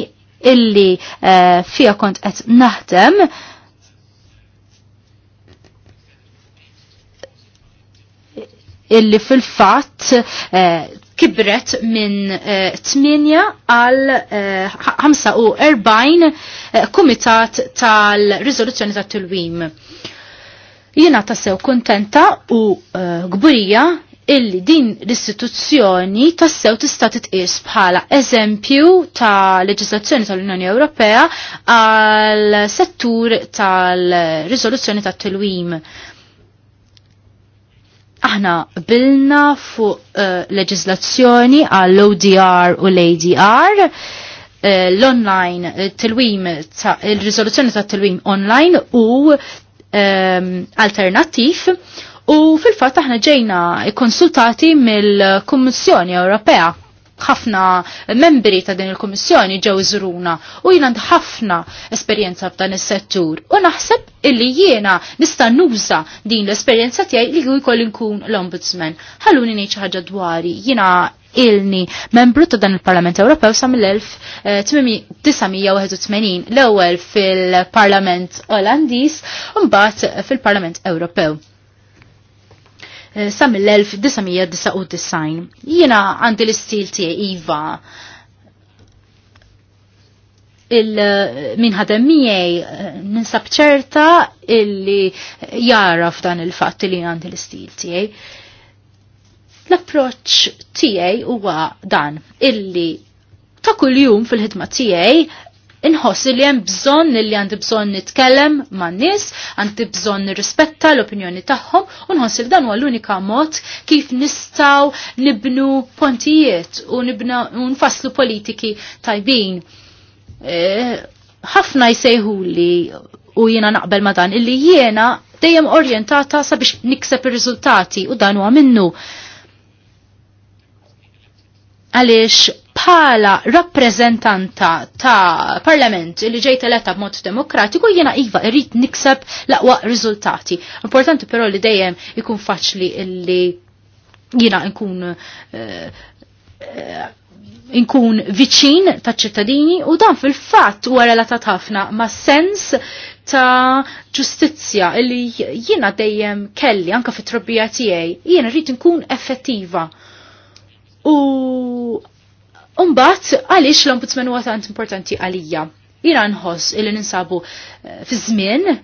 illi uh, fija kont qed naħdem illi fil-fatt uh, kibret minn uh, eh, 8 għal uh, 45 kumitat tal-rizoluzzjoni tat-tilwim. Jiena tassew kontenta u gburija illi din l-istituzzjoni tassew tista' titqies bħala eżempju ta' leġislazzjoni tal-Unjoni Ewropea għal settur tal-riżoluzzjoni tat-tilwim. Aħna bilna fuq eh, leġislazzjoni għall odr u l-ADR, eh, l-online eh, tilwim il-riżoluzzjoni tat-tilwim online u alternattiv U fil-fatt aħna ġejna konsultati mill-Kummissjoni Ewropea ħafna membri ta' din il-Kummissjoni ġew iżuruna u jiena ħafna esperjenza f'dan is-settur u naħseb illi jiena nista' nuża din l-esperjenza tiegħi li jkolli nkun l-Ombudsman. Ħalluni ngħid xi ħaġa dwari jiena ilni membru ta' dan il-Parlament Ewropew sa' mill-1981 eh, l-ewwel fil-Parlament Olandiż u mbagħad fil-Parlament Ewropew. Eh, sa mill-1999. Jiena għandi l-istil tiegħi iva il-min eh, ħadem miej eh, ninsab ċerta illi jara f'dan il-fatt li għandi l-istil tiegħi. L-approċċ tiegħi huwa dan illi ta' kuljum fil-ħidma tiegħi inħoss li hemm bżonn li għandi bżonn nitkellem man nies, għandi bżonn nirrispetta l-opinjoni tagħhom u nħoss li dan huwa l-unika mod kif nistgħu nibnu pontijiet u nibna u nfasslu politiki tajbin. E, ħafna e, jsejħuli u jiena naqbel ma dan illi jiena dejjem orjentata sabiex nikseb ir-riżultati u dan huwa minnu. Għaliex bħala rappreżentanta ta' parlament li ġejt eletta b'mod demokratiku jiena iva irrid nikseb l-aqwa riżultati. Importanti però li dejjem ikun faċli li jiena nkun eh, eh, nkun viċin ta' ċittadini u dan fil-fatt huwa relatat ħafna ma' sens ta' ġustizzja li jiena dejjem kelli anka fit-trobbija tiegħi jiena rrid nkun effettiva. U Umbat, għalix l-ombudsman huwa tant importanti għalija. Jina nħoss il ninsabu eh, fi żmien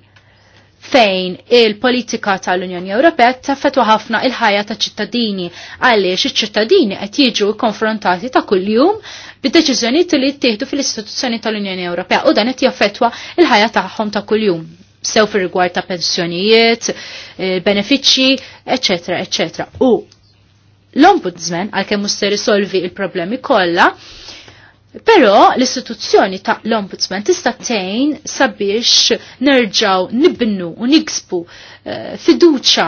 fejn il-politika tal-Unjoni Ewropea taffetwa ħafna il-ħajja ta' ċittadini għaliex iċ-ċittadini qed jiġu konfrontati ta' kuljum bid-deċiżjonijiet li jittieħdu fil-istituzzjoni tal-Unjoni Ewropea u dan qed jaffetwa il-ħajja tagħhom ta' kuljum sew fir rigward ta' pensjonijiet, eh, benefiċċji, eċetera, eċetera. U L-ombudsman għalkemm mhux se risolvi il-problemi kollha, però l-istituzzjoni ta' l-Ombudsman tista' tgħin sabiex nerġaw nibnu u niksbu fiduċja eh, fiduċa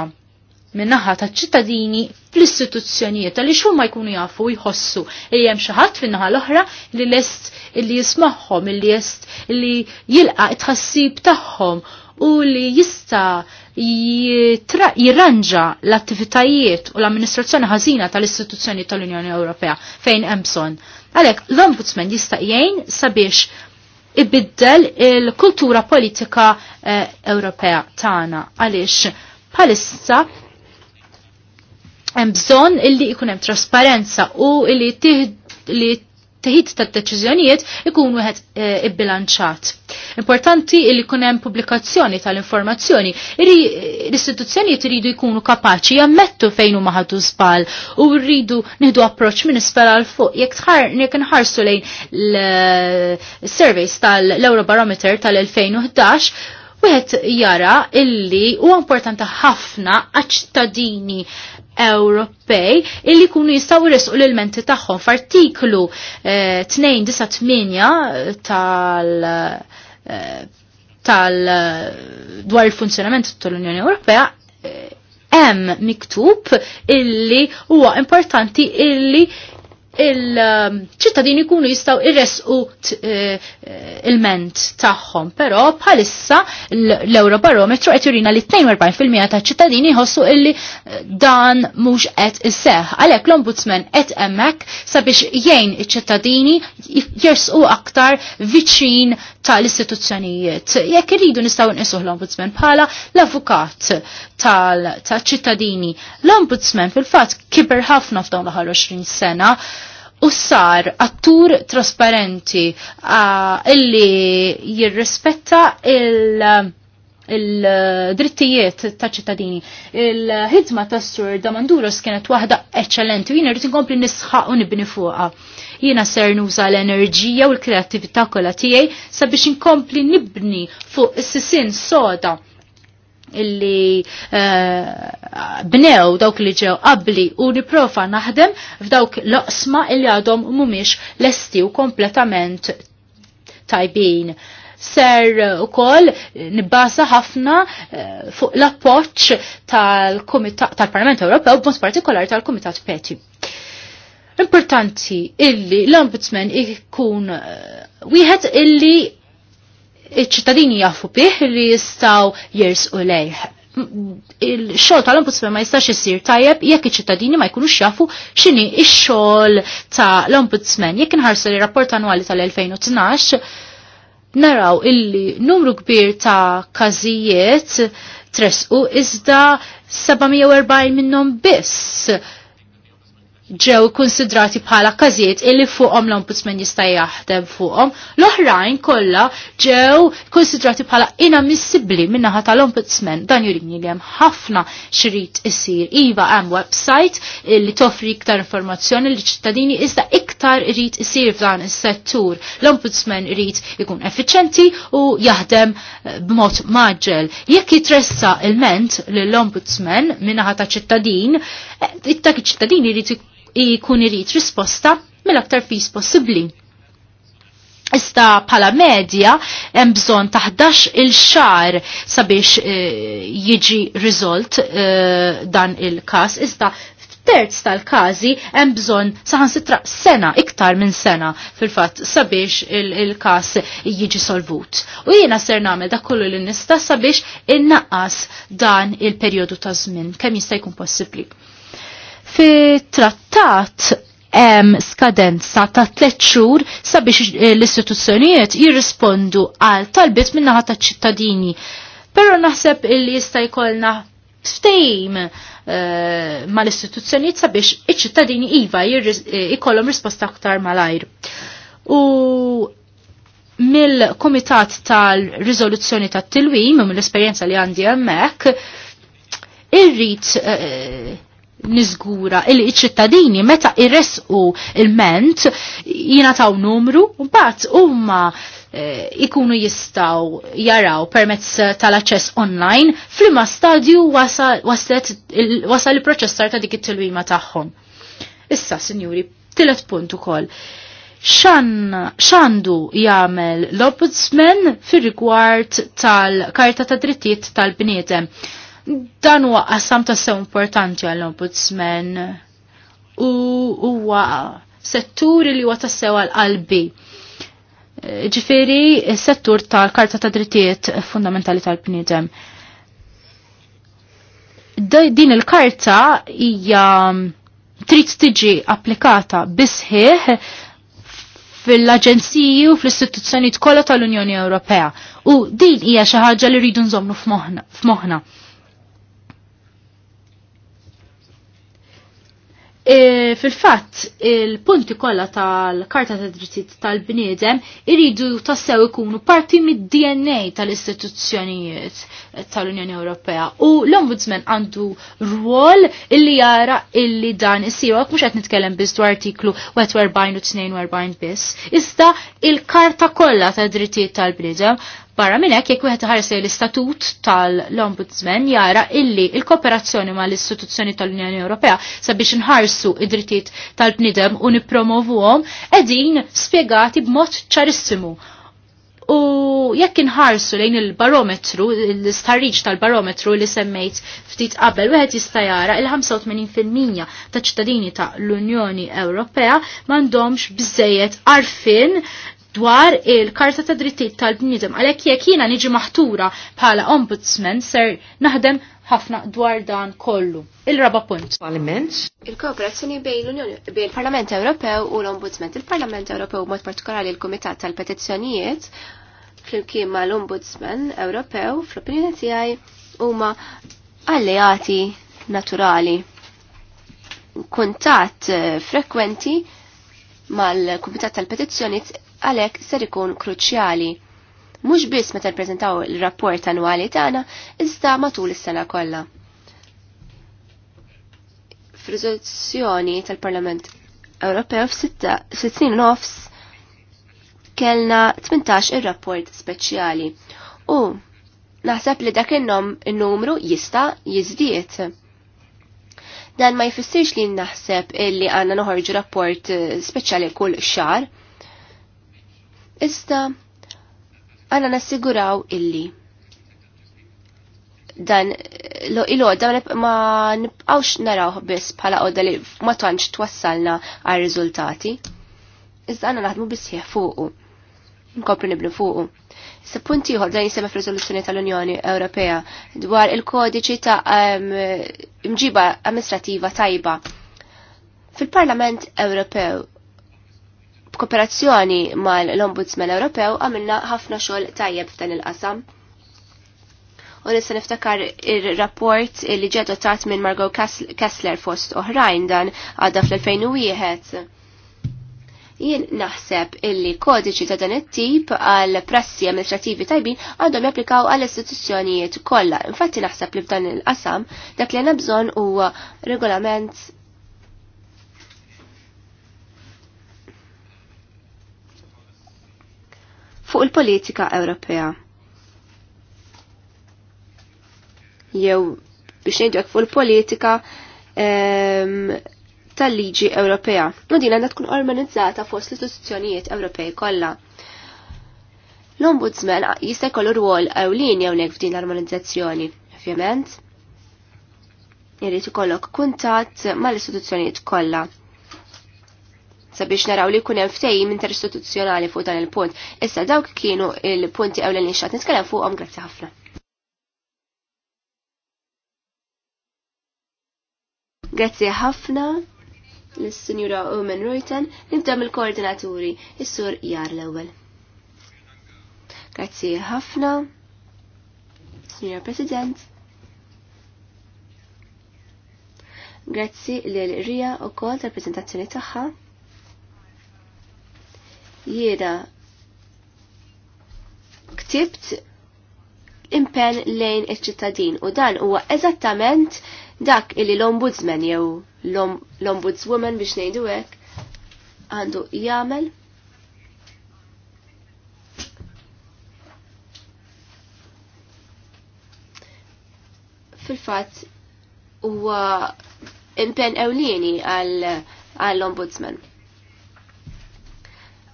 minnaħa ta' ċittadini fl-istituzzjonijiet li huma jkunu jafu jħossu li hemm xi ħadd fin-naħa l-oħra li lest li jismagħhom, li jest li jilqa' it tħassib tagħhom u li jista jirranġa l-attivitajiet u l-amministrazzjoni ħażina tal-istituzzjoni tal-Unjoni Ewropea fejn hemm bżonn. Għalhekk l-Ombudsman jista' jgħin sabiex ibiddel il-kultura politika eh, Ewropea tagħna għaliex bħalissa hemm bżonn illi jkun hemm trasparenza u illi li teħid ta' deċiżjonijiet ikun wieħed eh, ibbilanċat. Importanti li jkun hemm pubblikazzjoni tal-informazzjoni. Eh, l-istituzzjonijiet iridu jkunu kapaċi jammettu fejn huma ħadu żball u rridu nieħdu approċċ minn isfel għal fuq. Jekk tħar jekk inħarsu lejn l-surveys eh, tal-Eurobarometer tal-2011 wieħed jara illi huwa importanti ħafna għaċ-ċittadini Ewropej illi kunu jistaw jresqu l elmenti tagħhom f'artiklu 298 eh, eh, tal eh, tal dwar il-funzjonament tal-Unjoni Ewropea hemm miktub illi huwa importanti illi il-ċittadini kunu jistaw irresqu eh, il-ment tagħhom, però bħalissa l-Eurobarometru qed jurina li 42% ta' ċittadini jħossu illi eh, dan mhux qed isseħ. Għalhekk l-Ombudsman qed hemmhekk sabiex jgħin iċ-ċittadini jersqu aktar viċin tal-istituzzjonijiet. Jekk irridu nistgħu nqisuh l-Ombudsman bħala l-avukat tal-ċittadini. L-Ombudsman fil-fat kiber ħafna f'dawn l-ħar 20 sena u sar attur trasparenti illi jirrispetta il-drittijiet ta' ċittadini. Il-ħidma ta' Sur Damanduros kienet waħda eccellenti u jina rrit inkompli nisħaq u nibni fuqa. Jina ser nuża l-enerġija u l-kreativita kolla tiegħi sabiex inkompli nibni fuq is-sisin soda illi eh, bnew dawk li ġew qabli u niprofa naħdem f'dawk loqsma illi għadhom mhumiex lesti u kompletament tajbin ser u koll nibbasa ħafna eh, fuq l-appoċ tal-Parlament tal Ewropew, b'mod partikolari tal kumitat Peti. Importanti illi l-Ombudsman ikun eh, wieħed illi iċ-ċittadini jafu bih li jistaw jersqu lejħ. Il-xol tal-ombudsman ma jistax jisir tajjeb jekk iċ-ċittadini ma jkunux jafu x'inhi x-xogħol tal ombudsman Jekk inħarsu li rapport annwali tal-2012 naraw illi numru kbir ta' każijiet tresqu iżda 740 minnhom biss ġew konsidrati bħala każijiet illi fuqhom l-ombudsman jista' jaħdem fuqhom, l-oħrajn kollha ġew konsidrati bħala inammissibbli min-naħa tal-ombudsman. Dan jurini li hemm ħafna xrid isir. Iva hemm website li toffri iktar informazzjoni li ċittadini iżda iktar irid isir f'dan is-settur. L-ombudsman irid ikun effiċenti u jaħdem b'mod maġġel. Jekk jitressa il-ment lill-ombudsman min-naħa ta' ċittadin, eh, it-tak ċittadini irid jkun irid risposta mill-aktar fis possibbli. Ista pala medja hemm bżonn ta' 11 il xar sabiex eh, jiġi riżolt eh, dan il-każ, iżda terz tal każi hemm bżonn saħansitra sena iktar minn sena fil-fatt sabiex il-każ jiġi solvut. U jiena ser nagħmel dak kollu li nista' sabiex innaqqas dan il-perjodu ta' żmien kemm jista' jkun possibbli. Fi trattat hemm skadenza ta' tliet xhur sabiex eh, l-istituzzjonijiet jirrispondu għal talbiet minnaħa ta' ċittadini. Però naħseb li jista' jkollna ftejm eh, ma l-istituzzjonijiet sabiex iċ-ċittadini iva jkollhom eh, risposta aktar malajr. U mill-Komitat tal rizoluzzjoni tat-Tilwim u mill-esperjenza li għandi hemmhekk irrid uh, nizgura il ċittadini meta irresqu il-ment jina taw numru u bat umma eh, ikunu jistaw jaraw permezz tal-aċċess online flima stadju wasal wasa il-proċessar ta' dik it-tilwima tagħhom. Issa, sinjuri, tilet punt ukoll. Xandu jagħmel l-Ombudsman fir-rigward tal-Karta ta' Drittijiet tal-Bniedem. tal karta drittijiet tal bniedem Dan huwa qasam ta' sew importanti għall-ombudsman u huwa setturi li huwa tassew għal-qalbi. Ġifiri, settur tal-Karta ta' Drittijiet Fundamentali tal-Bniedem. Din il-karta hija trid tiġi applikata bisħiħ fil-aġenziji u fl istituzzjonijiet kollha tal-Unjoni Ewropea. U din hija xi ħaġa li rridu nżommu f'moħħna. E, Fil-fatt, il-punti kollha tal-Karta ta' Drittijiet tal-Bniedem iridu tassew ikunu parti mid-DNA tal-istituzzjonijiet tal-Unjoni Ewropea u l-Ombudsman għandu rwol illi jara illi dan isiru għak mhux qed nitkellem biss dwar artiklu 41 u 42 biss. Iżda il-Karta kollha ta' Drittijiet tal-Bniedem Barra minn hekk jekk wieħed ħarsi l-istatut tal-Ombudsman jara illi il-kooperazzjoni mal istituzzjoni tal-Unjoni Ewropea sabiex inħarsu id-drittijiet tal-bnidem u nippromovuhom qegħdin spjegati b'mod ċarissimu. U jekk inħarsu lejn il-barometru, l-istarriġ tal-barometru li semmejt ftit qabel, wieħed jista' jara il-85% ta' ċittadini ta' l-Unjoni Ewropea m'għandhomx biżejjed arfin dwar il-Karta ta' Drittijiet tal bnidem għalhekk jekk jiena niġi maħtura bħala Ombudsman ser naħdem ħafna dwar dan kollu. Il-raba punt. Parlament. Il-kooperazzjoni bejn l-Unjoni bejn il-Parlament Ewropew u l-Ombudsman. Il-Parlament Ewropew mod partikolari l-Kumitat tal-Petizzjonijiet flimkien ma l-Ombudsman Ewropew fl-opinjoni tiegħi huma alleati naturali. Kuntatt eh, frekwenti mal-Kumitat tal-Petizzjonijiet għalhekk ser ikun kruċjali. Mhux biss meta npreżentaw il-rapport annwali tagħna, iżda matul is-sena kollha. F'riżoluzzjoni tal-Parlament Ewropew f'sitt snin nofs kellna 18 ir-rapport speċjali u naħseb li dak innom il-numru jista jizdiet. Dan ma jfissirx li naħseb illi għanna noħorġu rapport eh, speċjali kull xar, Ista, għana nassiguraw illi dan ilo, dan ma nibqawx naraw biss bħala għodda li ma tantx twassalna għal riżultati. Iżda għana naħdmu bisħieħ fuqu. Nkopri nibnu fuqu. Issa punti dan jisema f'riżoluzzjoni tal-Unjoni Ewropea dwar il-kodiċi ta' mġiba amministrativa tajba. Fil-Parlament Ewropew b'kooperazzjoni mal-Ombudsman Ewropew għamilna ħafna xogħol tajjeb f'dan il-qasam. U nista niftakar ir-rapport li ġed dotat minn Margot Kessler fost oħrajn dan għadha fl-2001. Jien naħseb illi kodiċi ta' dan it-tip għal prassi amministrativi tajbin għandhom japplikaw għall istituzzjonijiet kollha. Infatti naħseb li f'dan il-qasam dak li għandna bżonn huwa regolament fuq il-politika Ewropea. Jew biex ngħidlek fuq il-politika ehm, tal-liġi Ewropea. U din għandha tkun organizzata fost l-istituzzjonijiet Ewropej kollha. L-Ombudsman jista' jkollu rwol ewlin hawnhekk f'din l-armonizzazzjoni, ovvjament. Irid ikollok kuntatt mal-istituzzjonijiet kollha sabiex naraw li kunem ftejim interistituzzjonali fuq dan il-punt. Issa dawk kienu il-punti għaw l-għin xat nitkellem fuqom grazzi ħafna. Grazzi ħafna l-Sinjura Omen Reuten, nibda il koordinaturi il sur jar l-ewwel. Grazzi ħafna, Sinjura President. Grazzi lil Rija u kol tal-prezentazzjoni tagħha jiena ktibt impen lejn iċ-ċittadin u dan huwa eżattament dak illi l-ombudsman jew l-ombudswoman biex ngħidu hekk għandu jagħmel. Fil-fatt huwa impen ewlieni għall-ombudsman.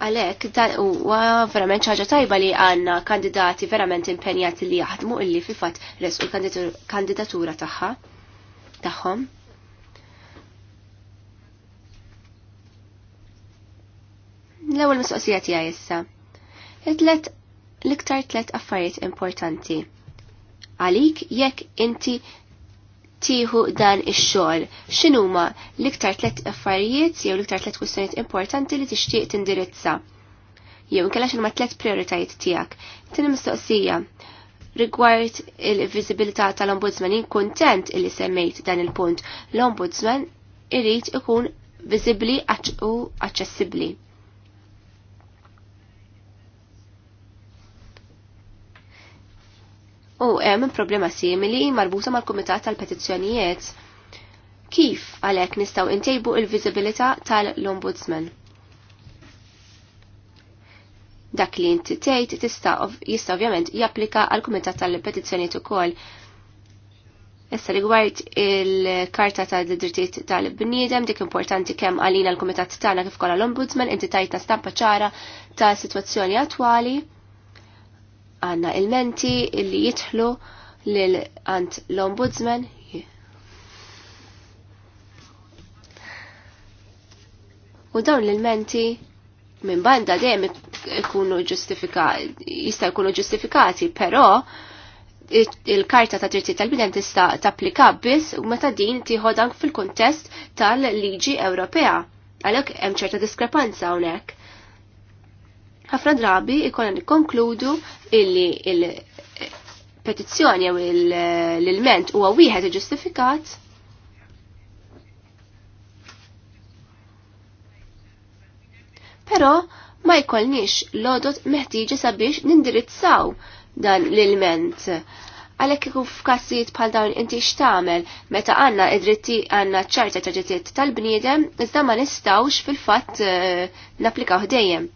Għalek, huwa verament ċaġa tajba li għanna kandidati verament impenjati li jaħdmu illi fil-fat resqu l-kandidatura tagħha tagħhom. L-ewwel mistoqsija tiegħi issa. Itlet l-iktar tlet affarijiet importanti. Għalik jekk inti tieħu dan ix-xogħol. X'inhuma l-iktar tliet affarijiet jew l-iktar tliet kwistjonijiet importanti li tixtieq tindirizza. Jew inkella x'inhuma tliet prioritajiet tiegħek. Tieni mistoqsija rigward il-viżibilità tal-Ombudsman jien kuntent illi semmejt dan il-punt. L-Ombudsman irid ikun viżibbli u aċċessibbli. u hemm problema simili marbuta mal-Kumitat tal-Petizzjonijiet. Kif għalhekk nistgħu intejbu il-viżibilità tal-Ombudsman? Dak li inti tgħid tista' jista' ovvjament japplika għal kumitat tal-petizzjonijiet ukoll. Issa rigward il-karta ta' drittijiet tal-bniedem dik importanti kemm għalina l-kumitat tagħna kif kollha l-Ombudsman inti tajtna stampa ċara ta' sitwazzjoni attwali għanna il-menti illi jitħlu lil għant l-ombudsman u dawn l-menti minn banda dejjem ikunu ġustifikati, jista' jkunu ġustifikati, però il-karta ta' dritti tal-bidem tista' tapplika biss u meta din tieħodank fil-kuntest tal-liġi Ewropea. Għalhekk hemm ċerta diskrepanza hawnhekk ħafna drabi ikolna nikkonkludu illi il-petizzjoni jew l-ilment huwa wieħed iġustifikat Però ma jkollniex lodot meħtieġa sabiex nindirizzaw dan l-ilment għalek kif f'kassijiet bħal dawn inti x'tagħmel meta għandna id-dritti għandna ċarta ta' tal-bniedem iżda ma nistgħux fil-fatt eh, napplikaw dejjem.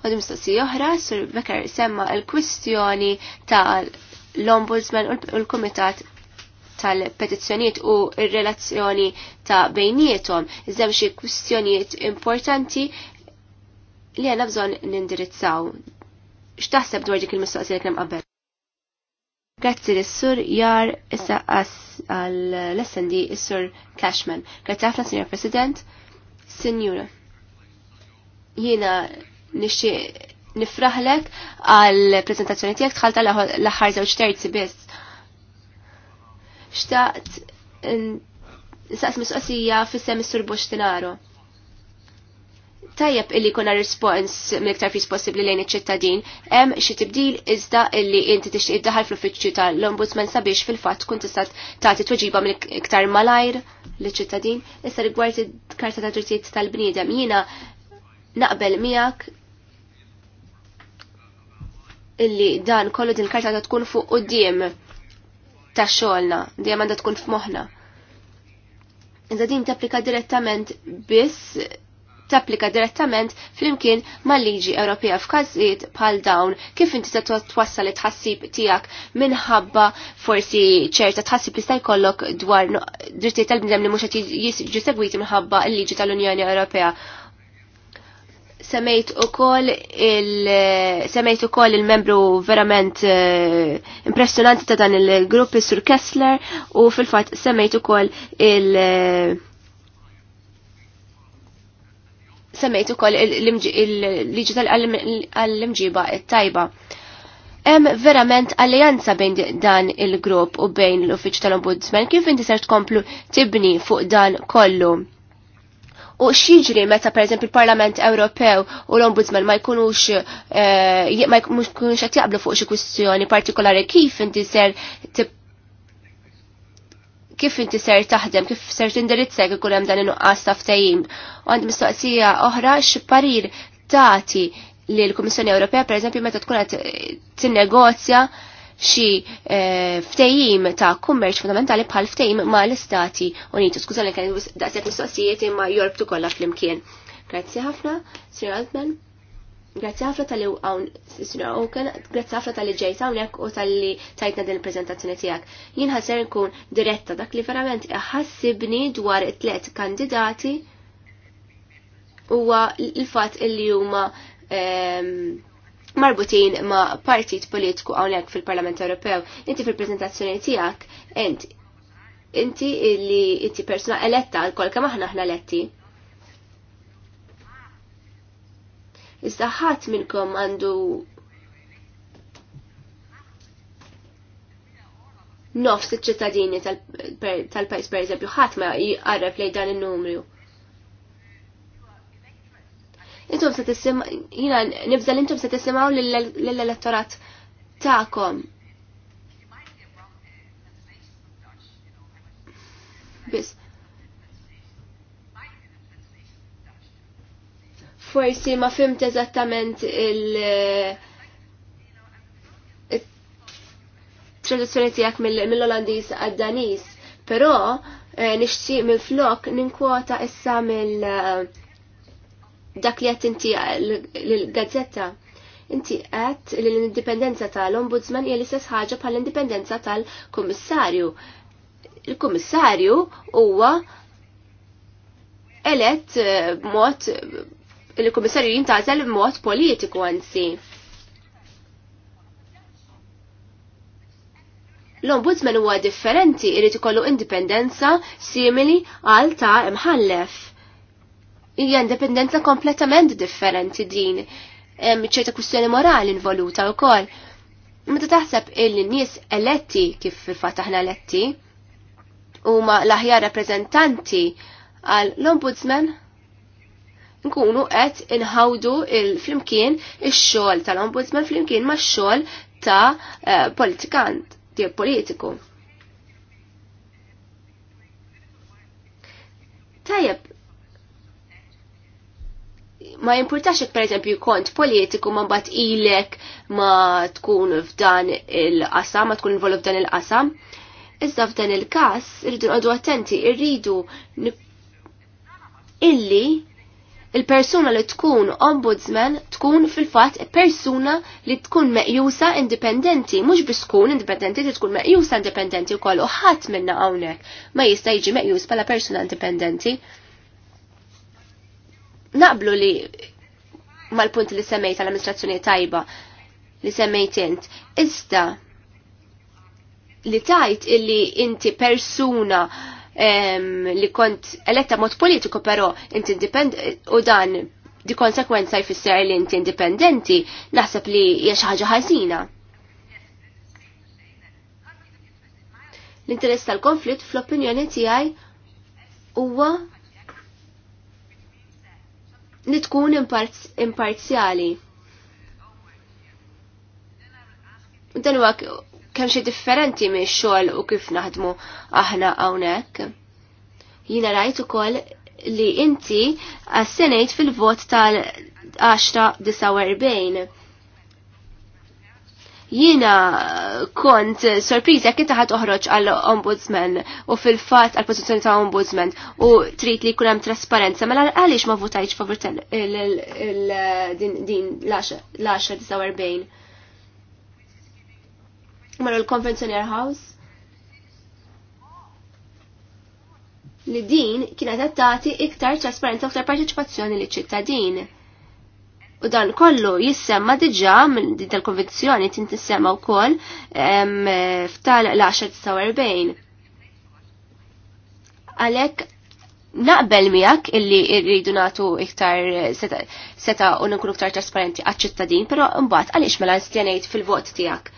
U mistoqsija oħra, Sur Bekar semma l-kwistjoni ta' l-Ombudsman u l-Kumitat tal-petizzjoniet u r-relazzjoni ta' bejnietom. Iżda xi kwistjonijiet importanti li għanna bżon nindirizzaw. X'taħseb dwar dik il-mistoqsija li kemm qabel? Grazzi l-sur jar issa għal-lessendi s-sur Cashman. Grazzi għafna, Signor President. Signora, jiena nixtieq nifraħlek għal prezentazzjoni tiegħek tħalta l-aħħar żewġ terzi biss. Xtaqt nsaqs mistoqsija fissem mis Sur Boxtinaro. Tajjeb illi kuna respons mill-iktar fis possibbli lejn iċ-ċittadin, hemm xi tibdil iżda illi inti tixtieq iddaħal fl-uffiċċju tal-Ombudsman sabiex fil-fatt tkun tista' tagħti tweġiba mill-iktar malajr liċ-ċittadin. Issa rigward il-Karta ta' Drittijiet tal-Bniedem jiena naqbel miegħek illi dan kollu din karta ta' tkun fuq qudiem ta' xogħolna, dejjem għandha tkun f'moħħna. Iżda din tapplika direttament biss tapplika direttament flimkien mal-liġi Ewropea f'każijiet bħal dawn kif inti se twassal it-tħassib tiegħek minħabba forsi ċerta tħassib li jkollok dwar drittijiet tal-bniedem li mhux qed jiġu segwiti minħabba l-liġi tal-Unjoni Ewropea semmejt ukoll il semmejt ukoll il-membru verament uh, eh, impressjonanti ta' dan il-grupp is-Sur Kessler u fil-fatt semmejt ukoll il- eh, semmejt ukoll il-liġi tal-imġiba għall it-tajba. Hemm verament alleanza bejn dan il-grupp u bejn l-uffiċċju tal-Ombudsman kif inti ser tkomplu tibni fuq dan kollu U xieġri meta per eżempju il-Parlament Ewropew u l-Ombudsman ma jkunux eh, ma jkunux qed jaqblu fuq xi kwistjoni partikolari kif inti ser kif inti ser taħdem, kif ser tindirizza kif ikun hemm dan nuqqas ta' ftehim. U għand mistoqsija oħra x'parir tagħti li l-Kummissjoni Ewropea per eżempju meta tkun qed tinnegozja negozja xi eh, ftehim ftejim ta' kummerċ fundamentali bħal ftejim ma' l-Istati Uniti. Skuża li kien daqshekk mistoqsijiet imma jorbtu kollha flimkien. Grazzi ħafna, Sir Altman. Grazzi ħafna tal-li hawn Sir Oken, grazzi ħafna tal-li ġejt hawnhekk u tal-li tajtna din il-preżentazzjoni tiegħek. Jien ħaser nkun diretta dak li verament ħassibni dwar it-tliet kandidati huwa l-fatt illi huma ehm, marbutin ma' partit politiku hawnhekk fil-Parlament Ewropew. Inti fil-preżentazzjoni tiegħek inti, inti li inti persuna eletta għal kemm aħna aħna eletti. Iżda ħadd minnkom għandu nofs iċ-ċittadini tal-pajis per eżempju ħadd ma jqarref lejn dan in-numru intom se tissim, jina nibżal intom se tissimaw l-elettorat ta'kom. Bis. Forsi ma fimt eżattament il- traduzzjoni tijak mill-Olandis għad-Danis, pero eh, nixtieq mill flok ninkwota issa mill- dak li qed inti l-gazzetta inti għat li l-indipendenza tal-ombudsman hija istess ħaġa bħal indipendenza tal-kummissarju. Il-kummissarju huwa elett eh, mod il-kummissarju jintgħażel b'mod politiku għansi. L-ombudsman huwa differenti, irid ikollu indipendenza simili għal ta' imħallef hija indipendenza kompletament differenti din. Hemm ċerta kwistjoni morali involuta wkoll. Meta taħseb il-nies eletti kif fil-fatt aħna eletti huma l-aħjar rappreżentanti għal l-ombudsman nkunu qed inħawdu il-flimkien ix-xogħol tal-ombudsman flimkien ma' xogħol ta' eh, politikant, jew politiku. Tajjeb, ma jimpurtax per eżempju kont politiku ma mbagħad ilek ma tkun f'dan il-qasam, ma tkun involu f'dan il-qasam. Iżda f'dan il-każ irridu nqogħdu attenti, irridu illi il-persuna li tkun ombudsman tkun fil-fatt persuna li tkun meqjusa indipendenti, mhux biss tkun indipendenti li tkun meqjusa indipendenti wkoll u ħadd minna hawnhekk ma jista' jiġi meqjus bħala persuna indipendenti naqblu li mal-punt li semmejt għal-amministrazzjoni tajba li semmejt int. Iżda li tajt illi inti persuna em, li kont eletta mod politiku però inti u dan di konsekwenza jfisser li inti indipendenti naħseb li hija xi ħaġa ħażina. L-interess tal-konflitt fl-opinjoni tiegħi huwa li tkun imparzjali. Dan huwa kemm xi differenti minn xogħol u kif naħdmu aħna hawnhekk. Jiena rajt ukoll li inti assenejt fil-vot tal-10 49 Jiena kont sorpriża jekk taħat toħroġ għall-ombudsman u fil-fatt għall pożizzjoni ta' ombudsman u trid li jkun hemm trasparenza, mela għaliex ma votajtx favur din l-10 Mela l-Convention House? li din kienet tagħti iktar trasparenza u iktar parteċipazzjoni li ċittadin. U dan kollu jissemma diġa minn din tal-konvenzjoni tintissemma semma wkoll f'tal l-1049. Għalhekk naqbel miegħek illi rridu nagħtu iktar seta, u nkunu iktar trasparenti għaċ-ċittadin, però mbagħad għaliex mela nstjanejt fil-vot tiegħek.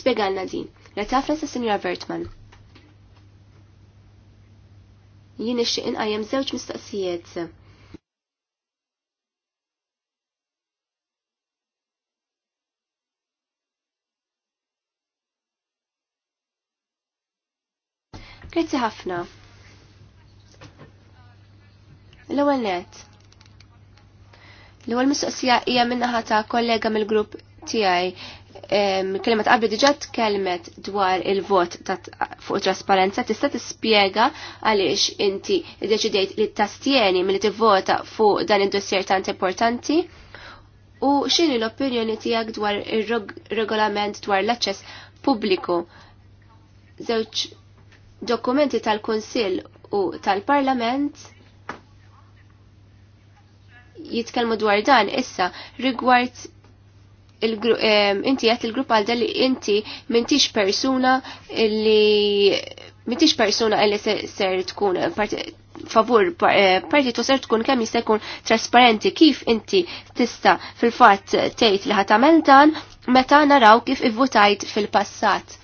Spjegalna din. Retafna sa' Sinjora Vertman. Jien ixtieq inqajjem żewġ mistaqsijiet Grazie ħafna. L-ewwel net. L-ewwel mistoqsija hija minnaħa ta' kollega mill-grupp tiegħi. Kelmet qabli diġà tkellmet dwar il-vot fuq trasparenza tista' tispjega għaliex inti ddeċidejt li tastjeni milli tivvota fuq dan id-dossier tant importanti. U x'inhi l-opinjoni tiegħek dwar ir-regolament dwar l-aċċess pubbliku żewġ dokumenti tal-Kunsill u tal-Parlament jitkellmu dwar dan issa rigward inti għat il-grupp għal li inti mintix persuna li mintix persuna li ser tkun favur eh, partitu ser tkun kemm jista' jkun trasparenti kif inti tista' fil-fatt tgħid li ħatamel dan meta naraw kif ivvutajt fil-passat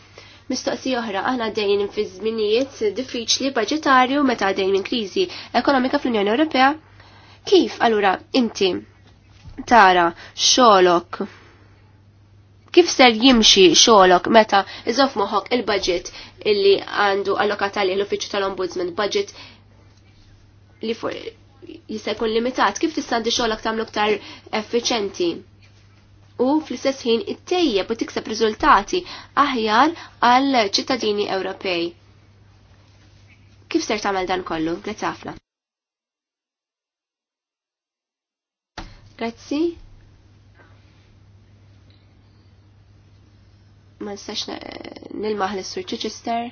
Mistoqsi oħra, aħna dejjin fi żminijiet diffiċli budgetarju meta dejjin minn kriżi ekonomika fl-Unjoni Ewropea. Kif allura inti tara xolok kif ser jimxi xolok meta iżof moħok il-budget illi għandu allokata li l-uffiċċju tal-ombudsman budget li jista' jkun limitat, kif tista' xogħlok tagħmlu aktar effiċenti? u fl-istess ħin ittejjeb u tikseb riżultati aħjar għal ċittadini Ewropej. Kif ser tagħmel dan kollu? Grazzi ħafna. Grazzi. Ma nistax nilmaħ l-Sur Chichester.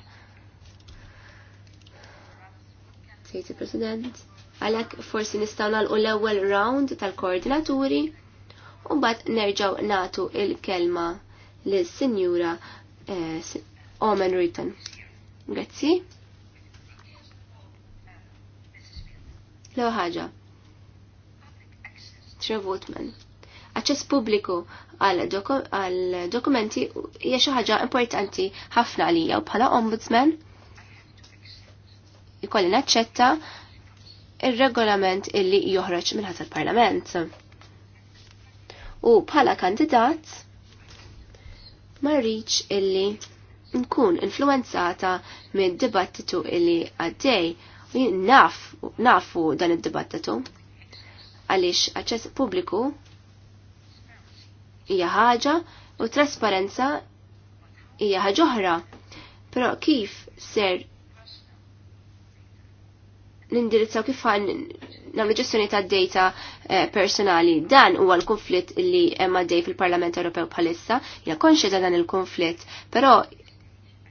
Sejti President. Għalhekk forsi nistgħu nagħlqu l-ewwel round tal-koordinaturi Umbat nerġaw natu il-kelma l-Sinjura eh, Omen Ritten. Grazzi. Lew ħaġa. Trevotman. Aċċess pubbliku għal dokumenti hija xi ħaġa importanti ħafna għalija u bħala ombudsman ikolli naċċetta ir-regolament illi joħroġ minn ħadd il-Parlament u bħala kandidat ma rridx illi nkun influenzata mid dibattitu illi għaddej u naf, nafu dan id-dibattitu għaliex aċċess pubbliku hija ħaġa u trasparenza hija ħaġa oħra. Però kif ser nindirizzaw kif għan nagħmlu ġestjoni tad-data eh, personali. Dan huwa l-konflitt li hemm għaddej fil-Parlament Ewropew bħalissa, hija konxi ta' dan il-konflitt, però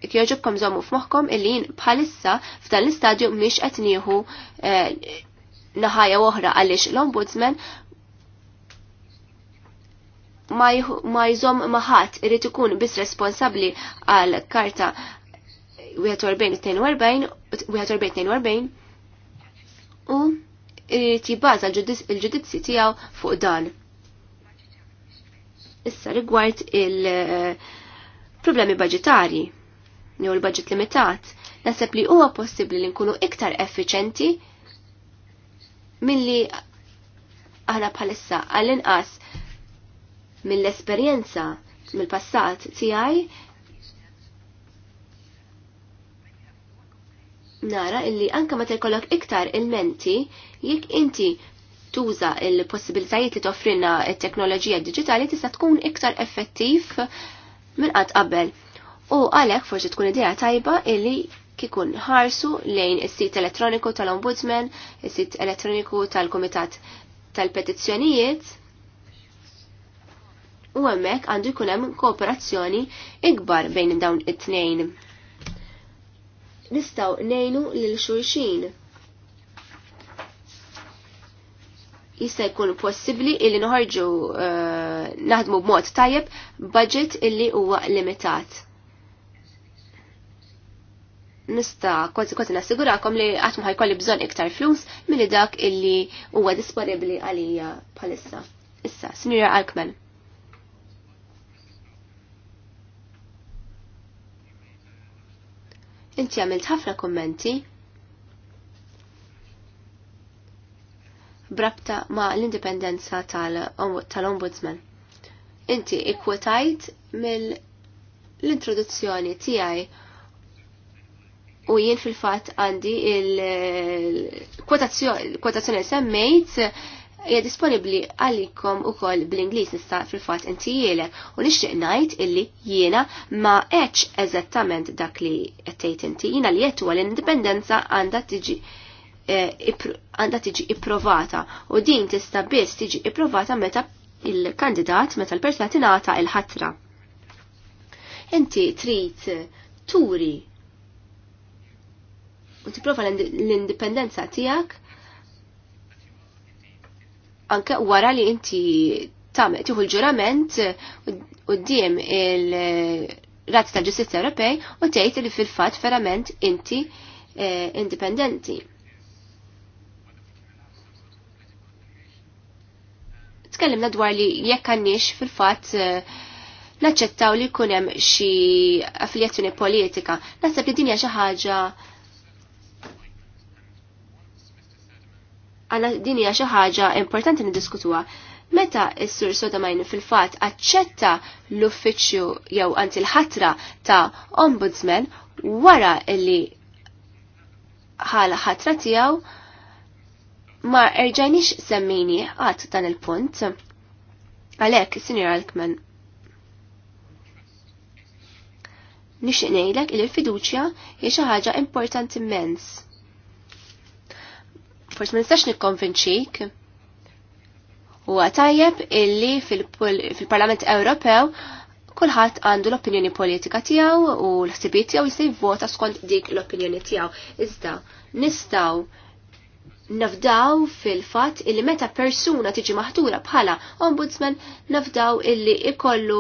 jogħġobkom żommu f'moħħkom illi jien bħalissa f'dan l-istadju mhix qed nieħu eh, naħajja oħra għaliex l-Ombudsman ma jżom maħat irrid ikun biss responsabbli għal karta 41-42 u irrid jibbaża l ġudizzi tiegħu fuq dan. Issa rigward il-problemi eh, budgetari jew il-budget limitat, naħseb li huwa possibbli li nkunu iktar effiċenti milli aħna bħalissa għall-inqas mill-esperjenza mill-passat tiegħi nara illi anka ma terkolok iktar il-menti jekk inti tuża il-possibilitajiet li toffrinna it-teknoloġija digitali tista' tkun iktar effettiv minn qatt qabel. U għalhekk forsi tkun idea tajba illi kikun ħarsu lejn is-sit elettroniku tal-Ombudsman, is-sit elettroniku tal-Kumitat tal-Petizzjonijiet, u hemmhekk għandu jkun hemm kooperazzjoni ikbar bejn dawn it-tnejn nistaw nejnu lil xulxin. Jista' jkun possibbli illi noħarġu eh, naħdmu b'mod tajjeb budget illi huwa limitat. Nista' kważi kważi nassigurakom li qatt ma ħajkolli bżonn iktar flus milli dak illi huwa disponibbli għalija bħalissa. Issa, Sinjura Alkman. Inti għamilt ħafna kommenti brabta ma l-indipendenza tal-ombudsman. Inti ikwetajt mill-introduzzjoni tiegħi u jien fil-fat għandi il-kwotazzjoni semmejt hija disponibbli għalikom ukoll bl-Ingliż nista' fil-fatt intijielek u nixtieq ngħid illi jiena ma eċ eżattament dak li qed tgħid inti jiena li qed l-indipendenza għandha tiġi eh, għandha tiġi ipprovata u din tista' biss tiġi ipprovata meta il-kandidat meta l-persuna tingħata il-ħatra. Inti trid turi u tipprova l-indipendenza tiegħek anke wara li inti tagħmel tieħu l-ġurament u quddiem il-Razz tal ġustizja Ewropej u tgħid li fil-fatt verament inti eh, indipendenti. Tkellimna dwar li jekk għanniex fil-fatt eh, naċċettaw li jkun hemm xi affiljazzjoni politika. Naħseb li dinja xi ħaġa għana din hija xi ħaġa importanti niddiskutuha. Meta s-sur Sodamajn fil-fatt aċċetta l-uffiċċju jew anzi l-ħatra ta' ombudsman wara li ħala ħatra tiegħu ma erġajniex semmini għat dan il-punt. Għalek, Sinjor Alkman. Nixtieq ngħidlek li l-fiduċja hija xi ħaġa importanti immens forse ma nistax nikkonvinċik. Huwa tajjeb illi fil-Parlament Ewropew kulħadd għandu l-opinjoni politika tiegħu u l-ħsibiet tiegħu jista' vota skont dik l-opinjoni tiegħu. Iżda nistgħu nafdaw fil-fatt illi meta persuna tiġi maħtura bħala ombudsman nafdaw illi ikollu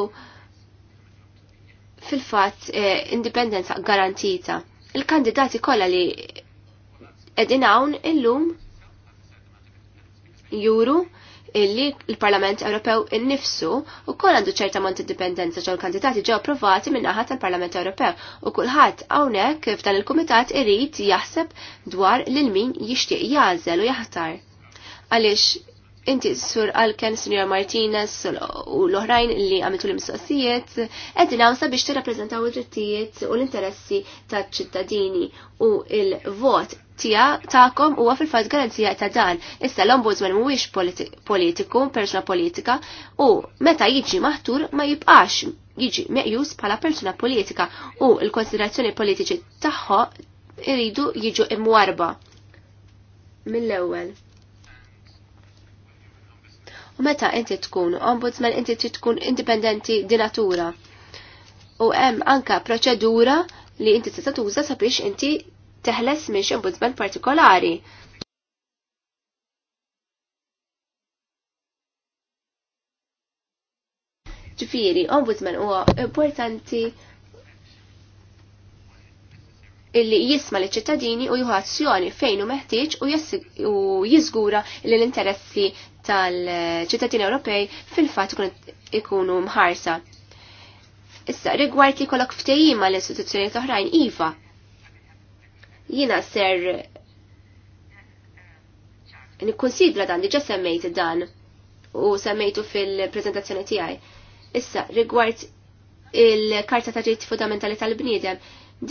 fil-fatt eh, indipendenza garantita. Il-kandidati kollha li edinawn hawn illum juru illi l-Parlament Ewropew innifsu u kol għandu ċerta mont indipendenza ġol kandidati ġew approvati minn naħat tal-Parlament Ewropew u kulħadd hawnhekk f'dan il-kumitat irid jaħseb dwar lil min jixtieq jażel u jaħtar. Għaliex inti sur Alken, Sr. Martinez u l-oħrajn li għamitu l-mistoqsijiet, edin għawsa biex t rappresentaw id-drittijiet u l-interessi ta' ċittadini u il-vot tija ta'kom huwa fil-fatt garanzija ta' dan. Issa l-ombudsman mhuwiex politiku, persuna politika, u meta jiġi maħtur ma jibqax jiġi meqjus bħala persuna politika u l-konsiderazzjoni politiċi tagħha iridu jiġu imwarba mill-ewwel. U meta inti tkun ombudsman inti tkun indipendenti di natura. U hemm anka proċedura li inti tista' tuża sabiex inti teħles miex ombudsman partikolari. Ġifiri, ombudsman huwa importanti illi jisma li ċittadini u jieħu azzjoni fejn u meħtieġ u jizgura li l-interessi tal-ċittadini Ewropej fil-fatt ikunu mħarsa. Issa rigward li kollok ftejjima l-istituzzjoni oħrajn iva, Jina ser nikkonsidra dan, diġa semmejt dan u semmejtu fil-prezentazzjoni tiegħi. Issa, rigward il-karta ta' ġejt fundamentali tal-bniedem,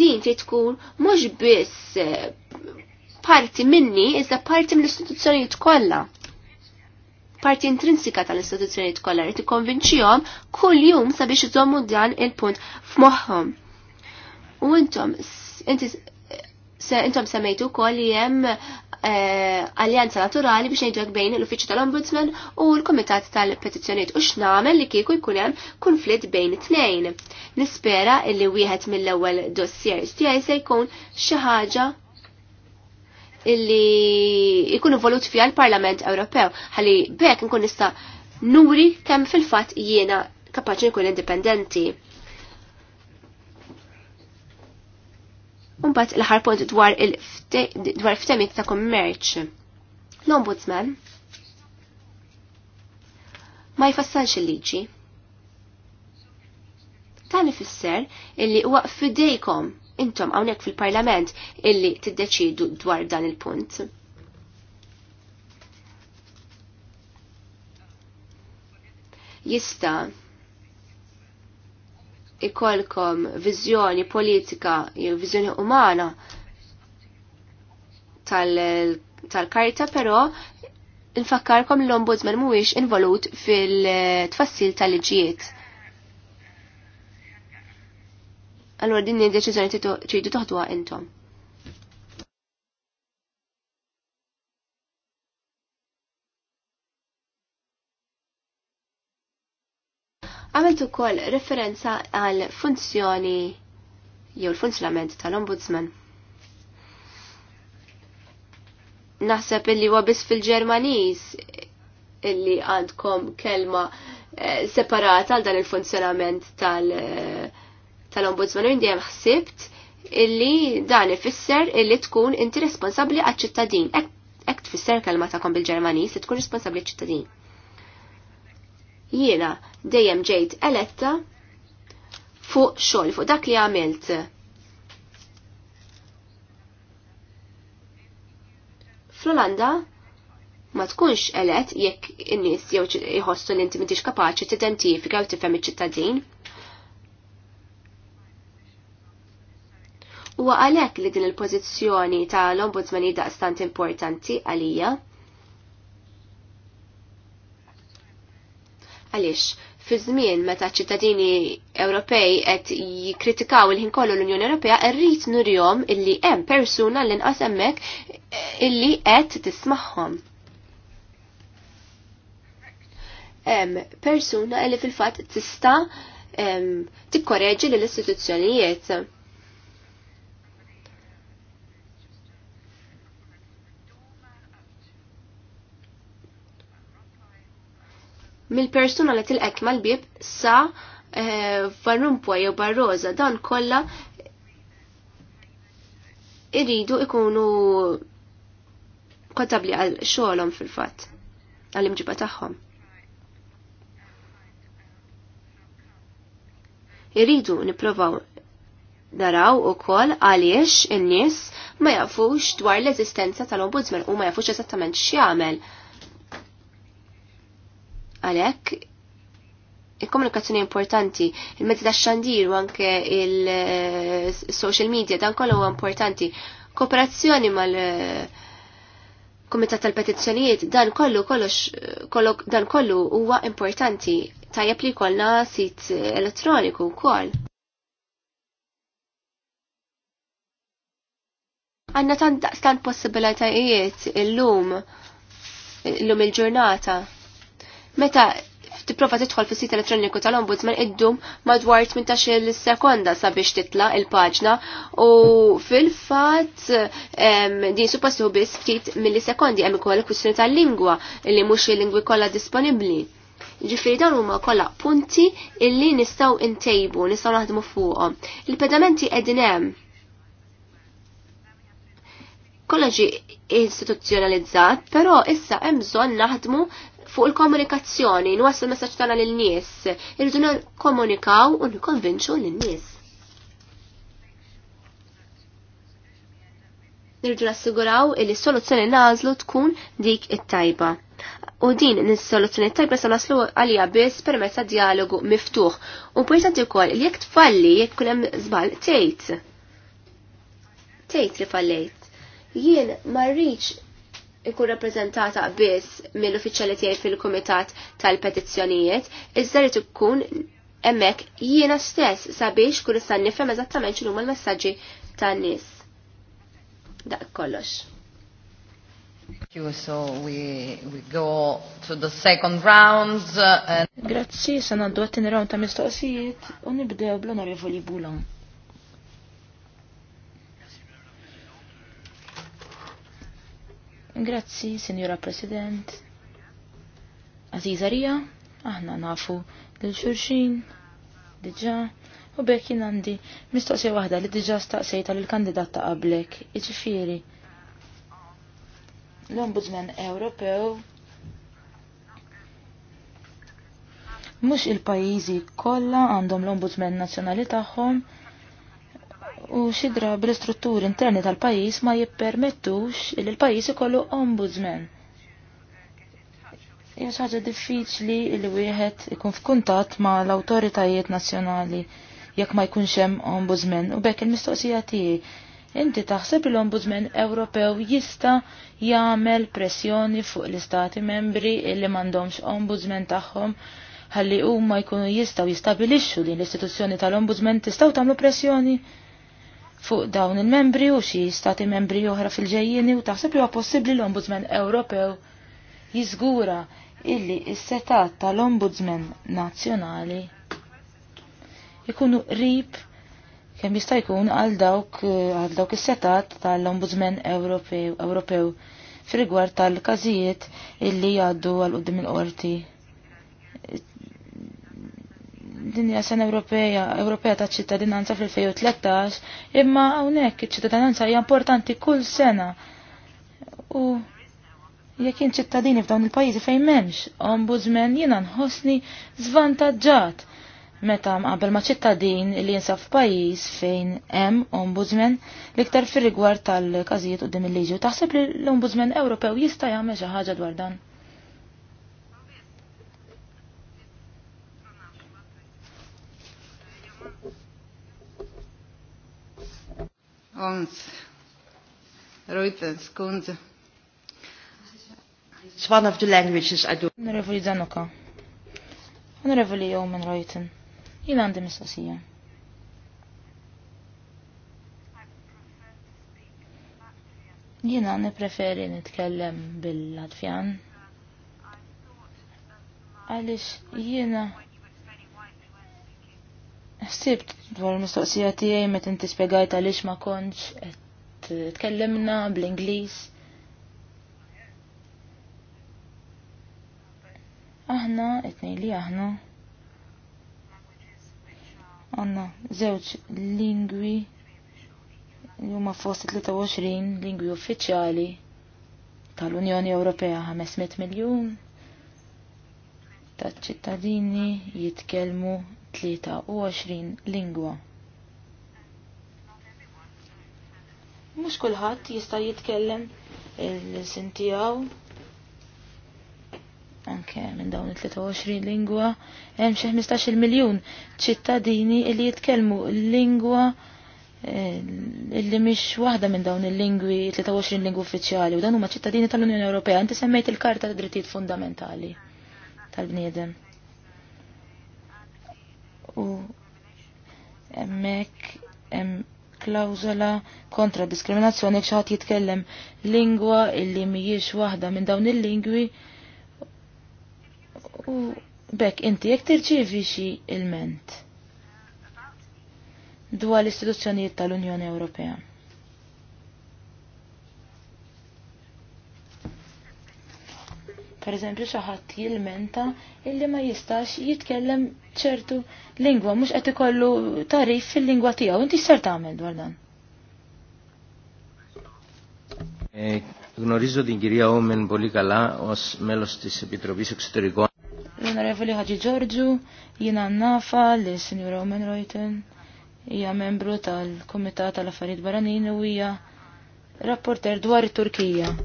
din trid tkun mhux biss eh, parti minni, iżda parti mill-istituzzjonijiet kollha. Parti intrinsika tal-istituzzjonijiet kollha rid ikkonvinċihom kuljum sabiex iżommu dan il-punt f'moħħhom. U intom inti se intom semmejtu wkoll li hemm eh, alianza naturali biex ngħidu bejn l-Uffiċċju tal-Ombudsman u l-Kumitat tal-Petizzjonijiet u x'namel li kieku jkun hemm konflitt bejn it-tnejn. Nispera illi wieħed mill-ewwel dossiers tiegħi se jkun xi ħaġa illi jkun involut fiha l-Parlament Ewropew ħalli bekk nkun nista' nuri kemm fil-fatt jiena kapaċi nkun indipendenti. Umbat l-ħar punt dwar il-ftemit ta' kommerċ. L-ombudsman ma jfassalx il-liġi. Dan ifisser illi huwa fidejkom intom hawnhekk fil-Parlament illi tiddeċidu dwar dan il-punt. Jista' ikolkom viżjoni politika jew viżjoni umana tal-karta, tal pero nfakkarkom l-ombudsman mhuwiex involut fil-tfassil tal-liġijiet. Allora din id-deċiżjoni tridu toħduha intom. Għamiltu ukoll referenza għal funzjoni jew l-funzjonament tal-Ombudsman. Naħseb illi huwa biss fil-Ġermaniż illi għandkom kelma eh, separata għal dan il-funzjonament eh, tal-Ombudsman. Tal Indi ħsibt illi dan ifisser illi tkun inti responsabbli għal ċittadin Ek tfisser kelma tagħkom bil-Ġermaniż li tkun responsabbli għal ċittadin Jiena dejjem ġejt eletta fuq xogħol, fuq dak li għamilt. Fl-Olanda ma tkunx elett jekk in-nies jew jħossu li inti m'intix kapaċi tidentifika u tifhem iċ-ċittadin. Huwa għalhekk li din il-pożizzjoni tal-Ombudsman hi daqstant importanti għalija Għaliex, fi żmien meta ċittadini Ewropej qed jikkritikaw il-ħin kollu l-Unjoni Ewropea, rrid nurjom illi hemm persuna l inqas hemmhekk eh, illi qed tismagħhom. Hemm persuna illi fil-fatt tista' ehm, tikkoreġi lill-istituzzjonijiet mill-persuna li tilqek mal-bib sa eh, Varrumpwa jew Barroza dan kollha iridu ikunu kontabli għal xogħolhom fil-fatt għal imġiba tagħhom. Iridu nipprovaw naraw u koll għaliex in-nies ma jafux dwar l-eżistenza tal-ombudsman u ma jafux eżattament x'jagħmel. Għalhekk il-komunikazzjoni importanti, il-mezzi ta' xandir u anke il-social media dan kollu huwa importanti. Kooperazzjoni mal eh, Kumitat tal-petizzjonijiet dan kollu kollu, dan kollu huwa importanti tajjeb li jkollna sit elettroniku wkoll. Għanna tant possibilitajiet illum lum il ġurnata Meta tipprova tidħol fis-sit elettroniku tal-Ombudsman iddum madwar 18 sekonda sabiex titla il-paġna u fil-fatt din suppostu biss ftit millisekondi hemm ukoll kwistjoni tal-lingwa li mhux il-lingwi kollha disponibbli. Ġifiri dawn huma kollha punti illi nistgħu intejbu, nistgħu naħdmu fuqhom. Il-pedamenti qegħdin hemm. ġi istituzzjonalizzat, però issa hemm bżonn naħdmu fuq il-komunikazzjoni, nwassal messaċ tagħna lin-nies, irridu komunikaw u nikkonvinċu lin-nies. Irridu nassiguraw li s-soluzzjoni nażlu tkun dik it-tajba. U din nis-soluzzjoni tajba se naslu għalija biss permezz ta' dialogu miftuħ. U importanti ukoll li jekk tfalli jekk kun hemm żball tgħid. Tgħid li fallejt. Jien ma ikun rappresentata biss mill-uffiċjali tiegħi fil-Kumitat tal-Petizzjonijiet, iżda li tkun hemmhekk jiena stess sabiex kun nista' nifhem eżattament x'inhu l-messaġġi tan-nies. Dak kollox. So we, we go to the second round. Uh, Grazzi, sanandu għattin round ta' mistoqsijiet u nibdew bl-onorevoli Bulan. Grazzi, Signora President. Azizarija, aħna nafu l-xurxin, diġa, u bekk jien għandi mistoqsija waħda li diġa staqsejta l kandidat ta' qablek, iġifieri. L-Ombudsman Ewropew mhux il-pajjiżi kollha għandhom l-Ombudsman nazzjonali tagħhom, u xi drabi l-istrutturi interni tal-pajjiż ma jippermettux li l-pajjiż ikollu ombudsman. Hija xi ħaġa diffiċli li wieħed ikun f'kuntatt ma l-awtoritajiet nazzjonali jekk ma jkunx hemm ombudsman u bekk il-mistoqsija tiegħi inti taħseb li l-Ombudsman Ewropew jista' jagħmel pressjoni fuq l-istati membri li m'għandhomx ombudsman tagħhom ħalli huma jkunu jistgħu jistabilixxu din l-istituzzjoni tal-Ombudsman tistgħu tagħmlu pressjoni fuq dawn il-membri u xi stati membri oħra fil-ġejjieni u taħseb li huwa possibbli l-Ombudsman Ewropew jiżgura illi s-setat tal-Ombudsman Nazzjonali ikunu qrib kemm jista' jkun għal dawk għal dawk is-setat tal-Ombudsman Ewropew Ewropew fir-rigward tal-każijiet illi jgħaddu għal qudiem il-qorti dinja sena Ewropea, Ewropea ta' ċittadinanza fil-2013, imma hawnhekk iċ-ċittadinanza hija importanti kull sena. U jekk jien ċittadini f'dawn il-pajjiżi fejn m'hemmx ombudsman jiena nħossni żvantaġġat meta qabel ma' ċittadin li jinsa f'pajjiż fejn hemm ombudsman l-iktar fir-rigward tal-każijiet qudiem il-liġi u taħseb li l-Ombudsman Ewropew jista' jagħmel xi ħaġa dwar dan. ons Reuters kunze. It's one of the languages I do. Onorevoli Zanoka. Onorevoli Omen Reuten. Jina għandi mistoqsija. Jina ne preferi nitkellem bil-Latvjan. Għalix jina Sibt dwar il-mistoqsija tiegħi meta inti spjegajt għaliex ma kontx qed tkellimna bl-Ingliż. Aħna qed li aħna għandna żewġ lingwi li huma fost 23 lingwi uffiċjali tal-Unjoni Ewropea 500 miljun taċ ċittadini jitkellmu 23 lingwa. Mhux kulħadd jista' jitkellem il sintijaw anke minn dawn il-23 lingwa hemm xi 15-il miljun ċittadini li jitkellmu lingwa eh, illi mhix waħda minn dawn il-lingwi 23 lingwa uffiċjali u dan huma ċittadini tal-Unjoni Ewropea. Inti semmejt il-Karta tad Drittijiet Fundamentali tal-bniedem. U hemmhekk hemm klawzola kontra diskriminazzjoni xaħat jitkellem lingwa illi mhijiex waħda minn dawn il-lingwi u bekk inti jekk tirċievi xi ilment dwar l-istituzzjonijiet tal-Unjoni Ewropea. Per eżempju, xaħat jilmenta illi ma jistax jitkellem ċertu lingwa, mux qed ikollu tarif fil-lingwa tiegħu. Inti ser tagħmel dwar dan? Γνωρίζω την κυρία u minn καλά ως μέλος της Επιτροπής Εξωτερικών. L-Onorevoli ħagġi Ġorġu, jina nafa li Sinjur Omen Reuten, hija membru tal-Komitat tal-Affarijiet Baranin u hija rapporter dwar it-Turkija.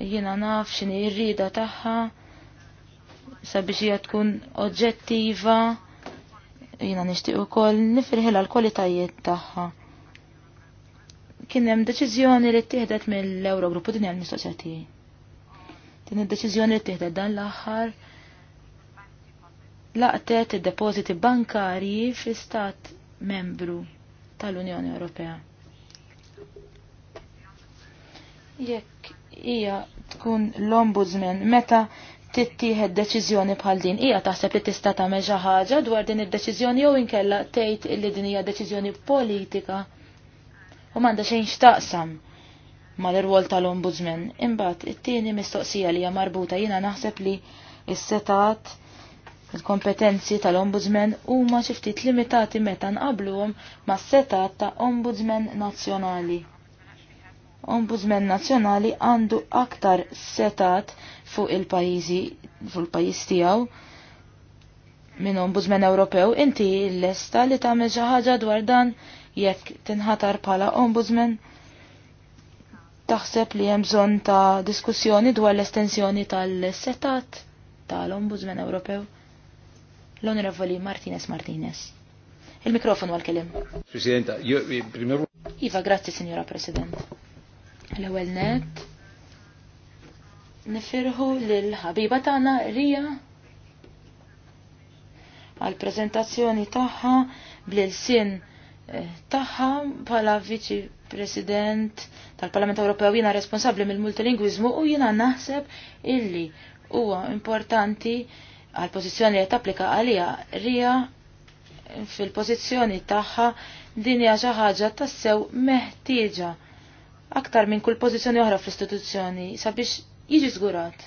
Jiena naf x'inhi r taħħa tagħha sabiex hija tkun oġġettiva jiena nixtieq ukoll nifirħilha l-kwalitajiet tagħha. Kien hemm deċiżjoni li ttieħdet mill-Eurogruppu din hemm mistoqsija tiegħi. Din id-deċiżjoni li ttieħdet dan l-aħħar laqtet id-depożiti bankarji fi stat membru tal-Unjoni Ewropea. Jekk hija tkun l-ombudsman meta tittieħed deċiżjoni bħal din hija taħseb li tista' tagħmel xi ħaġa dwar din id-deċiżjoni jew inkella tgħid li din hija deċiżjoni politika u m'għandha xejn x'taqsam mal-irwol tal-ombudsman. Imbagħad it-tieni mistoqsija li hija marbuta jiena naħseb li s-setat il-kompetenzi tal-ombudsman huma xi ftit limitati meta nqabluhom mas-setat ta' ombudsman nazzjonali. Ombudsman nazzjonali għandu aktar setat fuq il-pajjiżi fuq il-pajjiż tiegħu minn Ombudsman Ewropew inti l-lesta li tagħmel xi ħaġa dwar dan jekk tinħatar bħala Ombudsman taħseb li hemm bżonn ta' diskussjoni dwar l-estensjoni tal-setat tal-Ombudsman Ewropew. L-Onorevoli Martinez Martinez. il mikrofon għal-kelim. Presidenta, Iva, grazzi, Signora President. L-ewwel net nifirħu lil ħabiba tagħna Rija għal prezentazzjoni tagħha bl ilsien eh, tagħha bħala viċi President tal-Parlament Ewropew jiena responsabbli mill-multilingwiżmu u jiena naħseb illi huwa importanti għal pożizzjoni li tapplika għalija rija fil-pożizzjoni tagħha din hija xi ħaġa tassew meħtieġa aktar minn kull pożizzjoni oħra fl-istituzzjoni sabiex jiġi żgurat.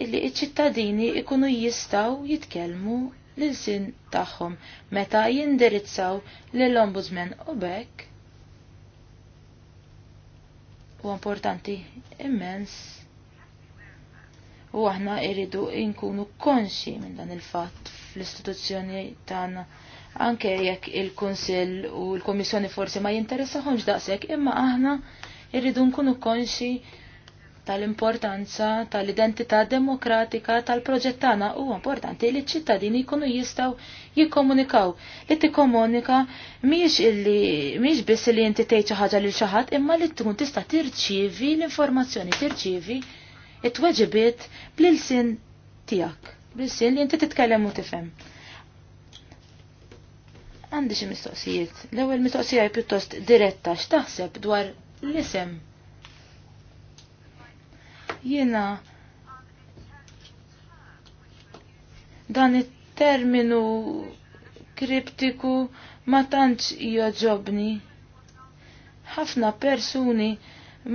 Illi iċ-ċittadini ikunu jistaw jitkellmu l sin tagħhom meta jindirizzaw lill-Ombudsman u bekk u importanti immens u aħna irridu nkunu konxi minn dan il-fatt fl-istituzzjoni tagħna anke jekk il-Kunsill u l-Komissjoni forsi ma jinteressahomx daqshekk, imma aħna irridu nkunu konxi tal-importanza tal-identità demokratika tal-proġett tagħna huwa importanti li ċittadini jkunu jistgħu jikkomunikaw. Li tikkomunika miex illi miex biss li inti tgħid xi ħaġa lil xi ħadd imma li tkun tista' tirċievi l-informazzjoni, tirċievi it-tweġibiet bl sin tiegħek, Bil-sin li inti titkellem u tifhem. Għandi xi mistoqsijiet. L-ewwel mistoqsija pjuttost diretta x'taħseb dwar l-isem. Jiena dan it-terminu kriptiku ma tantx joġobni. Ħafna persuni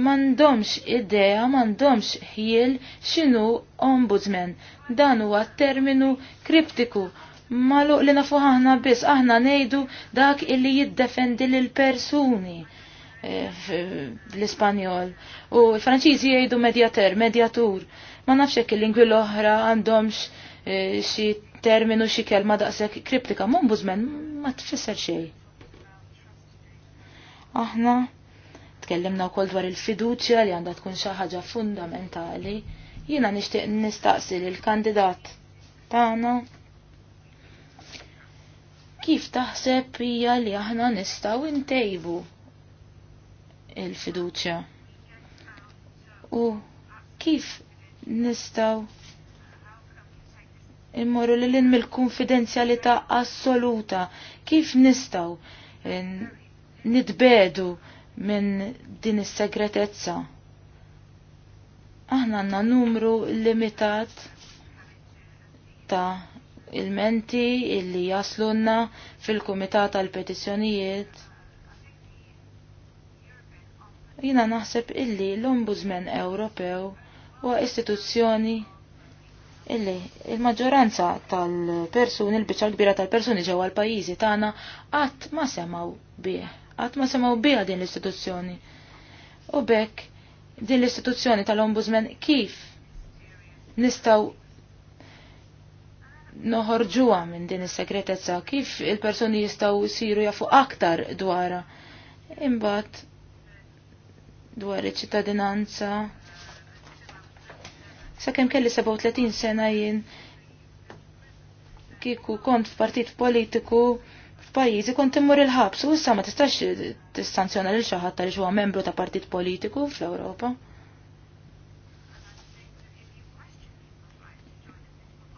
mandomx idea, mandomx ħiel xinu ombudsman. Dan huwa terminu kriptiku luq li nafu aħna biss, aħna nejdu dak illi jiddefendi l persuni eh, l-Ispanjol. U l-Franċiżi jgħidu medjater, medjatur. Ma nafx hekk il-lingwi l-oħra għandhomx eh, xi terminu xi kelma daqshekk kriptika, mumbużmen ma tfisser xejn. Aħna tkellimna wkoll dwar il-fiduċja li għandha tkun xi ħaġa fundamentali. Jiena nixtieq nistaqsi lill-kandidat tagħna kif taħseb hija li aħna nistgħu ntejbu il-fiduċja u kif nistgħu immorru li l mill-konfidenzjalità assoluta kif nistgħu eh, nitbedu minn din is-segretezza. Aħna għandna numru limitat ta' il-menti illi jaslunna fil-Kumitat tal-Petizzjonijiet. Jina naħseb illi l-Ombudsman Ewropew huwa istituzzjoni illi il-maġġoranza tal-persuni, il-biċċa kbira tal-persuni ġewwa l-pajjiżi tagħna qatt ma semgħu bih, qatt ma semgħu biha din l-istituzzjoni. U bekk din l-istituzzjoni tal-Ombudsman kif nistgħu noħorġuha minn din is-segretezza kif il-persuni jistgħu jsiru jafu aktar dwarha. Imbagħad dwar iċ-ċittadinanza. Sakemm kelli 37 sena jien kieku kont f'partit politiku f'pajjiżi kont immur il-ħabs u issa ma tistax tistanzjona lil xi ħadd għaliex huwa membru ta' partit politiku fl-Ewropa.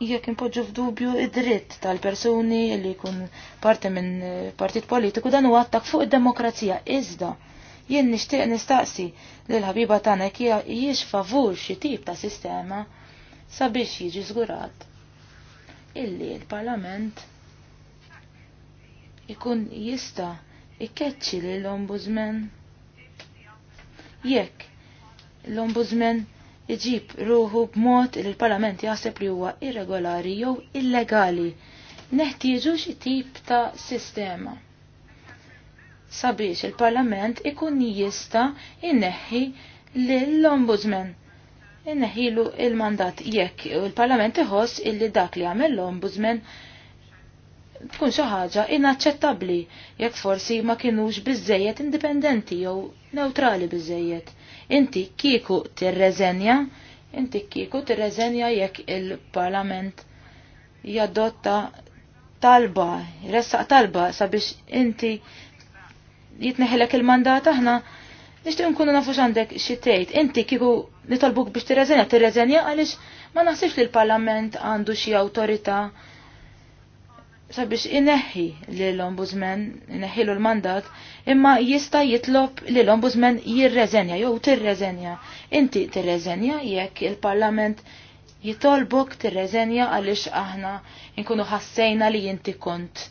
jekk impoġġu f'dubju id-dritt tal-persuni li jkun parte minn eh, partit politiku dan huwa attak fuq id-demokrazija iżda jien nixtieq nistaqsi lil ħabiba tagħna jekk jiex favur xi tip ta' sistema sabiex jiġi żgurat illi l-Parlament ikun jista' ikkeċċi lill ombudsman jekk l-ombudsman iġib ruħu b'mod li l-Parlament jaħseb li huwa irregolari jew illegali. Neħtieġu xi tip ta' sistema. Sabiex il-Parlament ikun jista' inneħħi lill-Ombudsman. Inneħilu il-mandat jekk u l-Parlament iħoss illi dak li għamel l-Ombudsman tkun xi ħaġa inaċċettabbli jekk forsi ma kinux biżejjed indipendenti jew neutrali biżejjed Inti kieku tirreżenja, inti kieku tirreżenja jekk il-Parlament jadotta talba, ressaq talba sabiex inti jitneħilek il-mandat aħna nishtiq nkunu nafu x'għandek xi tgħid. Inti kieku nitolbuk biex tirreżenja, tirreżenja għaliex ma naħsibx li l-Parlament għandu xi awtorità sabiex li l-ombudsman, inneħħilu l-mandat, imma jista jitlob li l-ombudsman jirreżenja, jew tirreżenja. Inti tirreżenja jekk il-parlament jitolbok tirreżenja għaliex aħna nkunu ħassejna li inti kont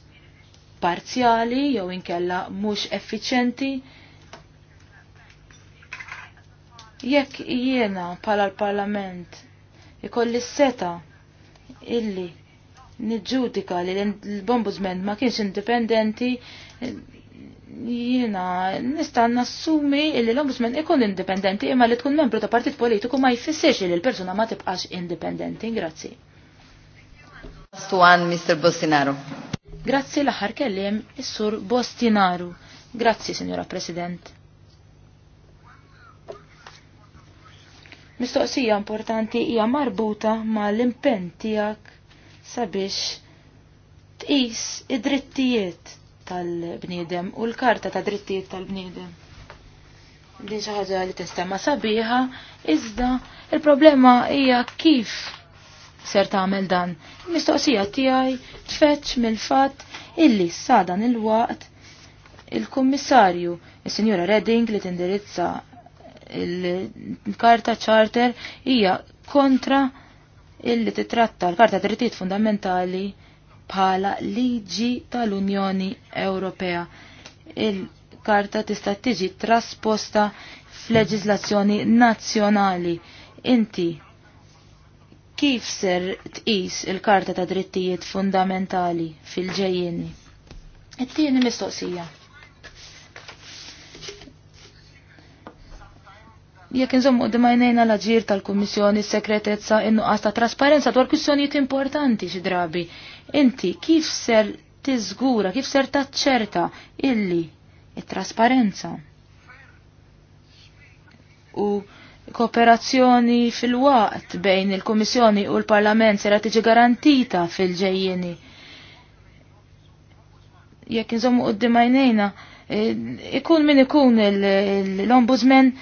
parzjali jew inkella mhux effiċenti. Jekk jiena pala l-parlament ikolli seta illi niġġudika li l-bombuzment ma kienx indipendenti jina, nista' nassumi li l-ombudsman ikun indipendenti imma li tkun membru ta' partit politiku ma jfissirx li l-persuna ma tibqax indipendenti. Grazzi. Stuan Mr. Bostinaru. Grazzi l-aħħar kelliem is-sur Bostinaru. Grazzi, Signora President. Mistoqsija importanti hija marbuta mal-impenn tiegħek sabiex tqis id-drittijiet tal-bniedem u l-karta ta' drittijiet tal-bniedem. Din xi ħaġa li tistema sabiħa, iżda il-problema hija kif ser tagħmel dan. mistoqsija tiegħi tfetx mill-fatt illi sa dan il-waqt il-kummissarju, il-Sinjura Redding li tindirizza il-karta charter hija kontra illi titratta l-Karta Drittijiet Fundamentali bħala liġi tal-Unjoni Ewropea. Il-Karta tista' tiġi trasposta f'leġiżlazzjoni nazzjonali. Inti kif ser tqis il-Karta ta' Drittijiet Fundamentali fil-ġejjeni? It-tieni mistoqsija. jekk nżommu d-majnejna l tal-Kummissjoni s-sekretezza innu ta' trasparenza dwar kussjonijiet importanti xi drabi. Inti kif ser tiżgura, kif ser taċċerta illi il trasparenza u kooperazzjoni fil-waqt bejn il-Kummissjoni u l-Parlament sera tiġi garantita fil-ġejjeni. Jekk nżommu d-majnejna ikun min ikun l-ombudsman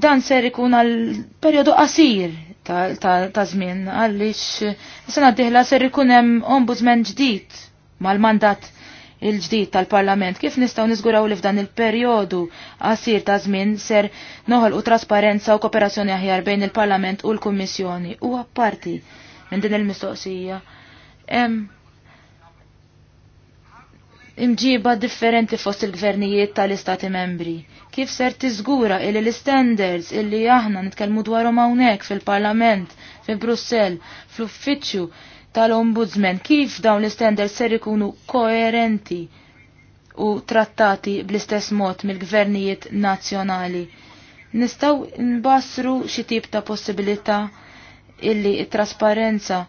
dan ser ikun għal periodu qasir ta' żmien għaliex sena diħla ser ikun hemm ombudsman ġdid mal-mandat il-ġdid tal-Parlament. Kif nistgħu niżguraw li f'dan il-perjodu qasir ta' żmien ser noħolqu trasparenza u kooperazzjoni aħjar bejn il-Parlament u l-Kummissjoni u apparti minn din il-mistoqsija imġiba differenti fost il-gvernijiet tal-istati membri. Kif ser tiżgura illi l-standards illi aħna nitkellmu dwarhom hawnhekk fil-Parlament, fil Brussell, fl-uffiċċju tal-Ombudsman, kif dawn l-standards ser ikunu koerenti u trattati bl-istess mod mill-gvernijiet nazzjonali. Nistaw nbassru xi tip ta' possibilità illi it-trasparenza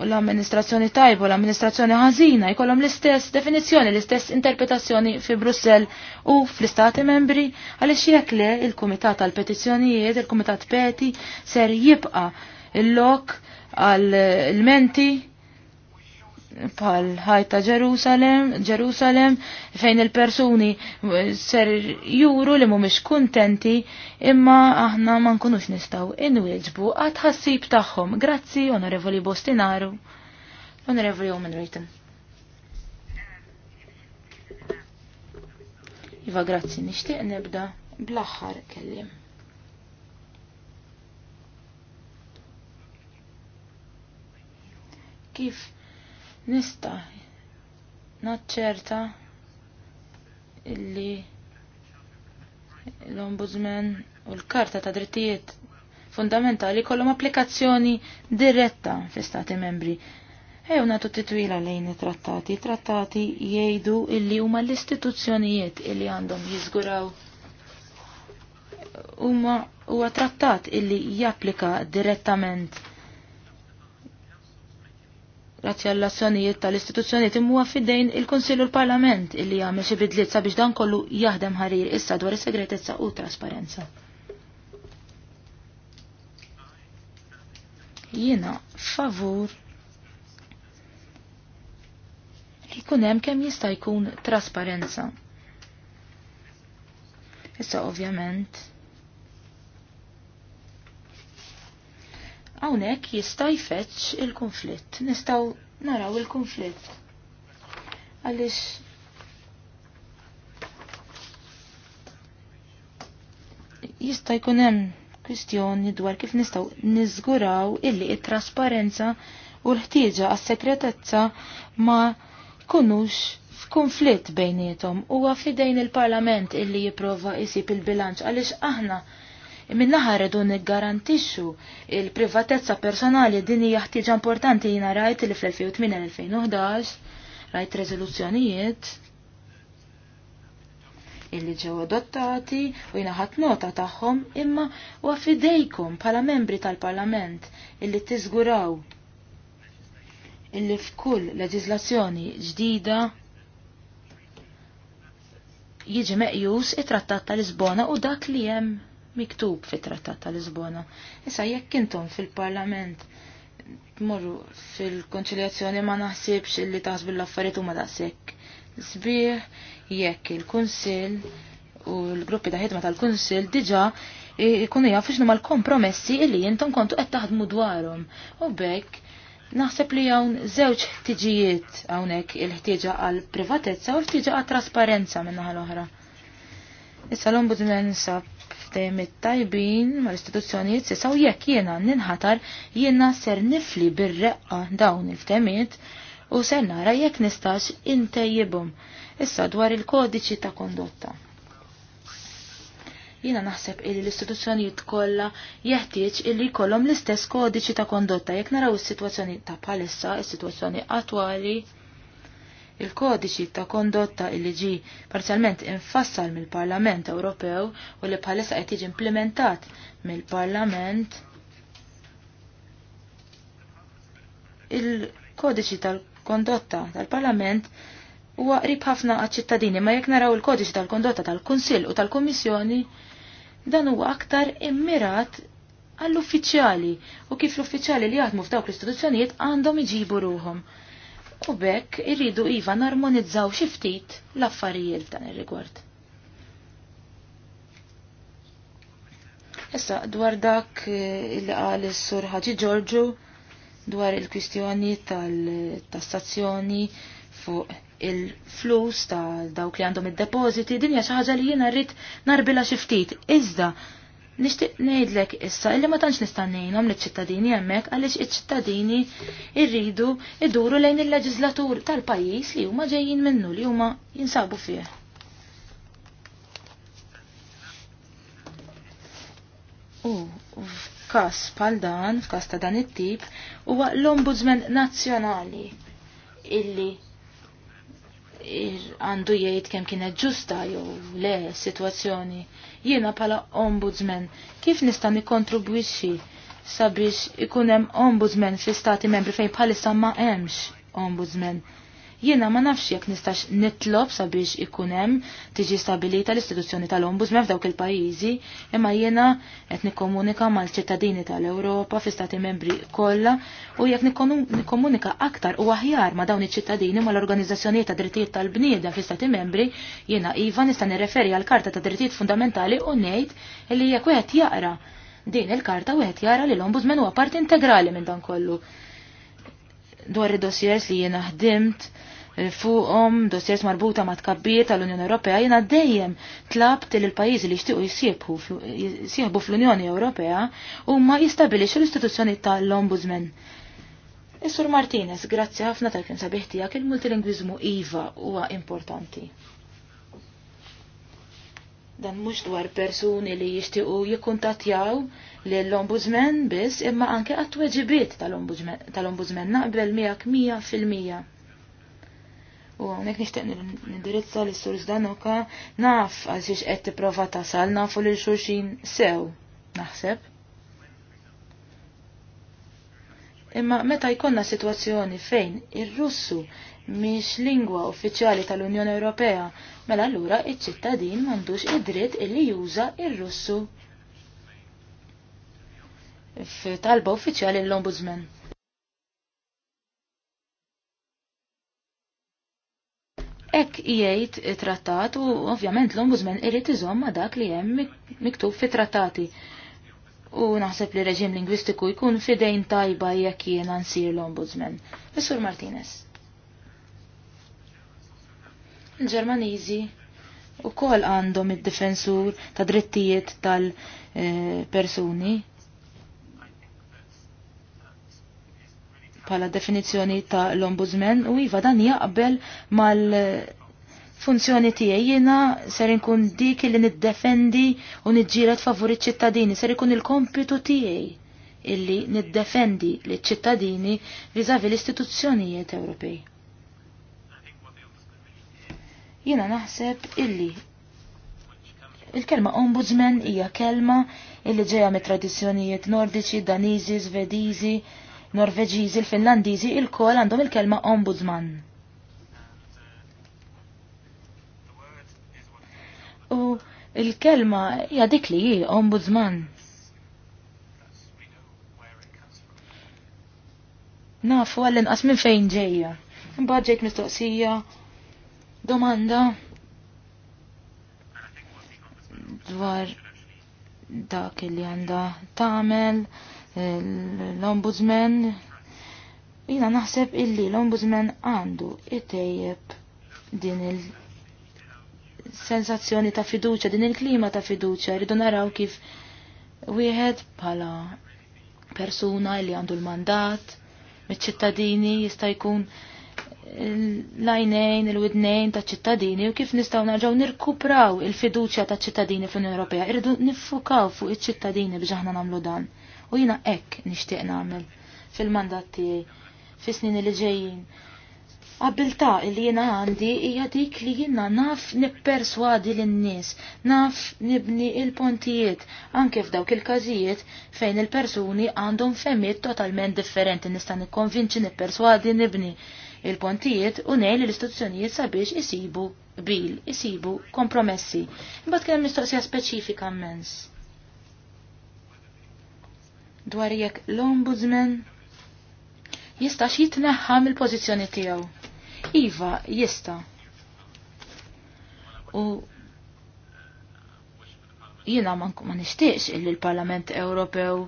u l-amministrazzjoni tajb u l-amministrazzjoni ħażina jkollhom l-istess definizzjoni, l-istess interpretazzjoni fi Brussell u fl-Istati membri għaliex jekk le il-Kumitat tal petizzjonijiet il-Kumitat Peti ser jibqa' il-lok għal-menti bħal ħajta Ġerusalem, Ġerusalem fejn il-persuni ser juru li mhumiex kuntenti imma aħna ma nkunux nistgħu inwieġbu għad ħassib tagħhom. Grazzi Onorevoli Bostinaru. Onorevoli Omen Rejten. Iva grazzi, nixtieq nibda bl-aħħar kellim. Kif Nista naċċerta illi l-Ombudsman u l-Karta ta' Drittijiet Fundamentali kollhom applikazzjoni diretta fl-Istati membri. Ewna natu titwila lejn it-trattati. Trattati jgħidu illi huma l-istituzzjonijiet illi għandhom jiżguraw huma huwa trattat illi japplika direttament Grazzi għall azzjonijiet tal-istituzzjonijiet imma fidejn il-Konsill u l-Parlament illi jagħmel xi bidliet sabiex dan kollu jaħdem ħarir issa dwar is-segretezza u trasparenza. Jiena favur li kunem kem jista' jkun trasparenza. Issa ovvjament hawnhekk jista' jfetx il-konflitt. Nistgħu naraw il-konflitt. Għaliex jista' jkun hemm kwistjoni dwar kif nistgħu niżguraw illi it-trasparenza u l-ħtieġa għas segretezza ma jkunux f'kunflitt bejnietom huwa fidejn il-Parlament illi jipprova jsib il-bilanċ għaliex aħna Minnaħa rridu niggarantixxu il-privatezza personali din hija ħtieġa importanti jiena rajt li fl-2008-2011 rajt rezoluzzjonijiet illi ġew adottati u jiena ħadd nota tagħhom imma u fidejkom bħala membri tal-Parlament illi tiżguraw illi f'kull leġiżlazzjoni ġdida jiġi meqjus it-trattat tal-Lisbona u dak li hemm miktub fit-Trattat ta' Lisbona. Issa jekk intom fil-Parlament morru fil-konċiljazzjoni ma naħsibx li taħsbu l-affarijiet huma daqshekk sbieħ jekk il-Kunsill u l-gruppi ta' ħidma tal-Kunsill diġà jkunu jafu x'nu mal-kompromessi li intom kontu qed taħdmu dwarhom. U bekk naħseb li hawn żewġ ħtiġijiet hawnhekk il-ħtieġa għal privatezza u l-ħtieġa għal trasparenza minn naħa l-oħra. Issa l-Ombudsman sab ftehim tajbin mal-istituzzjonijiet sisaw jekk jiena ninħatar jiena ser nifli bir-reqqa dawn il ftemiet u ser nara jekk nistax intejjibhom issa dwar il-kodiċi ta' kondotta. Jiena naħseb illi l-istituzzjonijiet kollha jeħtieġ illi jkollhom l-istess kodiċi ta' kondotta jekk naraw is-sitwazzjoni ta' palissa, is-sitwazzjoni attwali. Il-kodiċi ta' kondotta il ġi parzjalment infassal mill-Parlament Ewropew u li bħalissa qed jiġi implementat mill-Parlament il-kodiċi tal-kondotta tal-Parlament huwa qrib ħafna għaċ-ċittadini, ma jekk naraw il-kodiċi tal-kondotta tal-Kunsill u tal-Kummissjoni dan huwa aktar immirat għall-uffiċjali u kif l-uffiċjali li jaħdmu f'dawk l-istituzzjonijiet għandhom iġibu ruhom u bekk irridu iva narmonizzaw xi ftit l-affarijiet dan ir-rigward. Issa dwar dak eh, il qal is-Sur Ħaġi Ġorġu dwar il-kwistjoni tal-tassazzjoni fuq il-flus ta' dawk li għandhom id-depożiti dinja xi ħaġa li jiena rrid narbila xi ftit. Iżda Nishtiq ngħidlek issa illi ma tantx nista' li liċ-ċittadini hemmhekk għaliex iċ-ċittadini rridu iduru lejn il-leġislatur tal-pajjiż li huma ġejjin minnu li huma jinsabu fih. U f'każ bħal dan, f'każ ta' dan it-tip, huwa l-Ombudsman Nazzjonali illi għandu jgħid kemm kienet ġusta jew le sitwazzjoni jiena pala ombudsman kif nista' nikkontribwixxi sabiex ikun hemm ombudsman fl-istati membri fejn bħalissa ma hemmx ombudsman. Jiena ma nafx jekk nistax nitlob sabiex ikun hemm tiġi stabilita l-istituzzjoni tal-Ombudsman f'dawk il-pajjiżi, imma jiena qed nikkomunika mal-ċittadini tal-Ewropa fi stati membri kollha u jekk nikkomunika aktar u aħjar ma dawn iċ-ċittadini mal-organizzazzjonijiet ta' drittijiet tal-bniedem fi stati membri, jiena iva nista' nirreferi għal karta ta' drittijiet fundamentali u ngħid li jekk wieħed jaqra din il-karta wieħed jara li l-Ombudsman huwa parti integrali minn dan kollu dwar id-dossiers li jiena ħdimt fuqhom dossiers marbuta ma' tkabbir tal-Unjoni Ewropea jiena dejjem tlabt li l-pajjiżi li jixtiequ jisieħbu fl-Unjoni Ewropea huma jistabilixxu l-istituzzjoni tal-Ombudsman. Is-Sur eh, Martinez, grazzi ħafna tal-kien sabiħ tiegħek il-multilingwiżmu iva huwa importanti. Dan mhux dwar persuni li jixtiequ jikkuntattjaw lill-Ombudsman biss imma anke għat-tweġibiet tal-Ombudsman naqbel miegħek mija fil-mija. U għamek nishtiq nindirizza li s-sur Zdanoka naf għal għetti qed tipprova tasal nafu li xulxin sew, naħseb. Imma meta jkollna sitwazzjoni fejn ir-Russu miex lingwa uffiċjali tal-Unjoni Ewropea, mela allura iċ-ċittadin m'għandux id-dritt illi juża il russu f'talba uffiċjali l-Ombudsman. Ek jgħid trattat u ovvjament l-ombudsman irid iżomm ma dak li hemm miktub fi trattati. U naħseb li reġim lingwistiku jkun fidejn tajba jekk jiena nsir l-ombudsman. Messur Martinez. Il-Ġermaniżi u kol għandhom id-difensur ta' drittijiet tal-persuni. Eh, pala definizjoni ta' l-ombudsman u iva dan jaqbel mal eh, funzjoni tiegħi jiena ser inkun dik li niddefendi u niġġieled favuri ċ-ċittadini, ser ikun il-kompitu tiegħi illi niddefendi li ċittadini viżavi l-istituzzjonijiet Ewropej. Jiena naħseb illi il-kelma ombudsman hija kelma illi ġeja mit tradizzjonijiet nordiċi, daniżi, svediżi, Norveġiżi, il-Finlandiżi, il-kol għandhom il-kelma ombudsman. U il-kelma hija dik li ombudsman. Nafu għall-inqas minn fejn ġejja. Imbagħad ġejt mistoqsija, domanda dwar dak li għanda tamel. Ta l-ombudsman jina naħseb illi l-ombudsman għandu itejjeb din il-sensazzjoni ta' fiduċa, din il-klima ta' fiduċa, rridu naraw kif wieħed bħala persuna li għandu l-mandat, mit-ċittadini jista' jkun l-għajnejn, il-widnejn ta' ċittadini u kif nistaw narġaw nirkupraw il-fiduċja ta' ċittadini fl-Unjoni Ewropea. Irridu nifukaw fuq iċ-ċittadini biex aħna nagħmlu dan. U jina ekk nishtiq namel fil-mandat tiegħi fis-snin li ġejjin. Abilta li jina għandi hija dik li jina naf nipperswadi lin-nies, naf nibni il-pontijiet, anke f'dawk il-każijiet fejn il-persuni għandhom femmiet totalment differenti nista' nikkonvinċi nipperswadi nibni il-pontijiet u nejn l-istituzzjonijiet sabiex isibu bil, isibu kompromessi. Imbagħad kien hemm mistoqsija speċifika mens dwar jekk l-ombudsman xi jitneħħa mill-pożizzjoni tiegħu. Iva, jista. U jiena ma nixtieqx illi l-Parlament Ewropew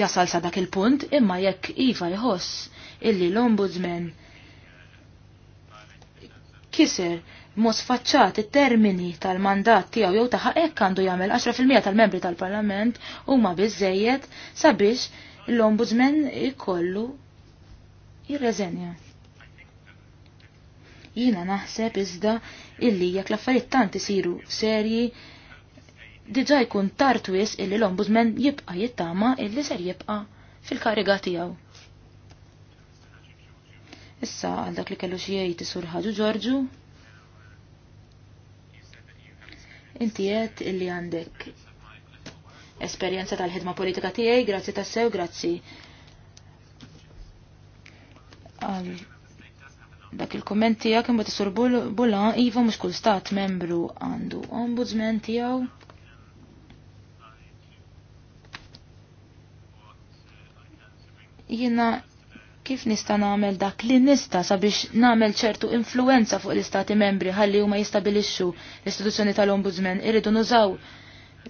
jasal sa dak il-punt imma jekk Iva jħoss illi l-Ombudsman kiser mod sfaċċat it-termini tal-mandat tiegħu jew taħa hekk għandu jagħmel 10% tal-membri tal-Parlament huma biżejjed sabiex l-Ombudsman ikollu jirreżenja. Jiena naħseb iżda illi jekk l-affarijiet tant isiru serji diġà jkun tartwis illi l-Ombudsman jibqa' jittama illi ser jibqa' fil-kariga tiegħu. Issa għal dak li kellu xi jgħid isur ħaġu Ġorġu Inti għed illi għandek esperjenza tal-ħidma politika tiegħi, grazzi tassew, grazzi għal dak il-komment tiegħek imma tisur bulla iva mhux kull stat membru għandu ombudsman tiegħu. Jiena kif nista' nagħmel dak li nista' sabiex nagħmel ċertu influenza fuq l-istati membri ħalli huma jistabilixxu l-istituzzjoni tal-Ombudsman iridu nużaw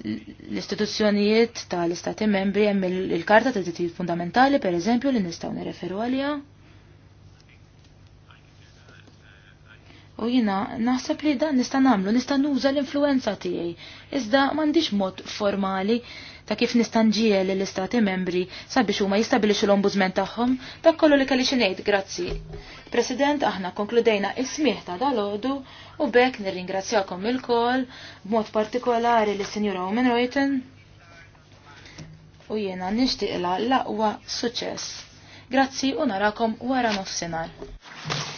l-istituzzjonijiet tal-istati membri hemm il-Karta ta' Drittijiet Fundamentali pereżempju li nistgħu nirreferu għaliha. U jina, naħseb li dan nista' nagħmlu, nista' nuża l-influenza tiegħi. Iżda m'għandix mod formali ta' kif nistanġiel l-istati membri sabiex huma jistabilixu l-ombudsman tagħhom dak kollu li kelli xinejt grazzi. President, aħna konkludejna ismieħ ta' dalodu u bekk nirringrazzjakom il-kol b'mod partikolari lis sinjura Omen Reuten u jiena nixtieqla l-aqwa suċċess. Grazzi u narakom wara nofsinhar.